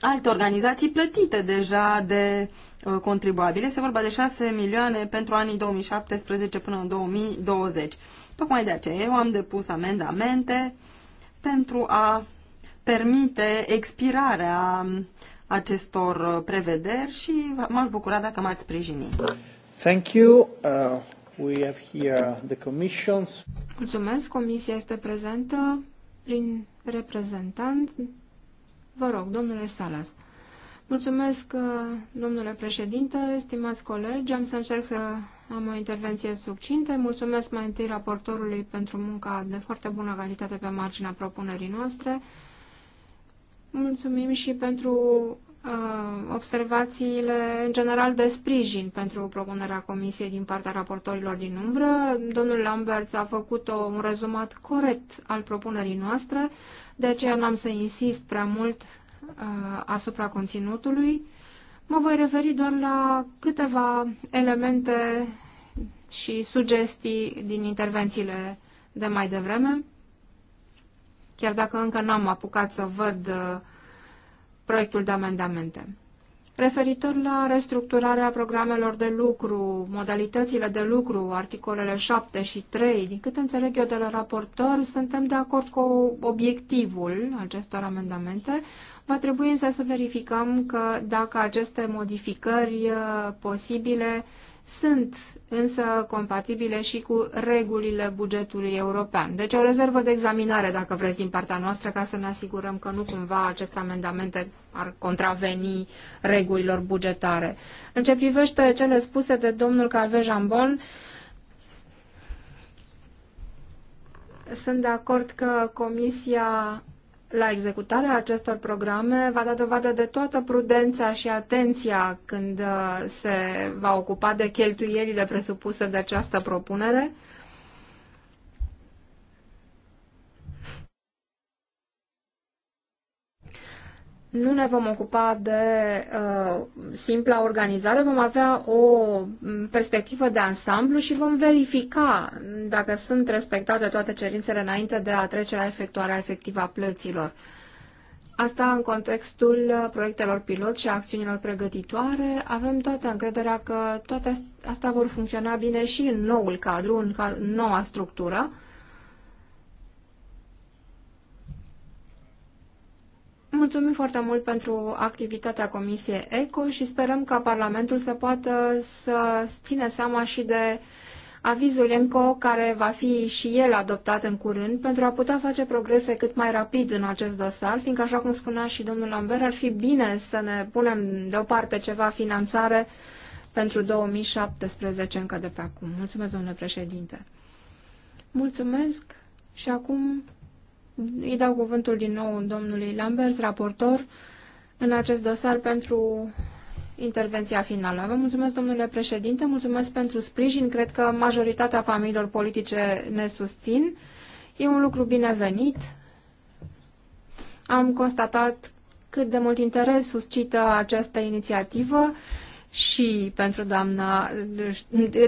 B: alte organizații plătite deja de uh, contribuabile. Este vorba de 6 milioane pentru anii 2017 până în 2020. Tocmai de aceea eu am depus amendamente pentru a permite expirarea acestor prevederi și m-aș bucura dacă m-ați sprijini.
C: Thank you. Uh, we have here the commissions.
D: Mulțumesc. Comisia este prezentă prin reprezentant. Vă rog, domnule Salas. Mulțumesc, uh, domnule președinte, stimați colegi. Am să încerc să am o intervenție succintă. Mulțumesc mai întâi raportorului pentru munca de foarte bună calitate pe marginea propunerii noastre. Mulțumim și pentru uh, observațiile în general de sprijin pentru propunerea comisiei din partea raportorilor din umbră. Domnul Lambert a făcut o, un rezumat corect al propunerii noastre, de aceea n-am să insist prea mult Uh, asupra conținutului. Mă voi referi doar la câteva elemente și sugestii din intervențiile de mai devreme, chiar dacă încă n-am apucat să văd uh, proiectul de amendamente. Referitor la restructurarea programelor de lucru, modalitățile de lucru, articolele 7 și 3, din cât înțeleg eu de la raportor, suntem de acord cu obiectivul acestor amendamente, Va trebui însă să verificăm că dacă aceste modificări uh, posibile sunt însă compatibile și cu regulile bugetului european. Deci o rezervă de examinare, dacă vreți, din partea noastră, ca să ne asigurăm că nu cumva aceste amendamente ar contraveni regulilor bugetare. În ce privește cele spuse de domnul Jambon, sunt de acord că Comisia la executarea acestor programe va da dovadă de toată prudența și atenția când uh, se va ocupa de cheltuielile presupuse de această propunere, nu ne vom ocupa de uh, simpla organizare, vom avea o mm, perspectivă de ansamblu și vom verifica dacă sunt respectate toate cerințele înainte de a trece la efectuarea efectivă a plăților. Asta în contextul proiectelor pilot și a acțiunilor pregătitoare. Avem toată încrederea că toate astea vor funcționa bine și în noul cadru, în noua structură. mulțumim foarte mult pentru activitatea Comisiei ECO și sperăm ca Parlamentul să poată să țină seama și de avizul EMCO, care va fi și el adoptat în curând, pentru a putea face progrese cât mai rapid în acest dosar, fiindcă, așa cum spunea și domnul Lambert, ar fi bine să ne punem deoparte ceva finanțare pentru 2017 încă de pe acum. Mulțumesc, domnule președinte. Mulțumesc și acum îi dau cuvântul din nou domnului Lambers, raportor, în acest dosar pentru intervenția finală. Vă mulțumesc, domnule președinte, mulțumesc pentru sprijin. Cred că majoritatea familiilor politice ne susțin. E un lucru binevenit. Am constatat cât de mult interes suscită această inițiativă și pentru doamna,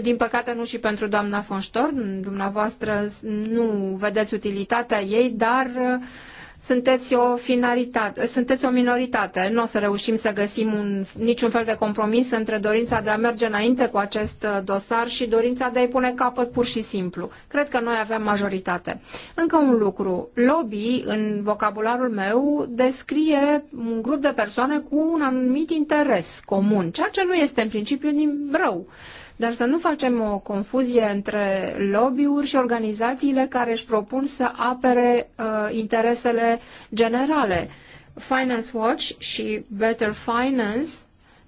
D: din păcate nu și pentru doamna Fonștor, dumneavoastră nu vedeți utilitatea ei, dar uh, sunteți o, finalitate, sunteți o minoritate. Nu o să reușim să găsim un, niciun fel de compromis între dorința de a merge înainte cu acest uh, dosar și dorința de a-i pune capăt pur și simplu. Cred că noi avem majoritate. Încă un lucru. Lobby, în vocabularul meu, descrie un grup de persoane cu un anumit interes comun, ceea ce nu este în principiu din rău dar să nu facem o confuzie între lobby-uri și organizațiile care își propun să apere uh, interesele generale. Finance Watch și Better Finance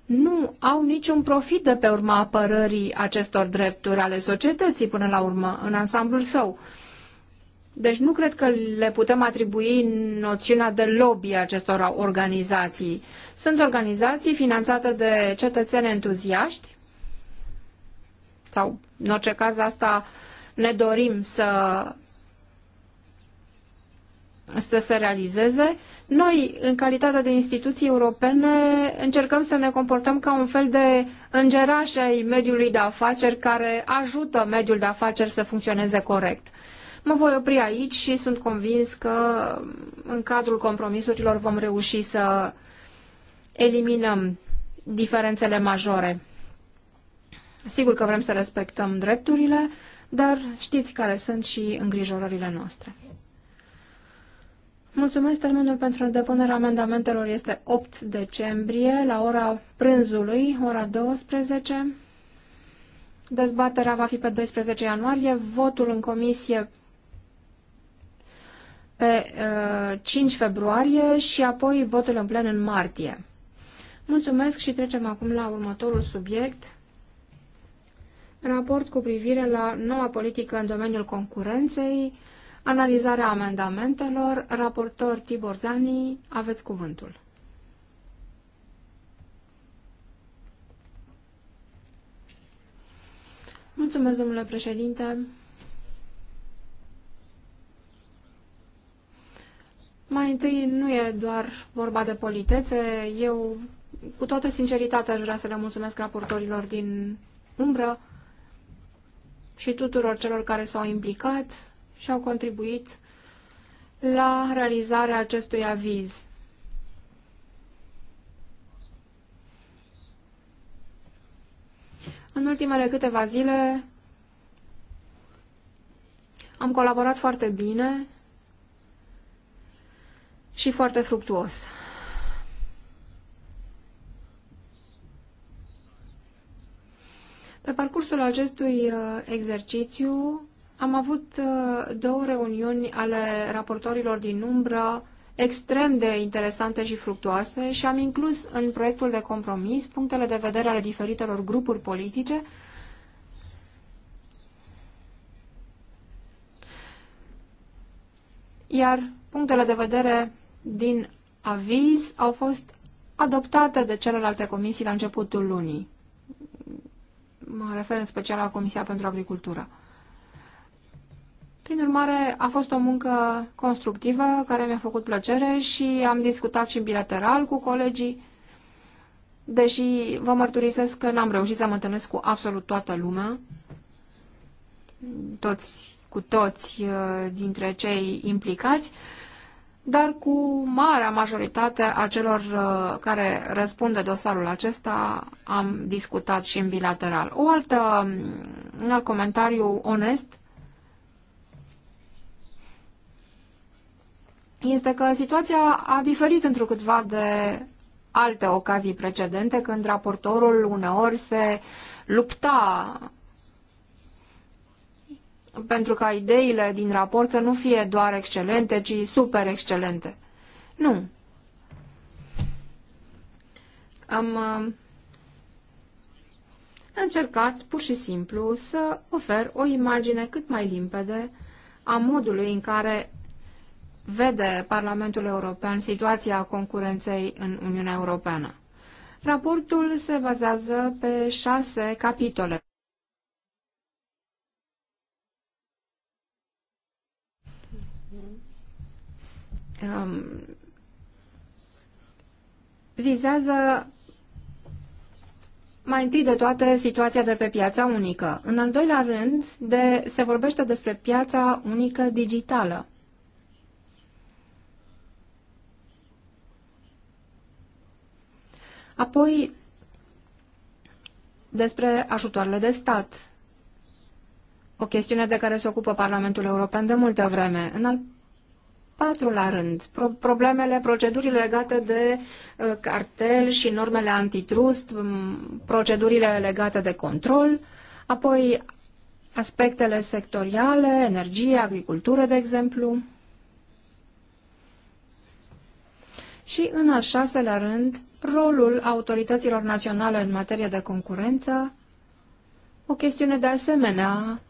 D: nu au niciun profit de pe urma apărării acestor drepturi ale societății până la urmă, în ansamblul său. Deci nu cred că le putem atribui noțiunea de lobby acestor organizații. Sunt organizații finanțate de cetățeni entuziaști sau în orice caz asta ne dorim să să se realizeze, noi, în calitate de instituții europene, încercăm să ne comportăm ca un fel de îngeraș ai mediului de afaceri care ajută mediul de afaceri să funcționeze corect. Mă voi opri aici și sunt convins că în cadrul compromisurilor vom reuși să eliminăm diferențele majore. Sigur că vrem să respectăm drepturile, dar știți care sunt și îngrijorările noastre. Mulțumesc, termenul pentru depunerea amendamentelor este 8 decembrie, la ora prânzului, ora 12. Dezbaterea va fi pe 12 ianuarie, votul în comisie pe uh, 5 februarie și apoi votul în plen în martie. Mulțumesc și trecem acum la următorul subiect raport cu privire la noua politică în domeniul concurenței, analizarea amendamentelor, raportor Tibor Zani, aveți cuvântul. Mulțumesc, domnule președinte. Mai întâi, nu e doar vorba de politețe. Eu, cu toată sinceritatea, aș vrea să le mulțumesc raportorilor din umbră și tuturor celor care s-au implicat și au contribuit la realizarea acestui aviz. În ultimele câteva zile am colaborat foarte bine și foarte fructuos. Pe parcursul acestui uh, exercițiu am avut uh, două reuniuni ale raportorilor din umbră extrem de interesante și fructuoase și am inclus în proiectul de compromis punctele de vedere ale diferitelor grupuri politice iar punctele de vedere din aviz au fost adoptate de celelalte comisii la începutul lunii. Mă refer în special la Comisia pentru Agricultură. Prin urmare, a fost o muncă constructivă care mi-a făcut plăcere și am discutat și bilateral cu colegii, deși vă mărturisesc că n-am reușit să mă întâlnesc cu absolut toată lumea, toți, cu toți uh, dintre cei implicați, dar cu marea majoritate a celor uh, care răspunde dosarul acesta am discutat și în bilateral. O altă, um, un alt comentariu onest este că situația a diferit câtva de alte ocazii precedente când raportorul uneori se lupta pentru ca ideile din raport să nu fie doar excelente, ci super excelente. Nu. Am uh, încercat pur și simplu să ofer o imagine cât mai limpede a modului în care vede Parlamentul European situația concurenței în Uniunea Europeană. Raportul se bazează pe șase capitole. um, vizează mai întâi de toate situația de pe piața unică. În al doilea rând, de, se vorbește despre piața unică digitală. Apoi, despre ajutoarele de stat. O chestiune de care se ocupă Parlamentul European de multă vreme. În al patru la rând, pro problemele, procedurile legate de uh, cartel și normele antitrust, um, procedurile legate de control, apoi aspectele sectoriale, energie, agricultură, de exemplu. Și în al șaselea rând, rolul autorităților naționale în materie de concurență, o chestiune de asemenea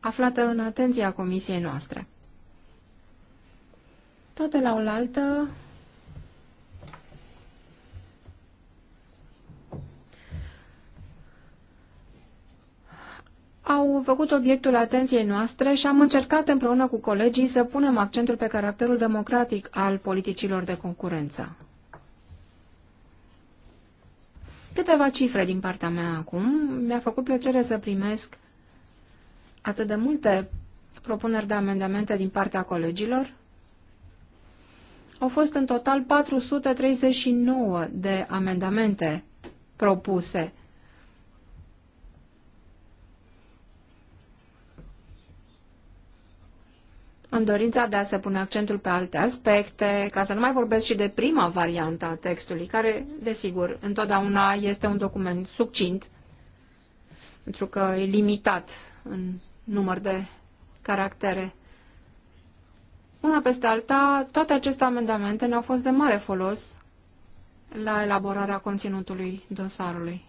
D: aflată în atenția comisiei noastre toate la oaltă. au făcut obiectul atenției noastre și am încercat împreună cu colegii să punem accentul pe caracterul democratic al politicilor de concurență. Câteva cifre din partea mea acum. Mi-a făcut plăcere să primesc atât de multe propuneri de amendamente din partea colegilor. Au fost în total 439 de amendamente propuse. În dorința de a se pune accentul pe alte aspecte, ca să nu mai vorbesc și de prima variantă a textului, care, desigur, întotdeauna este un document succint, pentru că e limitat în număr de caractere. Una peste alta, toate aceste amendamente ne-au fost de mare folos la elaborarea conținutului dosarului.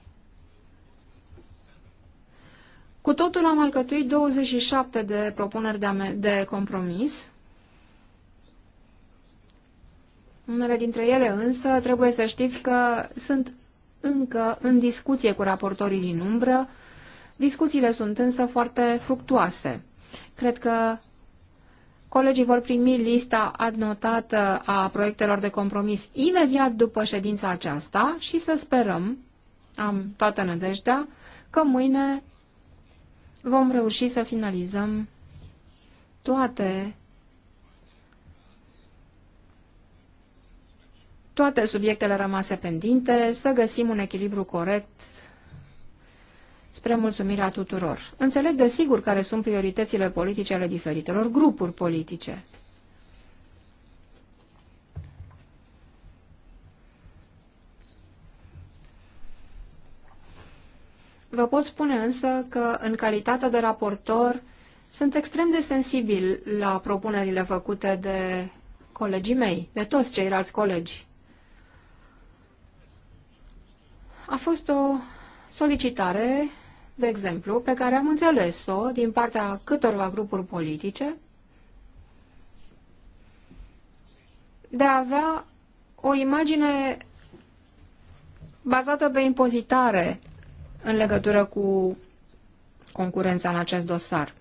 D: Cu totul am alcătuit 27 de propuneri de, de compromis. Unele dintre ele însă trebuie să știți că sunt încă în discuție cu raportorii din umbră. Discuțiile sunt însă foarte fructuoase. Cred că Colegii vor primi lista adnotată a proiectelor de compromis imediat după ședința aceasta și să sperăm, am toată nădejdea, că mâine vom reuși să finalizăm toate toate subiectele rămase pendinte, să găsim un echilibru corect spre mulțumirea tuturor. Înțeleg desigur care sunt prioritățile politice ale diferitelor grupuri politice. Vă pot spune însă că, în calitate de raportor, sunt extrem de sensibil la propunerile făcute de colegii mei, de toți ceilalți colegi. A fost o solicitare de exemplu, pe care am înțeles-o din partea câtorva grupuri politice, de a avea o imagine bazată pe impozitare în legătură cu concurența în acest dosar.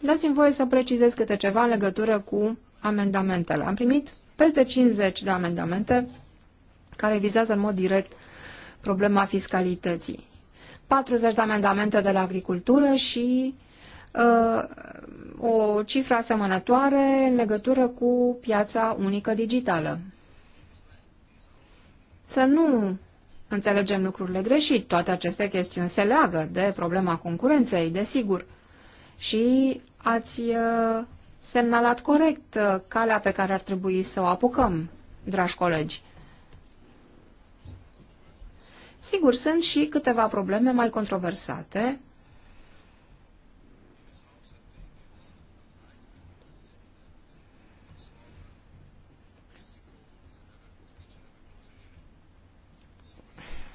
D: Dați-mi voie să precizez câte ceva în legătură cu amendamentele. Am primit peste 50 de amendamente care vizează în mod direct problema fiscalității. 40 de amendamente de la agricultură și uh, o cifră asemănătoare în legătură cu piața unică digitală. Să nu înțelegem lucrurile greșit. Toate aceste chestiuni se leagă de problema concurenței, desigur. Și ați uh, semnalat corect uh, calea pe care ar trebui să o apucăm, dragi colegi. Sigur, sunt și câteva probleme mai controversate.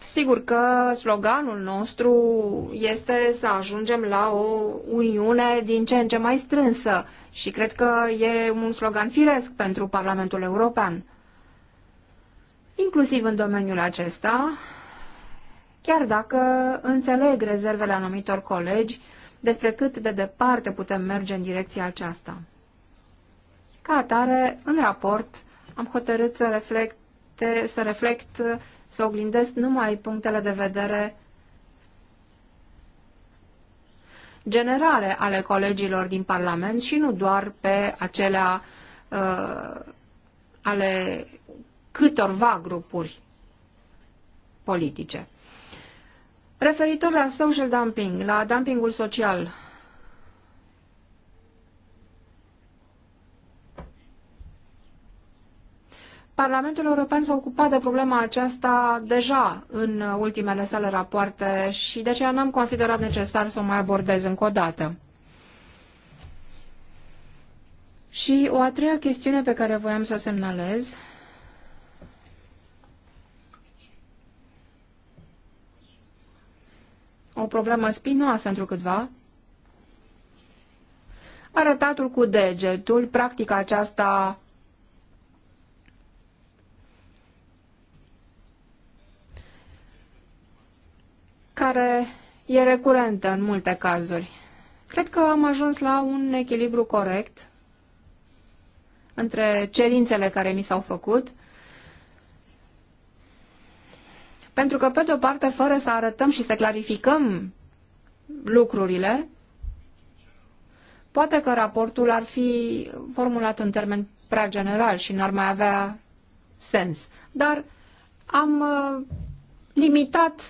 D: Sigur că sloganul nostru este să ajungem la o uniune din ce în ce mai strânsă și cred că e un slogan firesc pentru Parlamentul European. Inclusiv în domeniul acesta, chiar dacă înțeleg rezervele anumitor colegi despre cât de departe putem merge în direcția aceasta. Ca atare, în raport, am hotărât să reflect, să reflect, să oglindesc numai punctele de vedere generale ale colegilor din Parlament și nu doar pe acelea uh, ale câtorva grupuri politice. Referitor la social dumping, la dumpingul social, Parlamentul European s-a ocupat de problema aceasta deja în ultimele sale rapoarte și de aceea n-am considerat necesar să o mai abordez încă o dată. Și o a treia chestiune pe care voiam să o semnalez o problemă spinoasă într câtva, arătatul cu degetul, practica aceasta care e recurentă în multe cazuri. Cred că am ajuns la un echilibru corect între cerințele care mi s-au făcut pentru că, pe de-o parte, fără să arătăm și să clarificăm lucrurile, poate că raportul ar fi formulat în termen prea general și n-ar mai avea sens. Dar am uh, limitat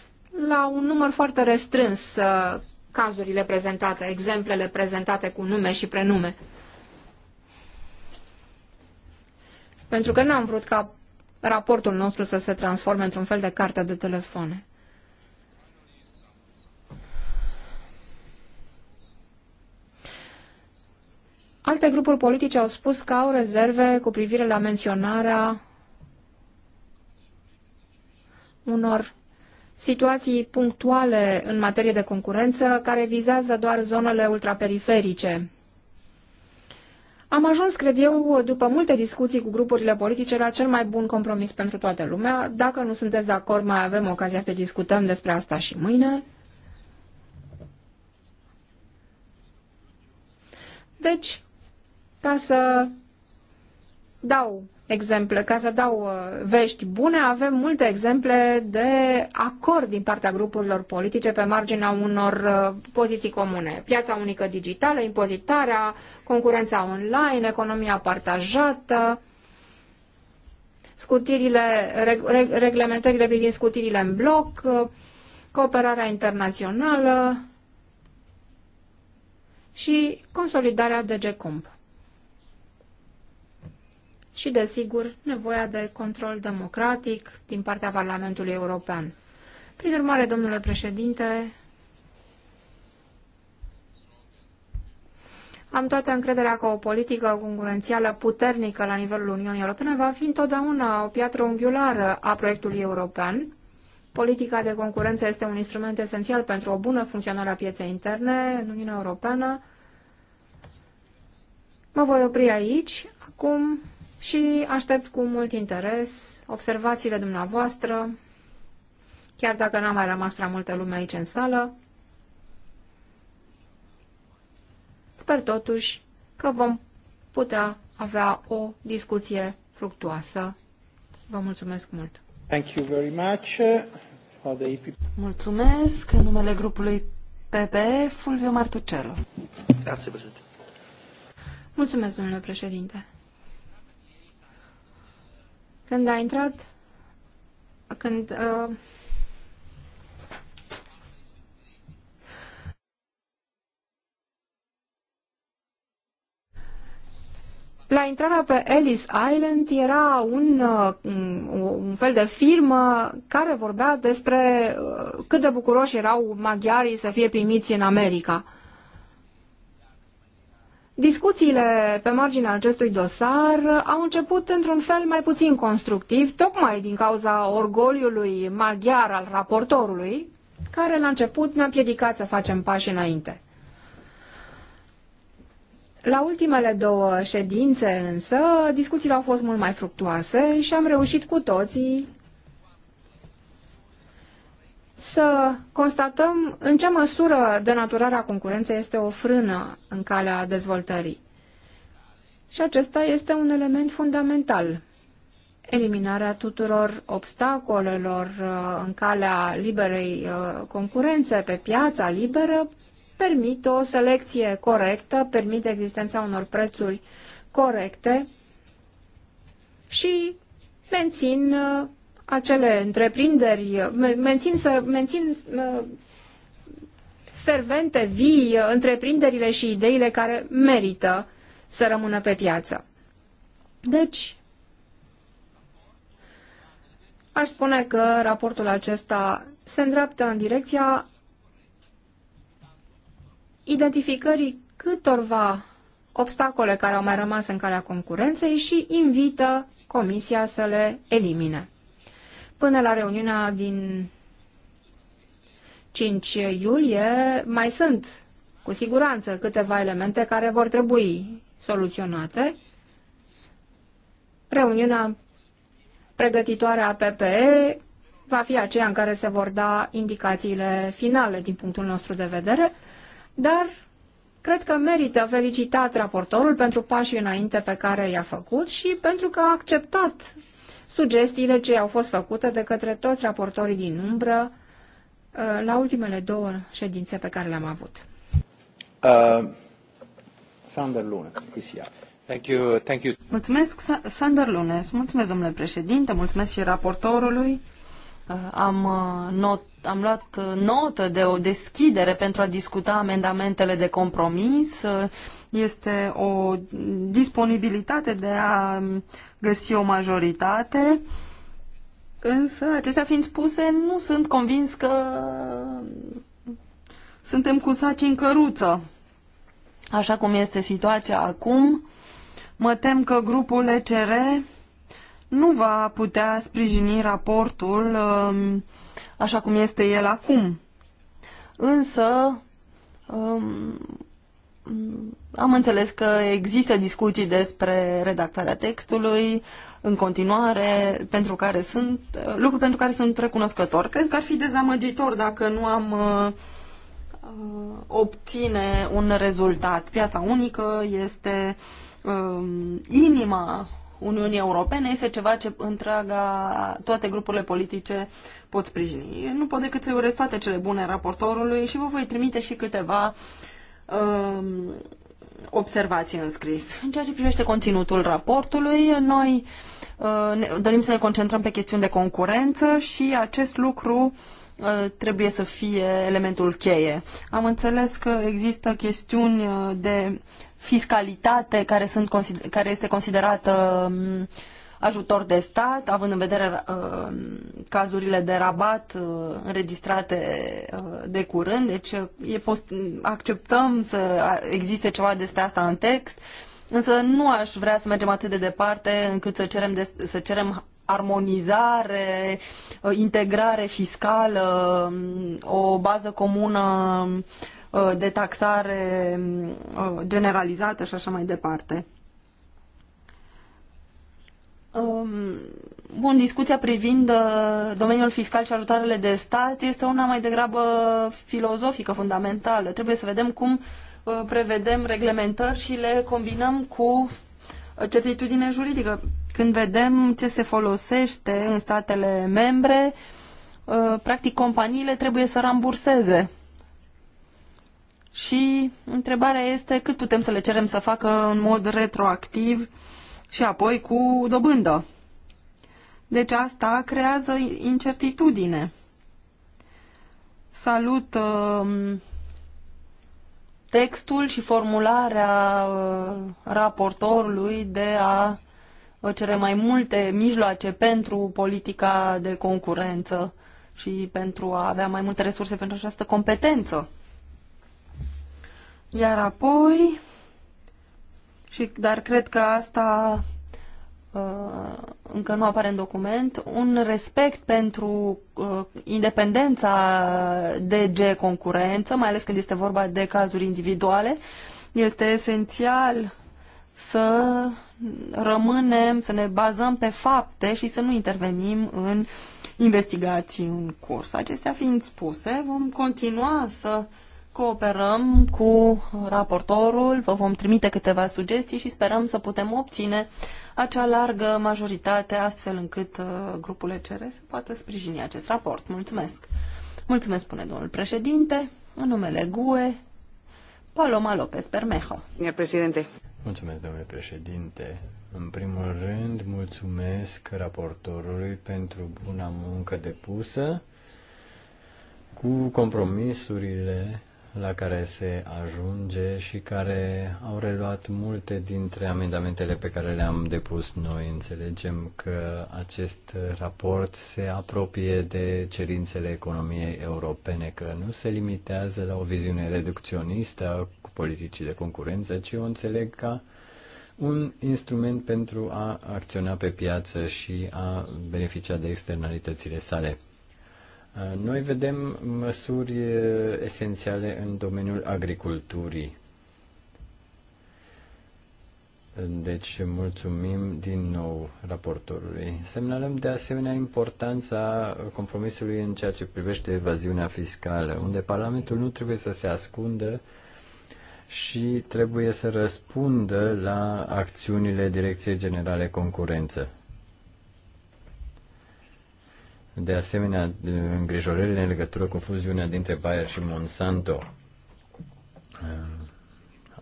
D: la un număr foarte restrâns uh, cazurile prezentate, exemplele prezentate cu nume și prenume. Pentru că n-am vrut ca raportul nostru să se transforme într-un fel de carte de telefoane. Alte grupuri politice au spus că au rezerve cu privire la menționarea unor situații punctuale în materie de concurență care vizează doar zonele ultraperiferice am ajuns, cred eu, după multe discuții cu grupurile politice, la cel mai bun compromis pentru toată lumea. Dacă nu sunteți de acord, mai avem ocazia să discutăm despre asta și mâine. Deci, ca să dau exemple. Ca să dau uh, vești bune, avem multe exemple de acord din partea grupurilor politice pe marginea unor uh, poziții comune. Piața unică digitală, impozitarea, concurența online, economia partajată, scutirile, reglementările privind scutirile în bloc, uh, cooperarea internațională și consolidarea DG Comp și, desigur, nevoia de control democratic din partea Parlamentului European. Prin urmare, domnule președinte, am toată încrederea că o politică concurențială puternică la nivelul Uniunii Europene va fi întotdeauna o piatră unghiulară a proiectului european. Politica de concurență este un instrument esențial pentru o bună funcționare a pieței interne în Uniunea Europeană. Mă voi opri aici. Acum și aștept cu mult interes observațiile dumneavoastră, chiar dacă n-a mai rămas prea multă lume aici în sală. Sper totuși că vom putea avea o discuție fructuoasă. Vă mulțumesc mult!
B: Thank you very much uh, for the Mulțumesc în numele grupului PP Fulvio Martucello. Grazie, președinte.
D: Mulțumesc, domnule președinte. Când a intrat, când uh, La intrarea pe Ellis Island era un, uh, un fel de firmă care vorbea despre uh, cât de bucuroși erau maghiarii să fie primiți în America. Discuțiile pe marginea acestui dosar au început într-un fel mai puțin constructiv, tocmai din cauza orgoliului maghiar al raportorului, care la început ne-a piedicat să facem pași înainte. La ultimele două ședințe însă, discuțiile au fost mult mai fructuoase și am reușit cu toții să constatăm în ce măsură denaturarea concurenței este o frână în calea dezvoltării. Și acesta este un element fundamental. Eliminarea tuturor obstacolelor uh, în calea liberei uh, concurențe pe piața liberă permite o selecție corectă, permite existența unor prețuri corecte și mențin uh, acele întreprinderi mențin, să, mențin fervente, vii, întreprinderile și ideile care merită să rămână pe piață. Deci, aș spune că raportul acesta se îndreaptă în direcția identificării câtorva obstacole care au mai rămas în calea concurenței și invită Comisia să le elimine. Până la reuniunea din 5 iulie mai sunt cu siguranță câteva elemente care vor trebui soluționate. Reuniunea pregătitoare a PPE va fi aceea în care se vor da indicațiile finale din punctul nostru de vedere, dar cred că merită felicitat raportorul pentru pașii înainte pe care i-a făcut și pentru că a acceptat sugestiile ce au fost făcute de către toți raportorii din umbră uh, la ultimele două
B: ședințe pe care le-am avut.
C: Uh, Sander Lunes, Thank you, thank you.
B: Mulțumesc, Sander Lunes. Mulțumesc, domnule președinte, mulțumesc și raportorului. Uh, am, uh, not, am luat notă de o deschidere pentru a discuta amendamentele de compromis este o disponibilitate de a găsi o majoritate, însă, acestea fiind spuse, nu sunt convins că suntem cu saci în căruță. Așa cum este situația acum, mă tem că grupul ECR nu va putea sprijini raportul um, așa cum este el acum. Însă, um, am înțeles că există discuții despre redactarea textului în continuare, pentru care sunt, lucruri pentru care sunt recunoscător. Cred că ar fi dezamăgitor dacă nu am uh, uh obține un rezultat. Piața unică este uh, inima Uniunii Europene, este ceva ce întreaga, toate grupurile politice pot sprijini. Nu pot decât să-i urez toate cele bune raportorului și vă voi trimite și câteva uh, um, observații în scris. În ceea ce privește conținutul raportului, noi uh, dorim să ne concentrăm pe chestiuni de concurență și acest lucru uh, trebuie să fie elementul cheie. Am înțeles că există chestiuni uh, de fiscalitate care, sunt, care este considerată uh, ajutor de stat, având în vedere uh, cazurile de rabat uh, înregistrate uh, de curând, deci uh, e post- acceptăm să existe ceva despre asta în text, însă nu aș vrea să mergem atât de departe încât să cerem, de- să cerem armonizare, uh, integrare fiscală, um, o bază comună uh, de taxare um, generalizată și așa mai departe. Um, bun, discuția privind uh, domeniul fiscal și ajutoarele de stat este una mai degrabă filozofică, fundamentală. Trebuie să vedem cum uh, prevedem reglementări și le combinăm cu uh, certitudine juridică. Când vedem ce se folosește în statele membre, practic companiile trebuie să ramburseze. Și întrebarea este cât putem să le cerem să facă în mod retroactiv uh, și apoi cu dobândă. Deci asta creează incertitudine. Salut uh, textul și formularea uh, raportorului de a uh, cere mai multe mijloace pentru politica de concurență și pentru a avea mai multe resurse pentru această competență. Iar apoi și, dar cred că asta uh, încă nu apare în document, un respect pentru uh, independența DG concurență, mai ales când este vorba de cazuri individuale, este esențial să rămânem, să ne bazăm pe fapte și să nu intervenim în investigații în curs. Acestea fiind spuse, vom continua să uh, Cooperăm cu raportorul, vă vom trimite câteva sugestii și sperăm să putem obține acea largă majoritate astfel încât uh, grupul ECR să poată sprijini acest raport. Mulțumesc! Mulțumesc, spune domnul președinte, în numele GUE, Paloma López Bermejo. Domnule președinte.
C: Mulțumesc, domnule președinte. În primul rând, mulțumesc raportorului pentru buna muncă depusă cu compromisurile la care se ajunge și care au reluat multe dintre amendamentele pe care le-am depus noi. Înțelegem că acest raport se apropie de cerințele economiei europene, că nu se limitează la o viziune reducționistă cu politicii de concurență, ci o înțeleg ca un instrument pentru a acționa pe piață și a beneficia de externalitățile sale. Noi vedem măsuri esențiale în domeniul agriculturii. Deci mulțumim din nou raportorului. Semnalăm de asemenea importanța compromisului în ceea ce privește evaziunea fiscală, unde Parlamentul nu trebuie să se ascundă și trebuie să răspundă la acțiunile Direcției Generale Concurență. De asemenea, îngrijorările în legătură cu fuziunea dintre Bayer și Monsanto. Uh,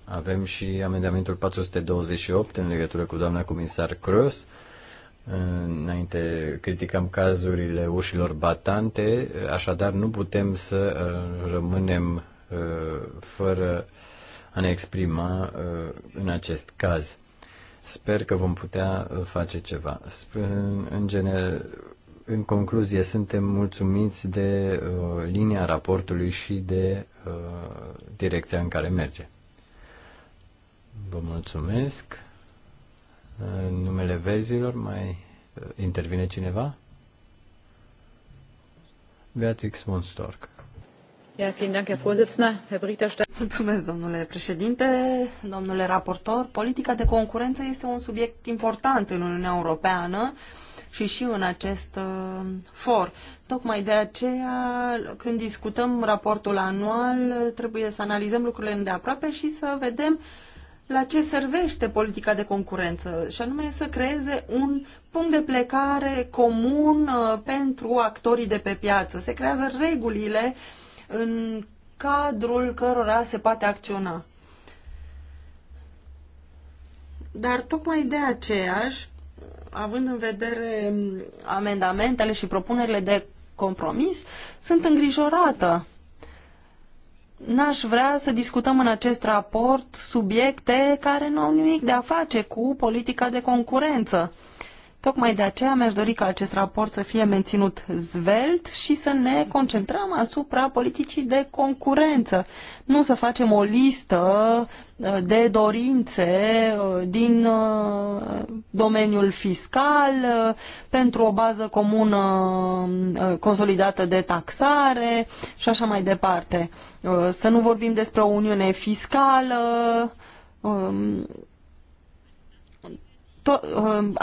C: avem și amendamentul 428 în legătură cu doamna comisar Cruz, uh, Înainte criticam cazurile ușilor batante, așadar nu putem să uh, rămânem fără a ne exprima în acest caz. Sper că vom putea face ceva. În general, în concluzie, suntem mulțumiți de uh, linia raportului și de uh, direcția în care merge. Vă mulțumesc. În numele verzilor mai uh, intervine cineva? Beatrix von Stork.
B: Mulțumesc, domnule președinte, domnule raportor. Politica de concurență este un subiect important în Uniunea Europeană și și în acest uh, for. Tocmai de aceea, când discutăm raportul anual, trebuie să analizăm lucrurile îndeaproape și să vedem la ce servește politica de concurență, și anume să creeze un punct de plecare comun uh, pentru actorii de pe piață. Se creează regulile în cadrul cărora se poate acționa. Dar tocmai de aceeași având în vedere mm, amendamentele și propunerile de compromis, sunt îngrijorată. N-aș vrea să discutăm în acest raport subiecte care nu au nimic de a face cu politica de concurență. Uh, Tocmai de aceea mi-aș dori ca acest raport să fie menținut zvelt și să ne concentrăm asupra politicii de concurență. Nu să facem o listă uh, de dorințe uh, din uh, domeniul fiscal pentru o bază comună consolidată de taxare și așa mai departe. Să nu vorbim despre o uniune fiscală um, Um,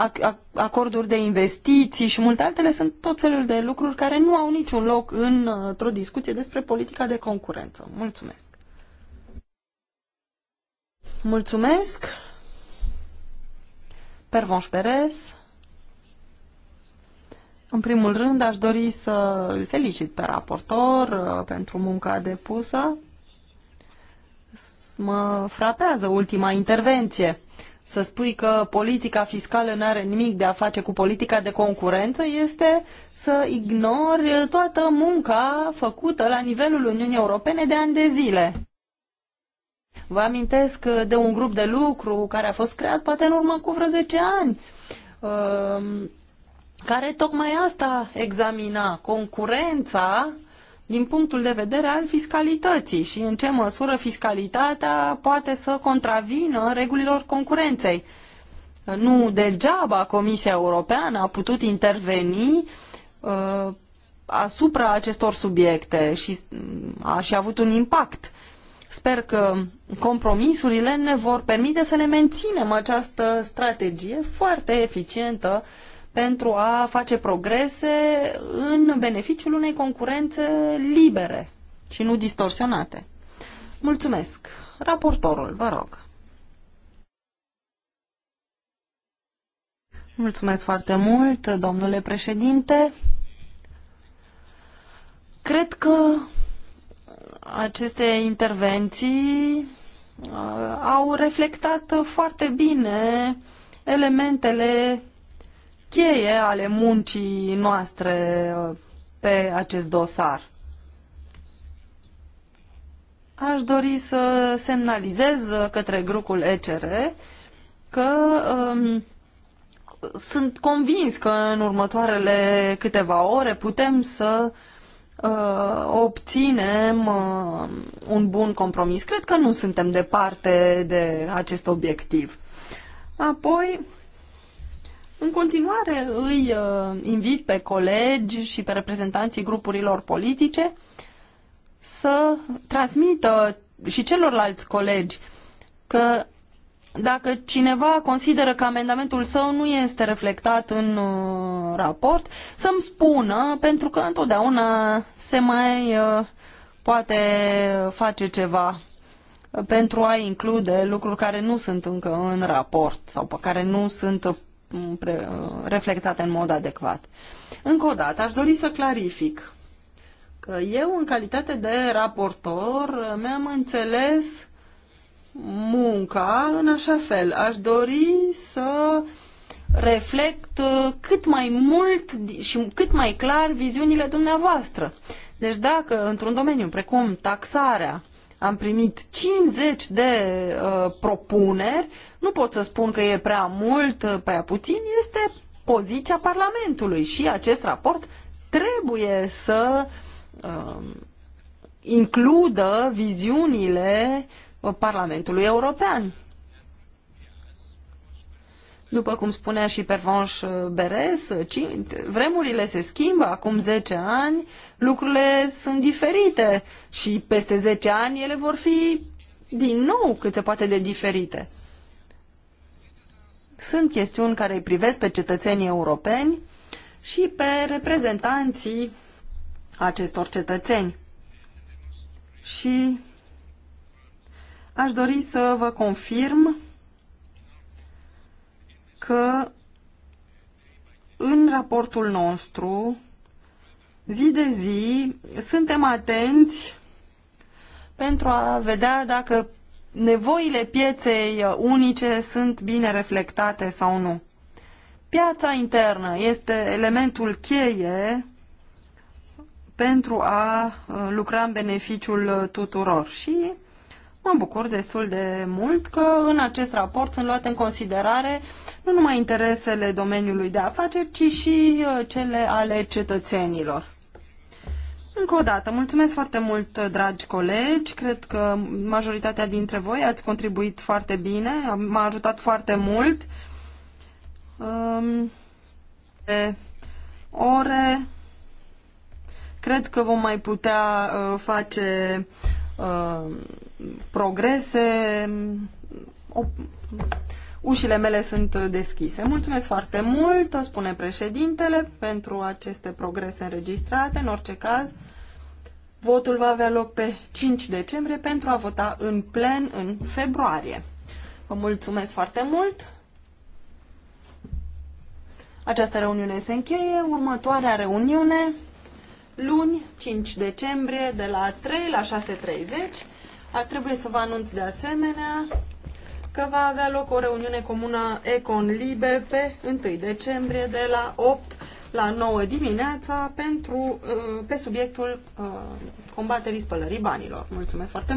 B: acorduri de investiții și multe altele sunt tot felul de lucruri care nu au niciun loc în, într-o discuție despre politica de concurență. Mulțumesc! Mulțumesc! Pervonș Perez. În primul rând, aș dori să îl felicit pe raportor uh, pentru munca depusă. Mă frapează ultima intervenție să spui că politica fiscală nu are nimic de a face cu politica de concurență este să ignori toată munca făcută la nivelul Uniunii Europene de ani de zile. Vă amintesc de un grup de lucru care a fost creat poate în urmă cu vreo 10 ani, um, care tocmai asta examina, concurența din punctul de vedere al fiscalității și în ce măsură fiscalitatea poate să contravină regulilor concurenței. Nu degeaba Comisia Europeană a putut interveni uh, asupra acestor subiecte și mm, a și avut un impact. Sper că compromisurile ne vor permite să ne menținem această strategie foarte eficientă pentru a face progrese în beneficiul unei concurențe libere și nu distorsionate. Mulțumesc. Raportorul, vă rog. Mulțumesc foarte mult, domnule președinte. Cred că aceste intervenții uh, au reflectat foarte bine elementele cheie ale muncii noastre uh, pe acest dosar. Aș dori să semnalizez uh, către grupul ECR că um, sunt convins că în următoarele câteva ore putem să uh, obținem uh, un bun compromis. Cred că nu suntem departe de acest obiectiv. Apoi, în continuare îi uh, invit pe colegi și pe reprezentanții grupurilor politice să transmită și celorlalți colegi că dacă cineva consideră că amendamentul său nu este reflectat în uh, raport, să-mi spună, pentru că întotdeauna se mai uh, poate face ceva pentru a include lucruri care nu sunt încă în raport sau pe care nu sunt reflectate în mod adecvat. Încă o dată, aș dori să clarific că eu, în calitate de raportor, mi-am înțeles munca în așa fel. Aș dori să reflect uh, cât mai mult și cât mai clar viziunile dumneavoastră. Deci dacă într-un domeniu precum taxarea am primit 50 de uh, propuneri, nu pot să spun că e prea mult, uh, prea puțin, este poziția Parlamentului și acest raport trebuie să uh, includă viziunile uh, Parlamentului European. După cum spunea și Pervanș Beres, vremurile se schimbă, acum 10 ani lucrurile sunt diferite și peste 10 ani ele vor fi din nou cât se poate de diferite. Sunt chestiuni care îi privesc pe cetățenii europeni și pe reprezentanții acestor cetățeni. Și aș dori să vă confirm că în raportul nostru, zi de zi, suntem atenți pentru a vedea dacă nevoile pieței unice sunt bine reflectate sau nu. Piața internă este elementul cheie pentru a uh, lucra în beneficiul tuturor și Mă bucur destul de mult că în acest raport sunt luate în considerare nu numai interesele domeniului de afaceri, ci și uh, cele ale cetățenilor. Încă o dată, mulțumesc foarte mult, uh, dragi colegi. Cred că majoritatea dintre voi ați contribuit foarte bine, m-a ajutat foarte mult. Um, de ore. Cred că vom mai putea uh, face Uh, progrese. O, ușile mele sunt deschise. Mulțumesc foarte mult, spune președintele, pentru aceste progrese înregistrate. În orice caz, votul va avea loc pe 5 decembrie pentru a vota în plen în februarie. Vă mulțumesc foarte mult! Această reuniune se încheie. Următoarea reuniune luni, 5 decembrie, de la 3 la 6.30. Ar trebui să vă anunț de asemenea că va avea loc o reuniune comună Econ Libe pe 1 decembrie de la 8 la 9
A: dimineața pentru, uh, pe subiectul uh, combaterii spălării banilor. Mulțumesc foarte mult!